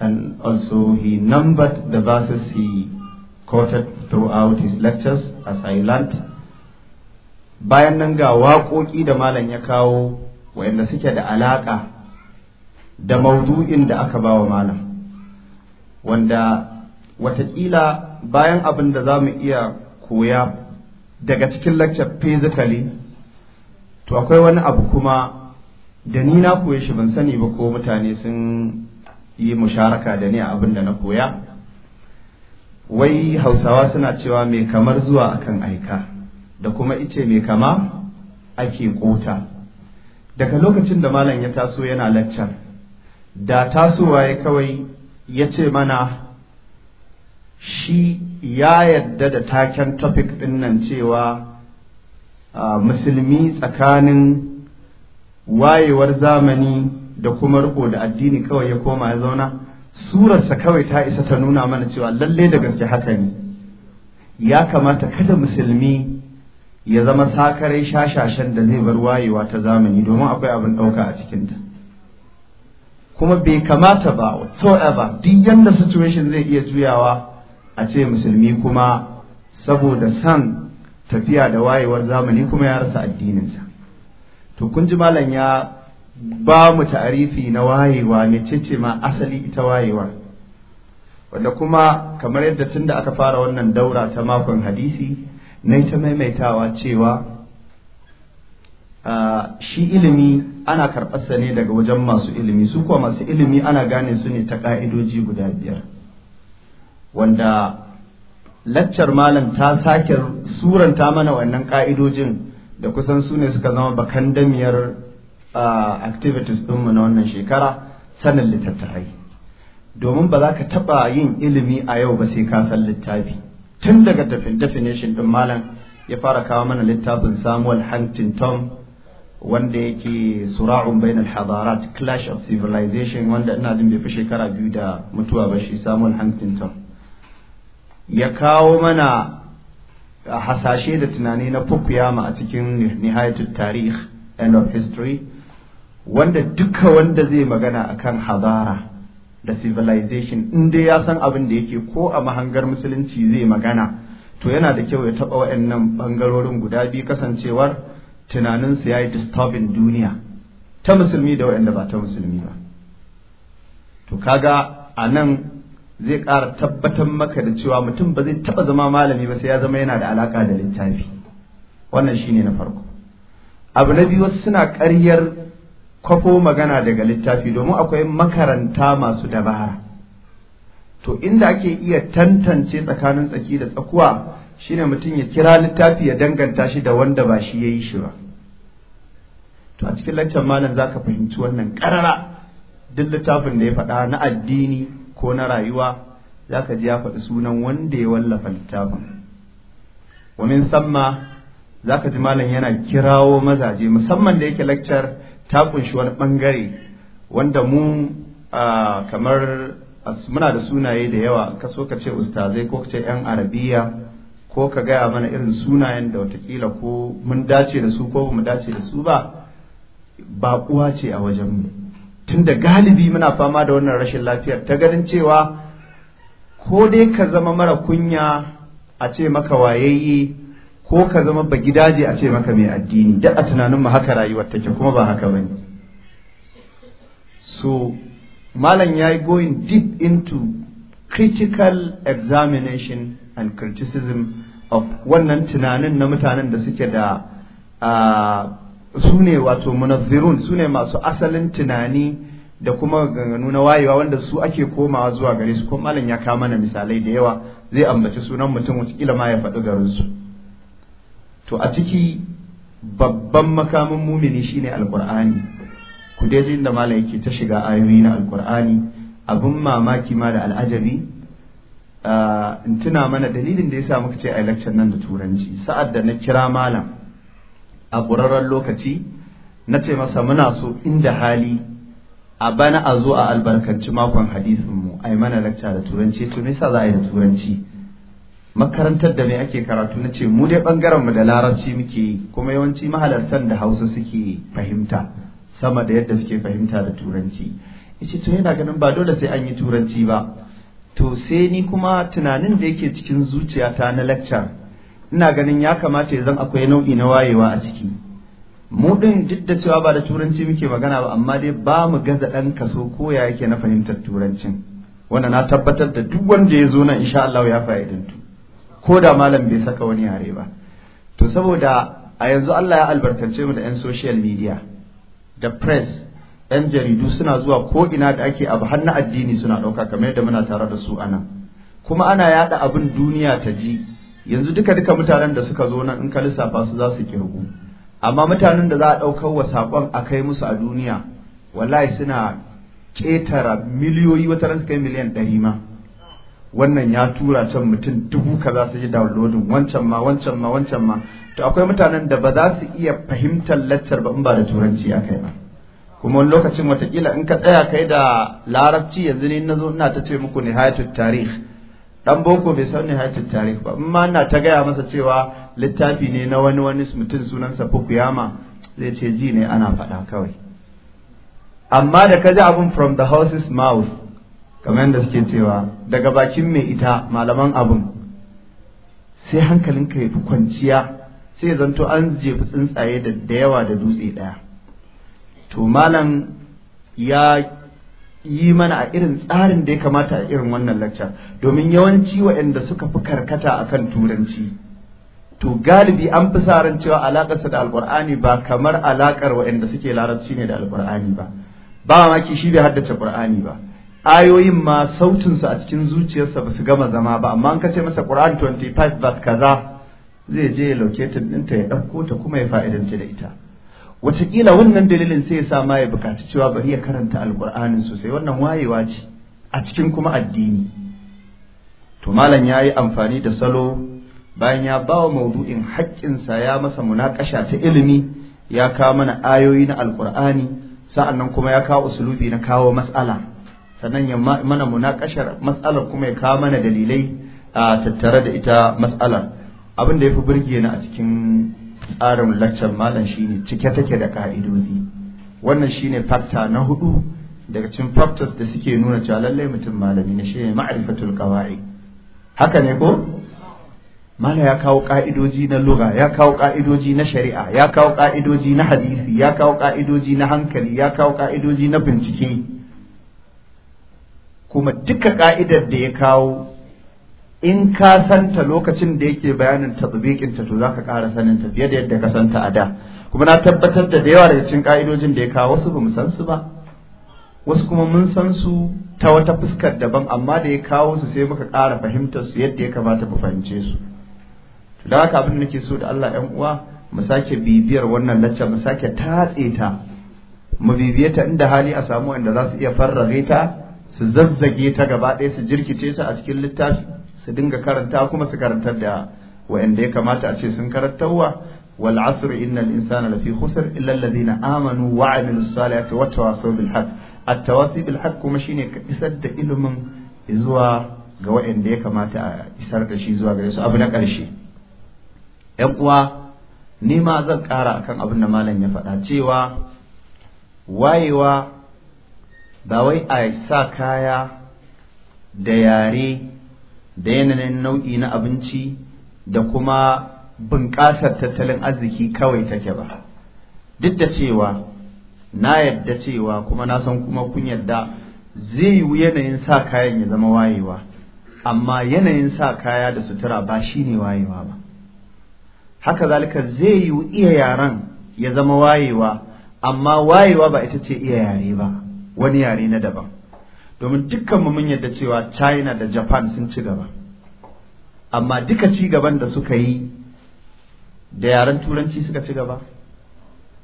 And also, he numbered the verses he quoted throughout his lectures as I learnt. Bayan nan ga waƙoƙi da malam ya kawo waɗanda suke da alaƙa da maudu'in da aka ba wa malam wanda watakila bayan abin da za mu iya koya daga cikin lecture physically to akwai wani abu kuma da ni na koya shi ban sani ba ko mutane sun yi musharaka da ni a abin da na koya wai hausawa suna cewa mai kamar zuwa akan aika da kuma ice mai kama ake kota daga lokacin da malam ya taso yana lecture da tasowaye kawai ya ce mana shi ya yadda da taken topic ɗin nan cewa musulmi tsakanin wayewar zamani da kuma riko da addini kawai ya koma ya zauna surarsa kawai ta isa ta nuna mana cewa lalle da gaske haka ne ya kamata kada musulmi ya zama sakarai shashashen da zai bar wayewa ta zamani domin akwai abin ɗauka a cikinta kuma bai kamata ba whatsoever duk yadda situation zai iya juyawa a ce musulmi kuma saboda san tafiya da wayewar zamani kuma ya rasa addininsa to kun ji malam ya ba mu ta'arifi na wayewa ce ma asali ita wayewa wanda kuma kamar yadda tunda aka fara wannan daura ta makon hadisi na ta maimaitawa cewa Ah, shi ilimi ana karɓarsa ne daga wajen masu ilimi su kuwa masu ilimi ana gane su ne ta ƙa'idoji guda biyar wanda laccar malam ta sake suranta mana wannan ƙa'idojin da kusan su ne suka zama bakan damiyar ah, activities ɗinmu na wannan shekara sanin littattafai domin ba za ka taɓa yin ilimi a yau ba sai ka san littafi tun daga definition ɗin malam ya fara kawo mana littafin samuel huntington wanda yake sura'un bainal hadarat clash of civilization wanda ina jin bai fi shekara biyu da mutuwa ba shi samuel huntington ya kawo mana hasashe da tunani na fukuyama a cikin nihayatul tarih end of history wanda duka wanda zai magana akan hadara da civilization inda ya san abin da yake ko a mahangar musulunci zai magana to yana da kyau ya taɓa waɗannan ɓangarorin guda biyu kasancewar tunaninsu ya yi disturbing duniya ta musulmi da waɗanda ba ta musulmi ba to kaga a nan zai ƙara tabbatar maka da cewa mutum ba zai taɓa zama malami ba sai ya zama yana da alaƙa da littafi wannan shi ne na farko abu na biyu wasu suna ƙaryar kwafo magana daga littafi domin akwai makaranta masu dabara to inda ake iya tantance tsakanin tsaki da tsakuwa shine mutum ya kira littafi ya danganta shi da wanda ba shi ya yi shi ba to a cikin laccan malam za ka fahimci wannan karara duk littafin da ya faɗa na addini ko na rayuwa za ka ji ya faɗi sunan wanda ya wallafa littafin wamin samma za ka ji malam yana kirawo mazaje musamman da yake laccar ta kunshi wani ɓangare wanda mu kamar muna da sunaye da yawa ka so ka ce ustazai ko ka ce 'yan arabiya ko ka gaya mana irin sunayen da watakila ko mun dace da su ko mu dace da su ba ba kuwa ce a wajen wajenmu tunda galibi muna fama da wannan rashin lafiyar ta ganin cewa ko dai ka zama mara kunya a ce maka wayayye ko ka zama ba gidaje a ce maka mai addini duk a tunanin mu haka rayuwar take kuma ba haka bane so malam yayi going deep into critical examination and criticism of wannan tunanin na mutanen da suke da su ne wato munazirun su ne masu asalin tunani da kuma ganganu na wayewa wanda su ake komawa zuwa gare su kuma malam ya kama na misalai da yawa zai ambaci sunan mutum kila ma ya faɗi garinsu to a ciki babban makamin mumini shine alkur'ani ku dai da malam yake ta shiga ayoyi na alkur'ani abin mamaki ma da al'ajabi Ah, in tuna mana dalilin da ya sa muka ce a lecture nan da turanci sa'ad da na kira malam a ƙurarren lokaci na ce masa muna so inda hali a bana a zo a albarkanci makon hadisinmu a yi mana lecture da turanci to me yasa za a yi da turanci makarantar da me ake karatu na ce mu dai bangaren mu da larabci muke yi kuma yawanci mahalartan da hausa suke fahimta sama da yadda suke fahimta da turanci yace to yana ganin ba dole sai an yi turanci ba to sai ni kuma tunanin da yake cikin zuciyata na lecture ina ganin ya kamata ya zan akwai nau'i na wayewa a ciki mu din duk da cewa ba da turanci muke magana ba amma dai ba mu gaza ɗan kaso ko ya yake na fahimtar turancin wanda na tabbatar da duk wanda ya zo nan insha Allah ya fa'idantu ko da malam bai saka wani yare ba to saboda a yanzu Allah ya albarkace mu da 'yan social media da press 'yan jaridu suna zuwa ko ina da ake abu har addini suna ɗauka kamar yadda muna tare da su anan kuma ana yaɗa abin duniya ta ji yanzu duka duka mutanen da suka zo nan in ka lissafa su za su kirgu amma mutanen da za a ɗaukar wa saƙon a kai musu a duniya wallahi suna ƙetara miliyoyi wata ran kai miliyan ɗari ma wannan ya tura can mutum dubu kaza su yi downloading wancan ma wancan ma wancan ma to akwai mutanen da ba za su iya fahimtar laccar ba in ba da turanci a kai ba kuma lokacin watakila in ka tsaya kai da larabci yanzu ne na zo ina ta ce muku hayatul tarih dan boko bai san hayatul tarih ba amma ina ta gaya masa cewa littafi ne na wani wani mutum sunansa Fukuyama zai ce ji ne ana faɗa kawai amma da ka ji abin from the houses mouth kamar yadda suke cewa daga bakin mai ita malaman abin sai hankalinka ya fi kwanciya sai zanto an jefi tsuntsaye da yawa da dutse ɗaya to malam ya yi mana a irin tsarin da ya kamata a irin wannan lacca domin yawanci waɗanda suka fi karkata a kan turanci to galibi an fi sa ran cewa alaƙarsa da alƙur'ani ba kamar alaƙar waɗanda suke larabci ne da alƙur'ani ba ba maki shi bai haddace ƙur'ani ba ayoyin ma sautinsu a cikin zuciyarsa ba su gama zama ba amma an kace masa ƙur'an 25 verse kaza zai je ya ta ɗinta ya ɗauko ta kuma ya fa'idance da ita wataƙila wannan dalilin sai ya sa ma ya buƙaci cewa bari ya karanta alƙur'anin sosai wannan wayewa ce a cikin kuma addini to malam ya yi amfani da salo bayan ya ba wa maudu'in haƙƙinsa ya masa munaƙasha ta ilimi ya kawo mana ayoyi na alƙur'ani sa'annan kuma ya kawo usulubi na kawo matsala sannan ya mana munaƙashar matsalar kuma ya kawo mana dalilai a tattare da ita matsalar abin da ya fi burge ni a cikin tsarin laccar malam shine cike take da ka'idoji wannan shine fakta na hudu daga cikin factors da suke nuna cewa lallai mutum malami ne shine ma'rifatul qawaid haka ne ko mala ya kawo ka'idoji na lura ya kawo ka'idoji na shari'a ya kawo ka'idoji na hadisi ya kawo ka'idoji na hankali ya kawo ka'idoji na bincike kuma duka ka'idar da ya kawo in ka santa lokacin da yake bayanin tatbiqin ta to zaka ƙara sanin ta fiye da yadda ka santa a da kuma na tabbatar da da yawa daga cikin ka'idojin da ya kawo wasu mu san su ba wasu kuma mun san su ta wata fuskar daban amma da ya kawo su sai muka ƙara fahimtar su yadda ya kamata mu fahimce su to da haka abin da nake so da Allah 'yan uwa mu sake bibiyar wannan lacca mu sake tatse ta mu bibiye ta inda hali a samu inda za su iya farrage ta su zazzage ta gaba ɗaya su jirkice ta a cikin littafi su dinga karanta kuma su karantar da wa'anda ya kamata a ce sun karantarwa wal asr innal insana lafi khusr illa alladhina amanu wa amilus salihati wa tawasaw bil haqq at tawasi bil haqq kuma shine ka isar da ilimin zuwa ga wa'anda ya kamata a isar da shi zuwa gare su abu na karshe yan uwa ni ma zan kara akan abin da malam ya faɗa cewa wayewa ba wai a sa kaya da yare da yanayin nau'i na abinci da kuma bunƙasar tattalin arziki kawai take ba duk da cewa na yadda cewa kuma na san kuma kun yadda zai yi yanayin sa kayan ya zama wayewa amma yanayin sa kaya da sutura ba shi ne wayewa ba haka zalika zai yi iya yaren ya zama wayewa amma wayewa ba ita ce iya yare ba wani yare na daban domin dukkan mu mun yadda cewa China da Japan sun ci gaba amma duka ci gaban da suka yi da yaren turanci suka ci gaba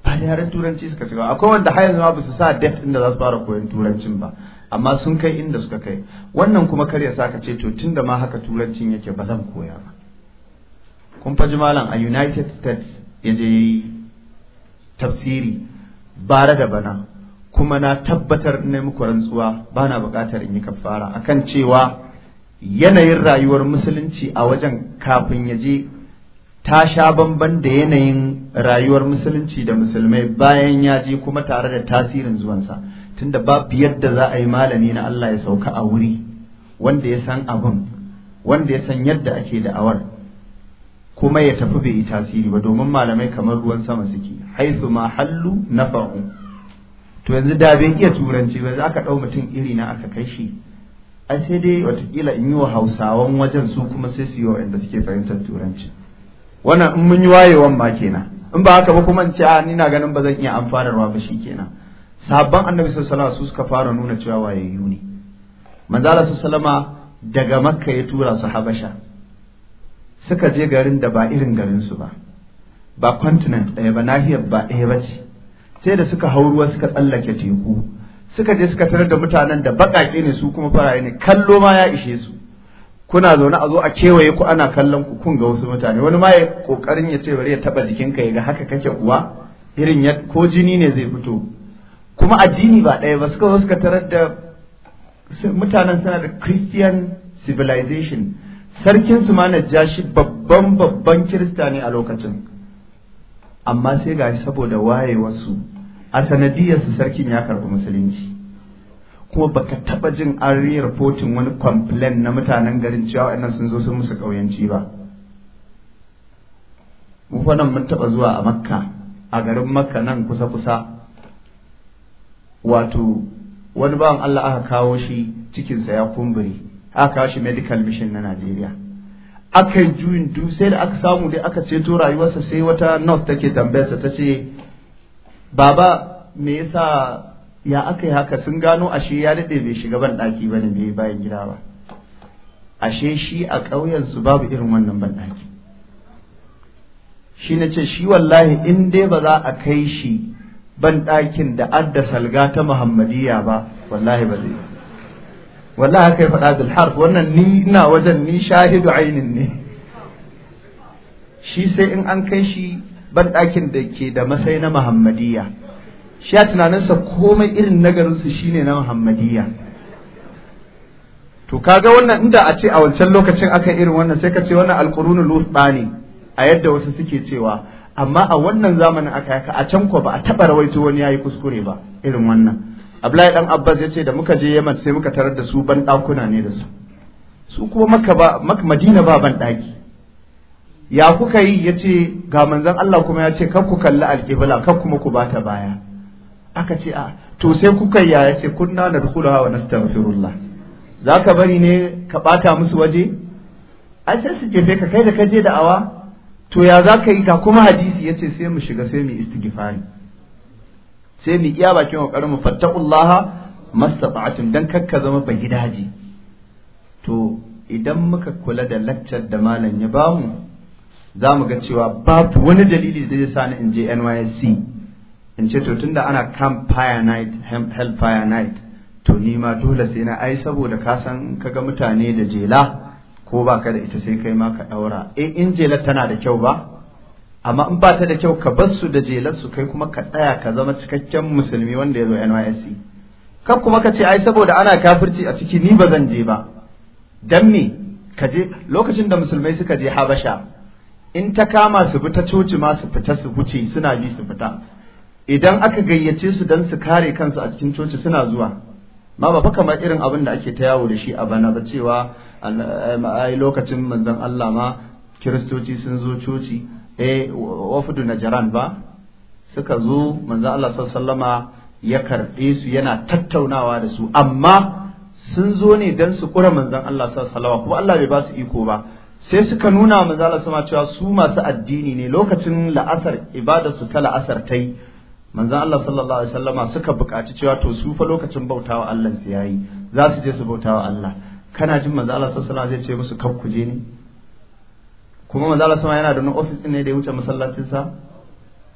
ba da yaren turanci suka ci gaba akwai wanda har yanzu ba su sa date inda za su fara koyon turancin ba amma sun kai inda suka kai wannan kuma kar ya sa ka ce to tunda ma haka turancin yake ba zan koya ba kun faji malam a United States ya je yi tafsiri bare da bana kuma na tabbatar na muku rantsuwa ba na buƙatar in yi kafara kan cewa yanayin rayuwar musulunci a wajen kafin ya je ta sha bamban da yanayin rayuwar musulunci da musulmai bayan ya je kuma tare da tasirin zuwansa tunda babu yadda za a yi malami na Allah ya sauka a wuri wanda ya san abin wanda ya san yadda ake da'awar kuma ya tafi bai yi tasiri ba domin malamai kamar ruwan sama suke haithu ma hallu nafa'u to yanzu da bai iya turanci ba za ka mutum iri na aka kai shi ai sai dai watakila in yi wa hausawan wajen su kuma sai su yi waɗanda suke fahimtar turanci wannan in mun yi wayewan ma kenan in ba haka ba kuma in ce a ni na ganin ba zan iya amfanarwa ba shi kenan Sabon annabi sallallahu alaihi wasallam suka fara nuna cewa wayayyu ne manzo Allah sallallahu daga makka ya tura su habasha suka je garin da ba irin garin su ba ba continent ɗaya ba nahiyar ba ɗaya ba ce sai da suka hau ruwa suka tsallake teku suka je suka tarar da mutanen da baƙaƙe ne su kuma faraye ne kallo ma ya ishe su kuna zaune a zo a kewaye ku ana kallon ku kun ga wasu mutane wani ma ya kokarin ya ce bari ya taba jikinka ya ga haka kake uwa irin ya ko jini ne zai fito kuma addini ba ɗaya ba suka suka tarar da mutanen suna da Christian civilization sarkin su ma babban babban kirista ne a lokacin amma sai ga saboda wayewarsu. wasu a su sarkin ya karɓi musulunci kuma baka taɓa jin an yi rahoton wani complain na mutanen garin cewa waɗannan sun zo sun musu ƙauyanci ba mu nan mun taɓa zuwa a makka a garin makka nan kusa-kusa wato wani bawan Allah aka kawo shi cikinsa ya kumburi aka kawo shi medical mission na Najeriya aka yi juyin du sai da aka samu dai aka ceto rayuwarsa sai wata nurse take tambayarsa ta ce baba me yasa ya aka yi haka sun gano ashe ya daɗe bai shiga ban ɗaki ba ne bai bayan gida ba ashe shi a ƙauyensu babu irin wannan ban ɗaki shi na ce shi wallahi in dai ba za a kai shi ban ɗakin da adda salga ta muhammadiyya ba wallahi ba zai wallahi haka ya faɗa harf wannan ni ina wajen ni shahidu ainin ne shi sai in an kai shi ban ɗakin da ke da masai na muhammadiyya shi a tunaninsa komai irin nagarinsu shi ne na muhammadiyya to kaga wannan inda a ce a wancan lokacin aka irin wannan sai ka ce wannan alqurunul wusta ne a yadda wasu suke cewa amma a wannan zamanin aka yaka a can ko ba a taɓa rawaito wani ya yi kuskure ba irin wannan Abdullahi dan Abbas ya ce da muka je Yaman sai muka tarar da su ban ɗakuna ne da su su kuma Madina ba ban ɗaki ya kuka yi ya ce ga manzan Allah kuma ya ce kar ku kalli alkibala kar kuma ku bata baya aka ce a to sai kuka ya ya ce kunna na hawa wa stamfirullah za ka bari ne ka bata musu waje ai sai su jefe ka kai da kaje da awa. to ya za ka yi ga kuma hadisi ya ce sai mu shiga sai mu istighfari sai mu iya bakin kokarin mu fattaqullaha mastata'atum dan kakka zama ba gidaje to idan muka kula da laccar da malam ya bamu za mu ga cewa babu wani jalili da zai sa ni in je NYSC in ce to tunda ana camp fire night hell fire night to ni ma dole sai na ai saboda ka san kaga mutane da jela ko ba ka da ita sai kai ma ka daura eh in jela tana da kyau ba amma in ba ta da kyau ka bar su da jelar su kai kuma ka tsaya ka zama cikakken musulmi wanda ya zo NYSC kar kuma ka ce ai saboda ana kafirci a ciki ni ba zan je ba dan me ka je lokacin da musulmai suka je Habasha in ta kama su fita coci ma su fita su huce suna bi su fita idan aka gayyace su don su kare kansu a cikin coci suna zuwa ma ba fa kamar irin abin da ake ta yawo da shi a bana ba cewa eh, lokacin manzon Allah ma kiristoci sun zo coci eh wafudu najaran ba suka zo manzon Allah sallama ya karɓe su yana tattaunawa da su amma sun zo ne don su kura manzon Allah sallama kuma Allah bai ba su iko ba sai suka nuna manzala sama cewa su masu addini ne lokacin la'asar ibadarsu ta la'asar ta yi manzan Allah sallallahu alaihi wasallama suka buƙaci cewa to su fa lokacin bautawa Allah su yayi za su je su bautawa Allah kana jin manzan Allah sallallahu alaihi zai ce musu kar ku je ne kuma manzan Allah sama yana da wani office din ne da ya wuce masallacin sa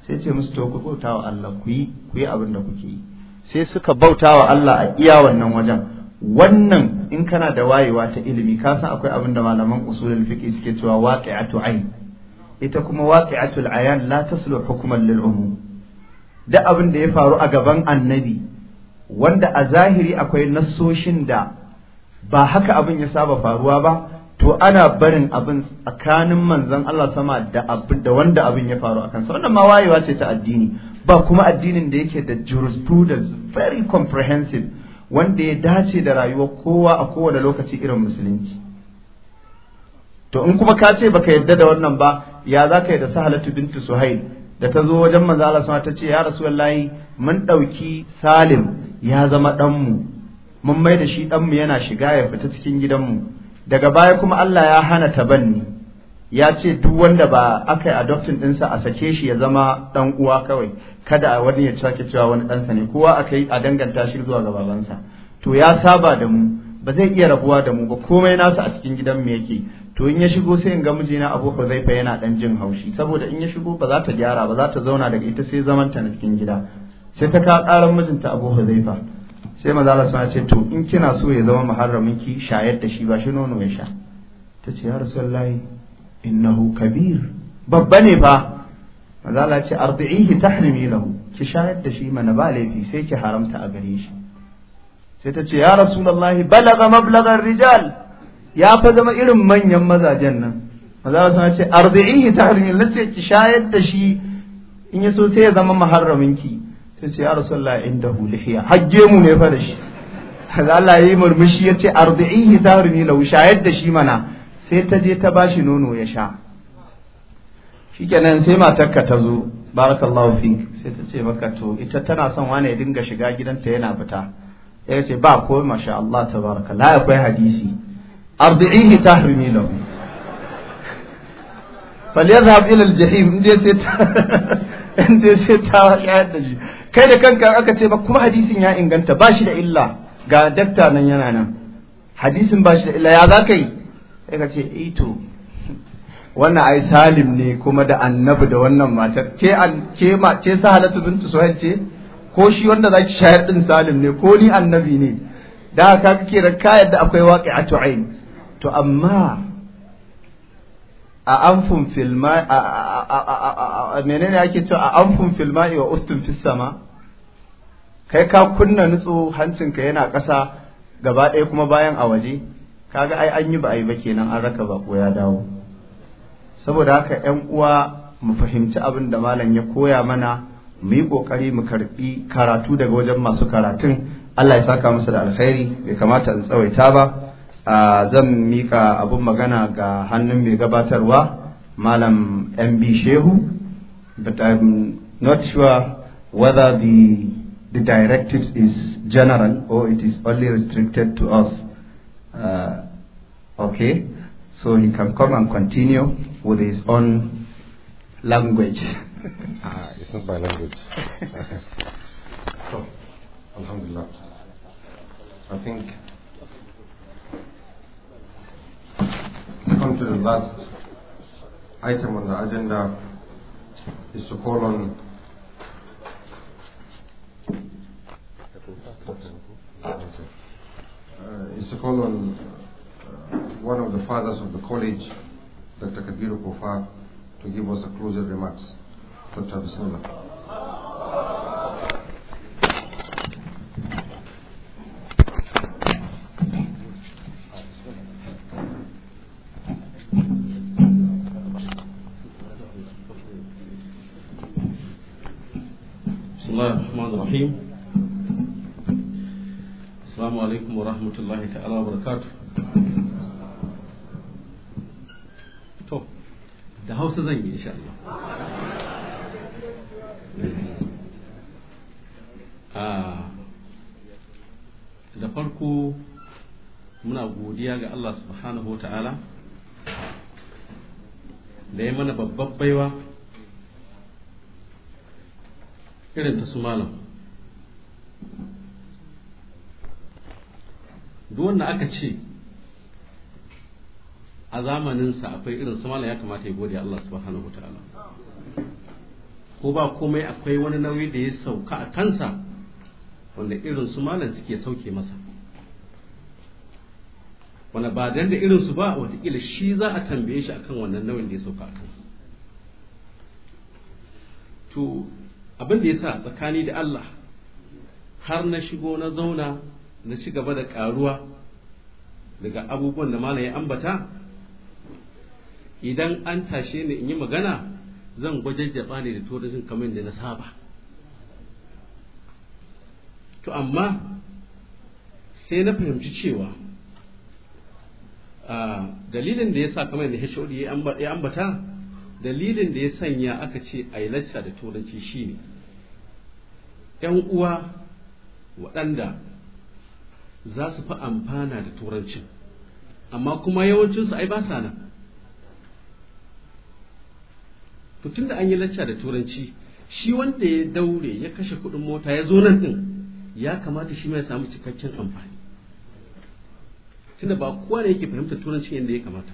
sai ce musu to ku bautawa Allah ku yi ku yi abin da kuke yi sai suka bautawa Allah a iya wannan wajen wannan in kana da wayewa ta ilimi ka san akwai abin da malaman usulul fiqh suke cewa waqi'atu ayn ita kuma waqi'atul ayan la taslu hukman lil umum da abin da ya faru a gaban annabi wanda a zahiri akwai nassoshin da ba haka abin ya saba faruwa ba to ana barin abin tsakanin manzon Allah sama da abin da wanda abin ya faru akan sa wannan ma wayewa ce ta addini ba kuma addinin da yake da jurisprudence very comprehensive wanda ya dace da rayuwar kowa a kowane lokaci irin musulunci to in kuma ka ce baka yarda da wannan ba ya za ka yi da sahalatu bintu suhail da ta zo wajen manzo Allah sama ta ce ya rasu rasulullahi mun ɗauki salim ya zama ɗanmu mun mai da shi ɗanmu yana shiga ya fita cikin gidanmu daga baya kuma Allah ya hana ta banni ya ce duk wanda ba aka yi adoptin ɗinsa a sake shi ya zama ɗan uwa kawai kada wani ya sake cewa wani ɗansa ne kowa aka yi a danganta shi zuwa ga babansa to ya saba da mu ba zai iya rabuwa da mu ba komai nasa a cikin gidan mu yake to in ya shigo sai in ga mijina Abu fa yana dan jin haushi saboda in ya shigo ba za ta gyara ba za ta zauna daga ita sai zaman ta na cikin gida sai ta ka karan mijinta Abu fa. sai maza Allah ce to in kina so ya zama muharramin ki shayar da shi ba shi nono ya sha ta ce ya rasulullahi innahu kabir babba ne fa maza Allah ce ardi'ihi tahrimi lahu ki shayar da shi mana ba laifi sai ki haramta a gare shi sai ta ce ya rasulullahi balaga mablagar rijal ya fa zama irin manyan mazajen nan maza Allah ce ardi'ihi tahrimi lahu ce ki shayar da shi in ya so sai ya zama muharramin ki sai ce ya rasulullah indahu lihiya hajje mu ne fa da shi Allah ya yi murmushi ya ce ardi'ihi tahrimi lahu shayar da shi mana sai ta je ta bashi nono ya sha shikenan sai matarka ta zo barakallahu fik sai ta ce maka to ita tana son wani ya dinga shiga gidanta yana fita ya ce ba ko masha Allah tabaraka la akwai hadisi arbi'ihi tahrimi lahu falyadhhab ila al-jahim inde sai ta inda sai ta kayar da shi kai da kanka aka ce ba kuma hadisin ya inganta ba shi da illa ga dakta nan yana nan hadisin ba shi da illa ya za ka yi sai ka ce ito eh wannan ai salim ne kuma da annabi da wannan matar ce an ce ma ce sahalatu bintu suhail ce ko shi wanda zaki shayar din salim ne ko ni annabi ne da ka kake da ka yadda akwai waqi'atu ain to amma a anfun filma ma a menene yake to a anfun filma wa ustun fis sama kai ka kunna nutso hancinka yana ƙasa gaba ɗaya kuma bayan a waje kaga ai an yi ba a yi ba kenan an raka ba, ko ya dawo saboda haka yan uwa mu fahimci abin da malam ya koya mana mu yi kokari mu karɓi karatu daga wajen masu karatun Allah ya saka masa da alkhairi bai kamata in tsawaita ba zan mika abun magana ga hannun mai gabatarwa malam MB Shehu but I'm not sure whether the the directives is general or it is only restricted to us Uh, okay, so he can come and continue with his own language. ah, it's not by language. so, Alhamdulillah. I think come to the last item on the agenda is to call on uh, is to call on uh, one of the fathers of the college, Dr. Kabiru Kofar, to give us a closing remarks. Dr. Bismillah. بسم الله الرحمن الرحيم السلام عليكم ورحمة الله تعالى وبركاته to da hausa zan yi insha Allah ah, da farko muna godiya ga Allah subhanahu wa ta'ala da ya mana babbar baiwa irin ta su malam duk wanda aka ce a zamaninsa akwai irin su ya kamata ya gode Allah subhanahu wa ko ba komai akwai wani nauyi da ya sauka a kansa wanda irin su malam suke sauke masa wanda ba dan da irin su ba watakila shi za a tambaye shi akan wannan nauyin da ya sauka a kansa to abin da ya sa tsakani da Allah har na shigo na zauna na ci gaba da ƙaruwa daga abubuwan da malam ya ambata idan an tashe ni in yi magana zan gwajajjaba ne da turancin kamar da na saba to amma sai na fahimci cewa dalilin da ya sa kamar da HOD ya ambata dalilin da ya sanya aka ce a yi lacca da turanci shine ‘yan uwa waɗanda za su fi amfana da turanci, amma kuma yawancinsu ai ba sa nan tun da an yi lacca da turanci shi wanda ya daure ya kashe kuɗin mota ya zo nan ɗin ya kamata shi mai samu cikakken amfani tunda ba kowa ne yake fahimta turanci yadda ya kamata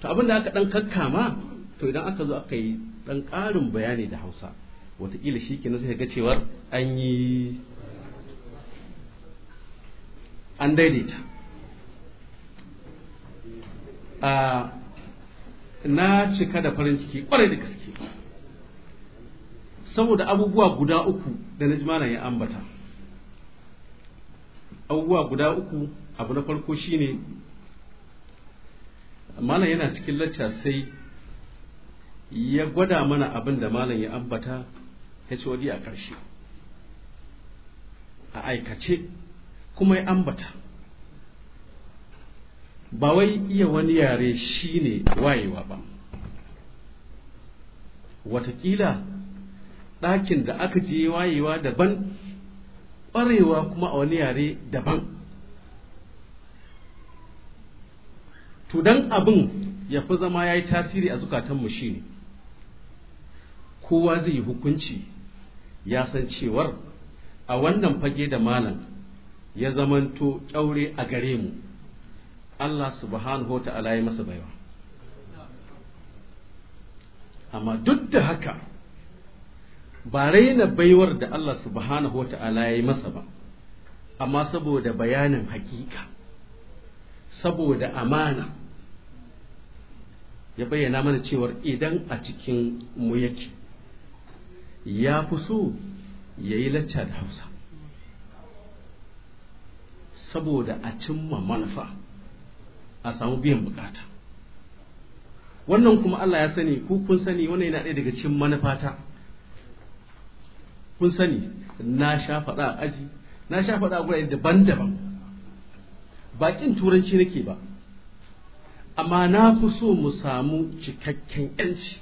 to abin da aka ɗan kakkama to idan aka zo aka yi ɗan ƙarin bayani da hausa wataƙila shi kenan sai ga cewar an yi an daidaita na cika da farin ciki kwarai da gaske saboda abubuwa guda uku da na jimana ya ambata abubuwa guda uku abu na farko shine malam yana cikin lacca sai ya gwada mana abin da malam ya ambata ya hod a ƙarshe a aikace kuma ya ambata ba wai iya wani yare shi shine wayewa ba watakila ɗakin da aka je wayewa daban ƙwarewa kuma a wani yare daban to don abin ya fi zama ya yi tasiri a zukatanmu shine kowa zai yi hukunci ya san cewar a wannan fage da malam ya zamanto ƙyaure a gare mu Allah subhanahu wa ta'ala ya masa baiwa amma duk da haka ba raina baiwar da Allah subhanahu wa ta'ala ya yi masa ba amma saboda bayanin hakika saboda amana ya bayyana mana cewar idan a cikin mu yake ya fi so ya yi lacca da hausa saboda a cimma manufa a samu biyan bukata wannan kuma Allah ya sani ku kun sani wannan yana ɗaya daga cikin manufata kun sani na sha faɗa a aji na sha faɗa a gurare daban-daban bakin turanci nake ba amma na fi so mu samu cikakken yanci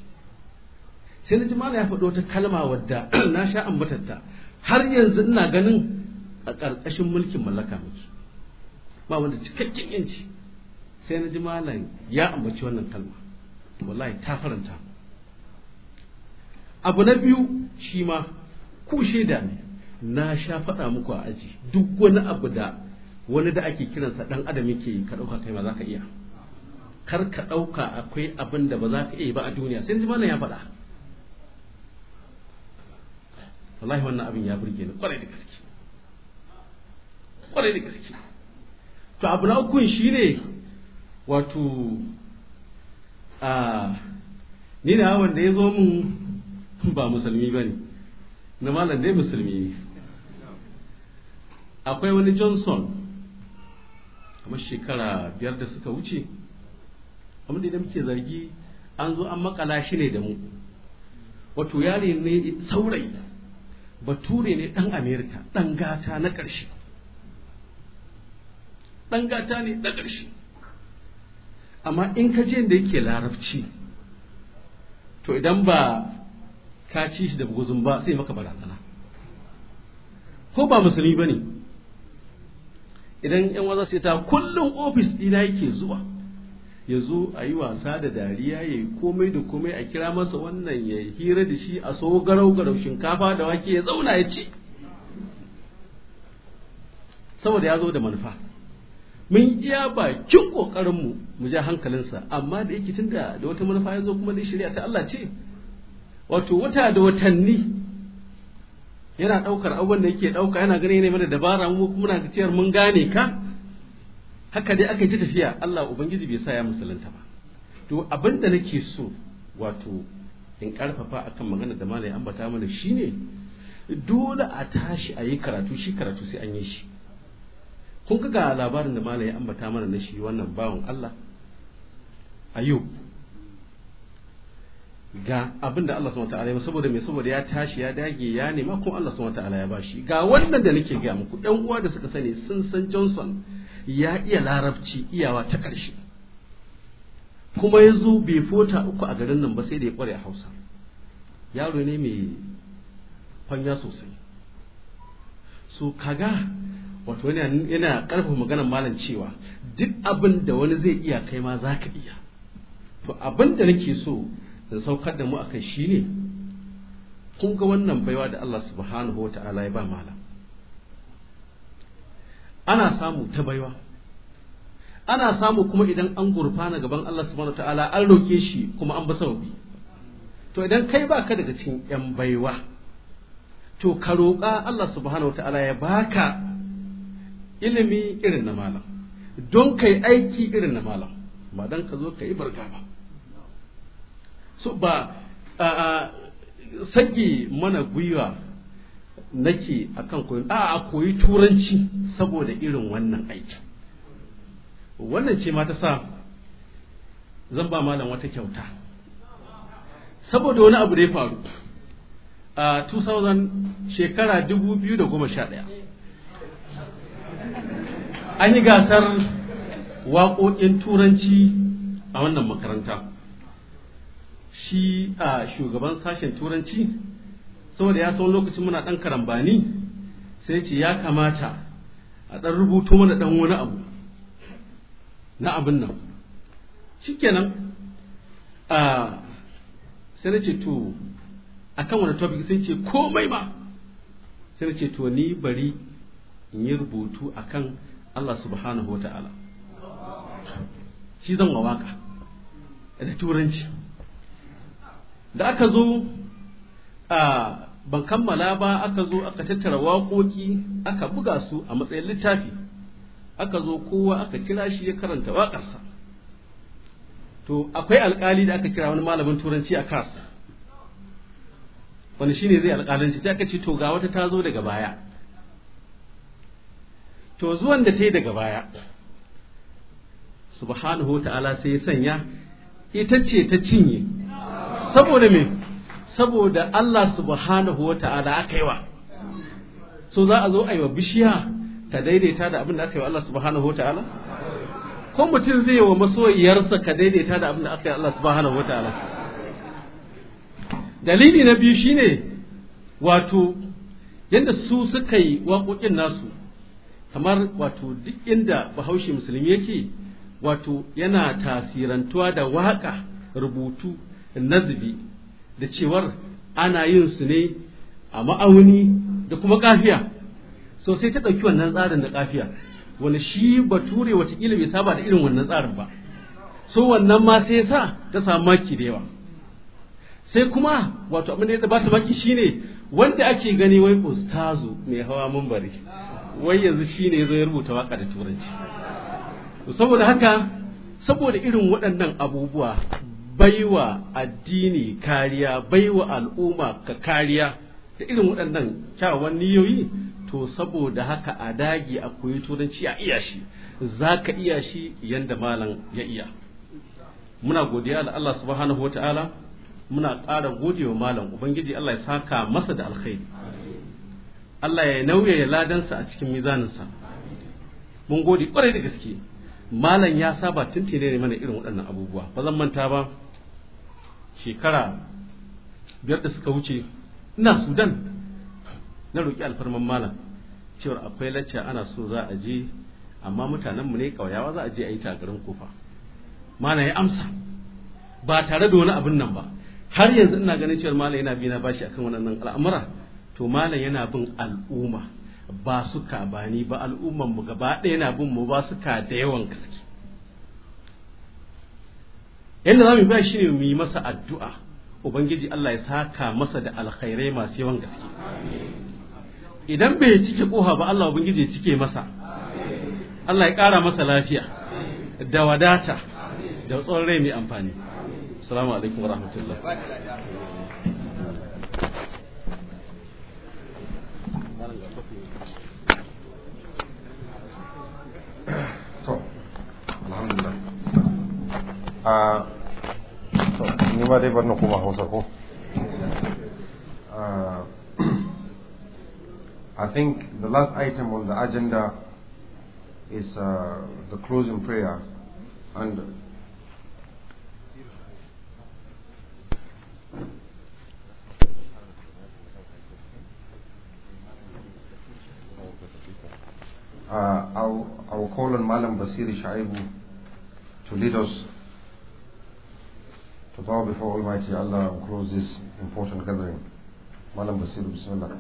sai na ji ya faɗo wata kalma wadda na sha ambatatta har yanzu ina ganin a ƙarƙashin mulkin mallaka muke ba wanda cikakken yanci sai na ji malam ya ambaci wannan kalma wallahi ta faranta abu na biyu shi ma ku shaida ne na sha faɗa muku a aji duk wani abu da wani da ake kiransa ɗan adam yake ka ɗauka kai ma za ka iya kar ka ɗauka akwai abin da ba za ka iya ba a duniya sai malam ya faɗa wallahi wannan abin ya burge ni kwarai da gaske kwarai da gaske to abu na ukun ne, wato a ni da ya zo mun ba musulmi ba ne na malam dai musulmi ne akwai wani johnson kamar shekara biyar da suka wuce amma da muke zargi an zo an makala shi ne da mu wato yare ne saurayi bature ne dan amerika dan gata na ƙarshe ɗan gata ne na ƙarshe amma in ka je da yake larabci to idan ba ka ci shi da guzun ba sai maka barazana ko ba musulmi ba ne idan yan waza sai ta kullum ofis ɗina yake zuwa ya zo a yi wasa da dariya ya yi komai da komai a kira masa wannan ya hira da shi a so garau garau shinkafa da wake ya zauna ya ci saboda ya zo da manufa mun iya bakin ƙoƙarinmu mu ja hankalinsa amma da yake tunda da wata manufa ya zo kuma da shari'a ta Allah ce wato wata da watanni yana ɗaukar abubuwan da yake ɗauka yana ganin yana mana dabara mu kuma na ciyar mun gane ka haka dai aka yi tafiya Allah ubangiji bai sa ya musulunta ba to abin da nake so wato in ƙarfafa akan magana da malai ambata mana shine dole a tashi a yi karatu shi karatu sai an yi shi kun ga labarin da malai ya ambata mana na shi wannan bawan Allah ayub ga abin da Allah subhanahu wataala ya saboda me saboda ya tashi ya dage ya nema kuma Allah subhanahu wataala ya bashi ga wannan da nake ga muku ɗan uwa da suka sani sun san Johnson ya iya larabci iyawa ta ƙarshe kuma ya zo bai fota uku a garin nan ba sai da ya ƙware a Hausa yaro ne mai fanya sosai so kaga wato yana karfafa maganar malam cewa duk abin da wani zai iya kai ma za ka iya to abin da nake so da saukar da mu a kai shi ne kun ga wannan baiwa da Allah subhanahu wa ta'ala ya ba malam ana samu ta baiwa ana samu kuma idan an gurfana gaban Allah subhanahu wa ta'ala an roke shi kuma an bi sababi to idan kai baka daga cikin yan baiwa to ka roƙa Allah subhanahu wa ta'ala ya baka ilimi irin na malam don kai aiki irin na malam ba dan ka zo ka yi barka ba so ba sake mana gwiwa nake akan koyi a a koyi turanci saboda irin wannan aikin wannan ce ma ta sa zan ba malam wata kyauta saboda wani abu da ya faru a 2000 shekara 2011 an yi gasar waƙoƙin turanci a wannan makaranta shi a shugaban sashen turanci saboda ya san lokacin muna ɗan karambani sai ce ya kamata a ɗan rubuto mana ɗan wani abu na abin nan shikenan a sai na ce to a kan wani topic sai ce komai ba sai na ce to ni bari in yi rubutu a kan Allah subhanahu wa ta'ala shi zan wa waka da turanci da aka zo a ban kammala ba aka zo aka tattara waƙoƙi aka buga su a matsayin littafi aka zo kowa aka kira shi ya karanta wakarsa, to akwai alƙali da aka kira wani malamin turanci a kas wani shi ne zai alƙalanci da aka ce to ga wata ta zo daga baya to zuwan da ta yi daga baya subhanahu wa ta'ala sai ya sanya ita ce ta cinye saboda me saboda Allah subhanahu wa ta'ala aka yi wa so za a zo a yi wa bishiya ta daidaita da abin da aka yi wa Allah subhanahu wa ta'ala ko mutum zai yi wa masoyiyarsa ka daidaita da abin da aka yi Allah subhanahu wa ta'ala dalili na biyu shine wato yadda su suka yi waƙoƙin nasu kamar wato duk inda bahaushe musulmi yake wato yana tasirantuwa da waƙa rubutu nazibi da cewar ana yin su ne a ma'auni da kuma kafiya sosai ta ɗauki wannan tsarin da kafiya wani shi bature watakila bai saba da irin wannan tsarin ba so wannan ma sai sa ta samu maki da yawa sai kuma wato abin da ya ba ta maki shine wanda ake gani wai ustazu mai hawa mambari wai yanzu shi ne zai rubuta waka da turanci saboda haka saboda irin waɗannan abubuwa baiwa addini kariya baiwa al'umma ka kariya da irin waɗannan kyawawan niyoyi to saboda haka a dagi a koyi turanci a iya shi za ka iya shi yadda malam ya iya muna godiya da Allah subhanahu wa ta'ala muna ƙara wa malam ubangiji Allah ya saka masa da alkhairi Allah ya nauye ya ladansa a cikin mizaninsa mun gode kwarai da gaske malam ya saba tuntune ne mana irin waɗannan abubuwa ba zan manta ba shekara biyar da suka wuce ina sudan na roƙi alfarman malam cewar akwai lacca ana so za a je amma mutanenmu ne ƙauyawa za a je a yi tagarin kofa mana ya amsa ba tare da wani abin nan ba har yanzu ina ganin cewar malam yana bina bashi akan waɗannan al'amura to malam yana bin al'umma ba su ka ba ni ba al'umman mu gaba ɗaya yana bin mu ba su ka da yawan gaske yadda za mu ba shi ne mu yi masa addu'a ubangiji Allah ya saka masa da alkhairai masu yawan gaske idan bai cike koha ba Allah ubangiji ya cike masa Allah ya ƙara masa lafiya da wadata da tsoron rai mai amfani assalamu alaikum wa alhamdulillah a ni ma dai bar na kuma hausa ko I think the last item on the agenda is uh, the closing prayer and Uh, our, our call on Malam Basiri Shaibu to lead us to bow before Almighty Allah and close this important gathering. Malam Basiru, Bismillah.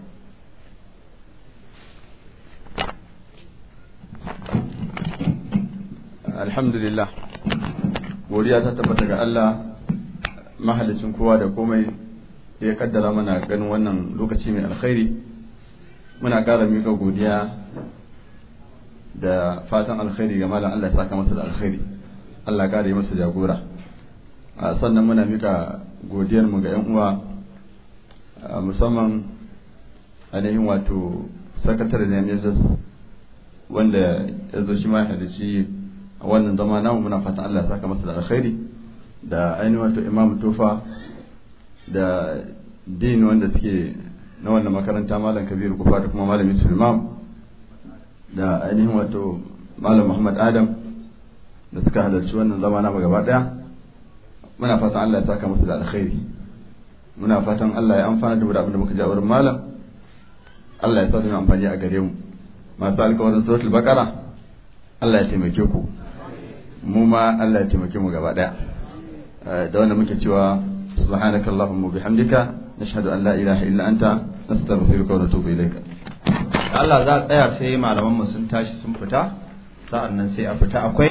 Alhamdulillah, godiya ta tabbata ga Allah mahallicin kowa da komai da ya kaddara mana ganin wannan lokaci mai alkhairi muna ƙara miƙa godiya da fatan alkhairi ga malam Allah ya saka masa da alkhairi Allah ya kare masa jagora sannan muna mika godiyar mu ga 'yan uwa musamman ainihin wato sakatare na Mrs. wanda ya zo shi ma da shi a wannan zama namu muna fatan Allah ya saka masa da alkhairi da ainihin wato Imam Tufa da din wanda suke na wannan makaranta Malam Kabiru Kufa da kuma Malam Yusuf Imam da ainihin wato malam muhammad adam da suka halarci wannan zama na gaba daya muna fatan allah ya saka musu da alkhairi muna fatan allah ya amfana da mu da abin da muka ji a wurin malam allah ya sa su amfani a gare mu masu alkawarin suratul bakara allah ya taimake ku mu ma allah ya taimake mu gaba daya eh, da wanda muke cewa subhanakallahumma bihamdika nashhadu an la ilaha illa anta nastaghfiruka wa natubu ilaika Allah za a tsaya sai malaman sun tashi sun fita nan sai a fita akwai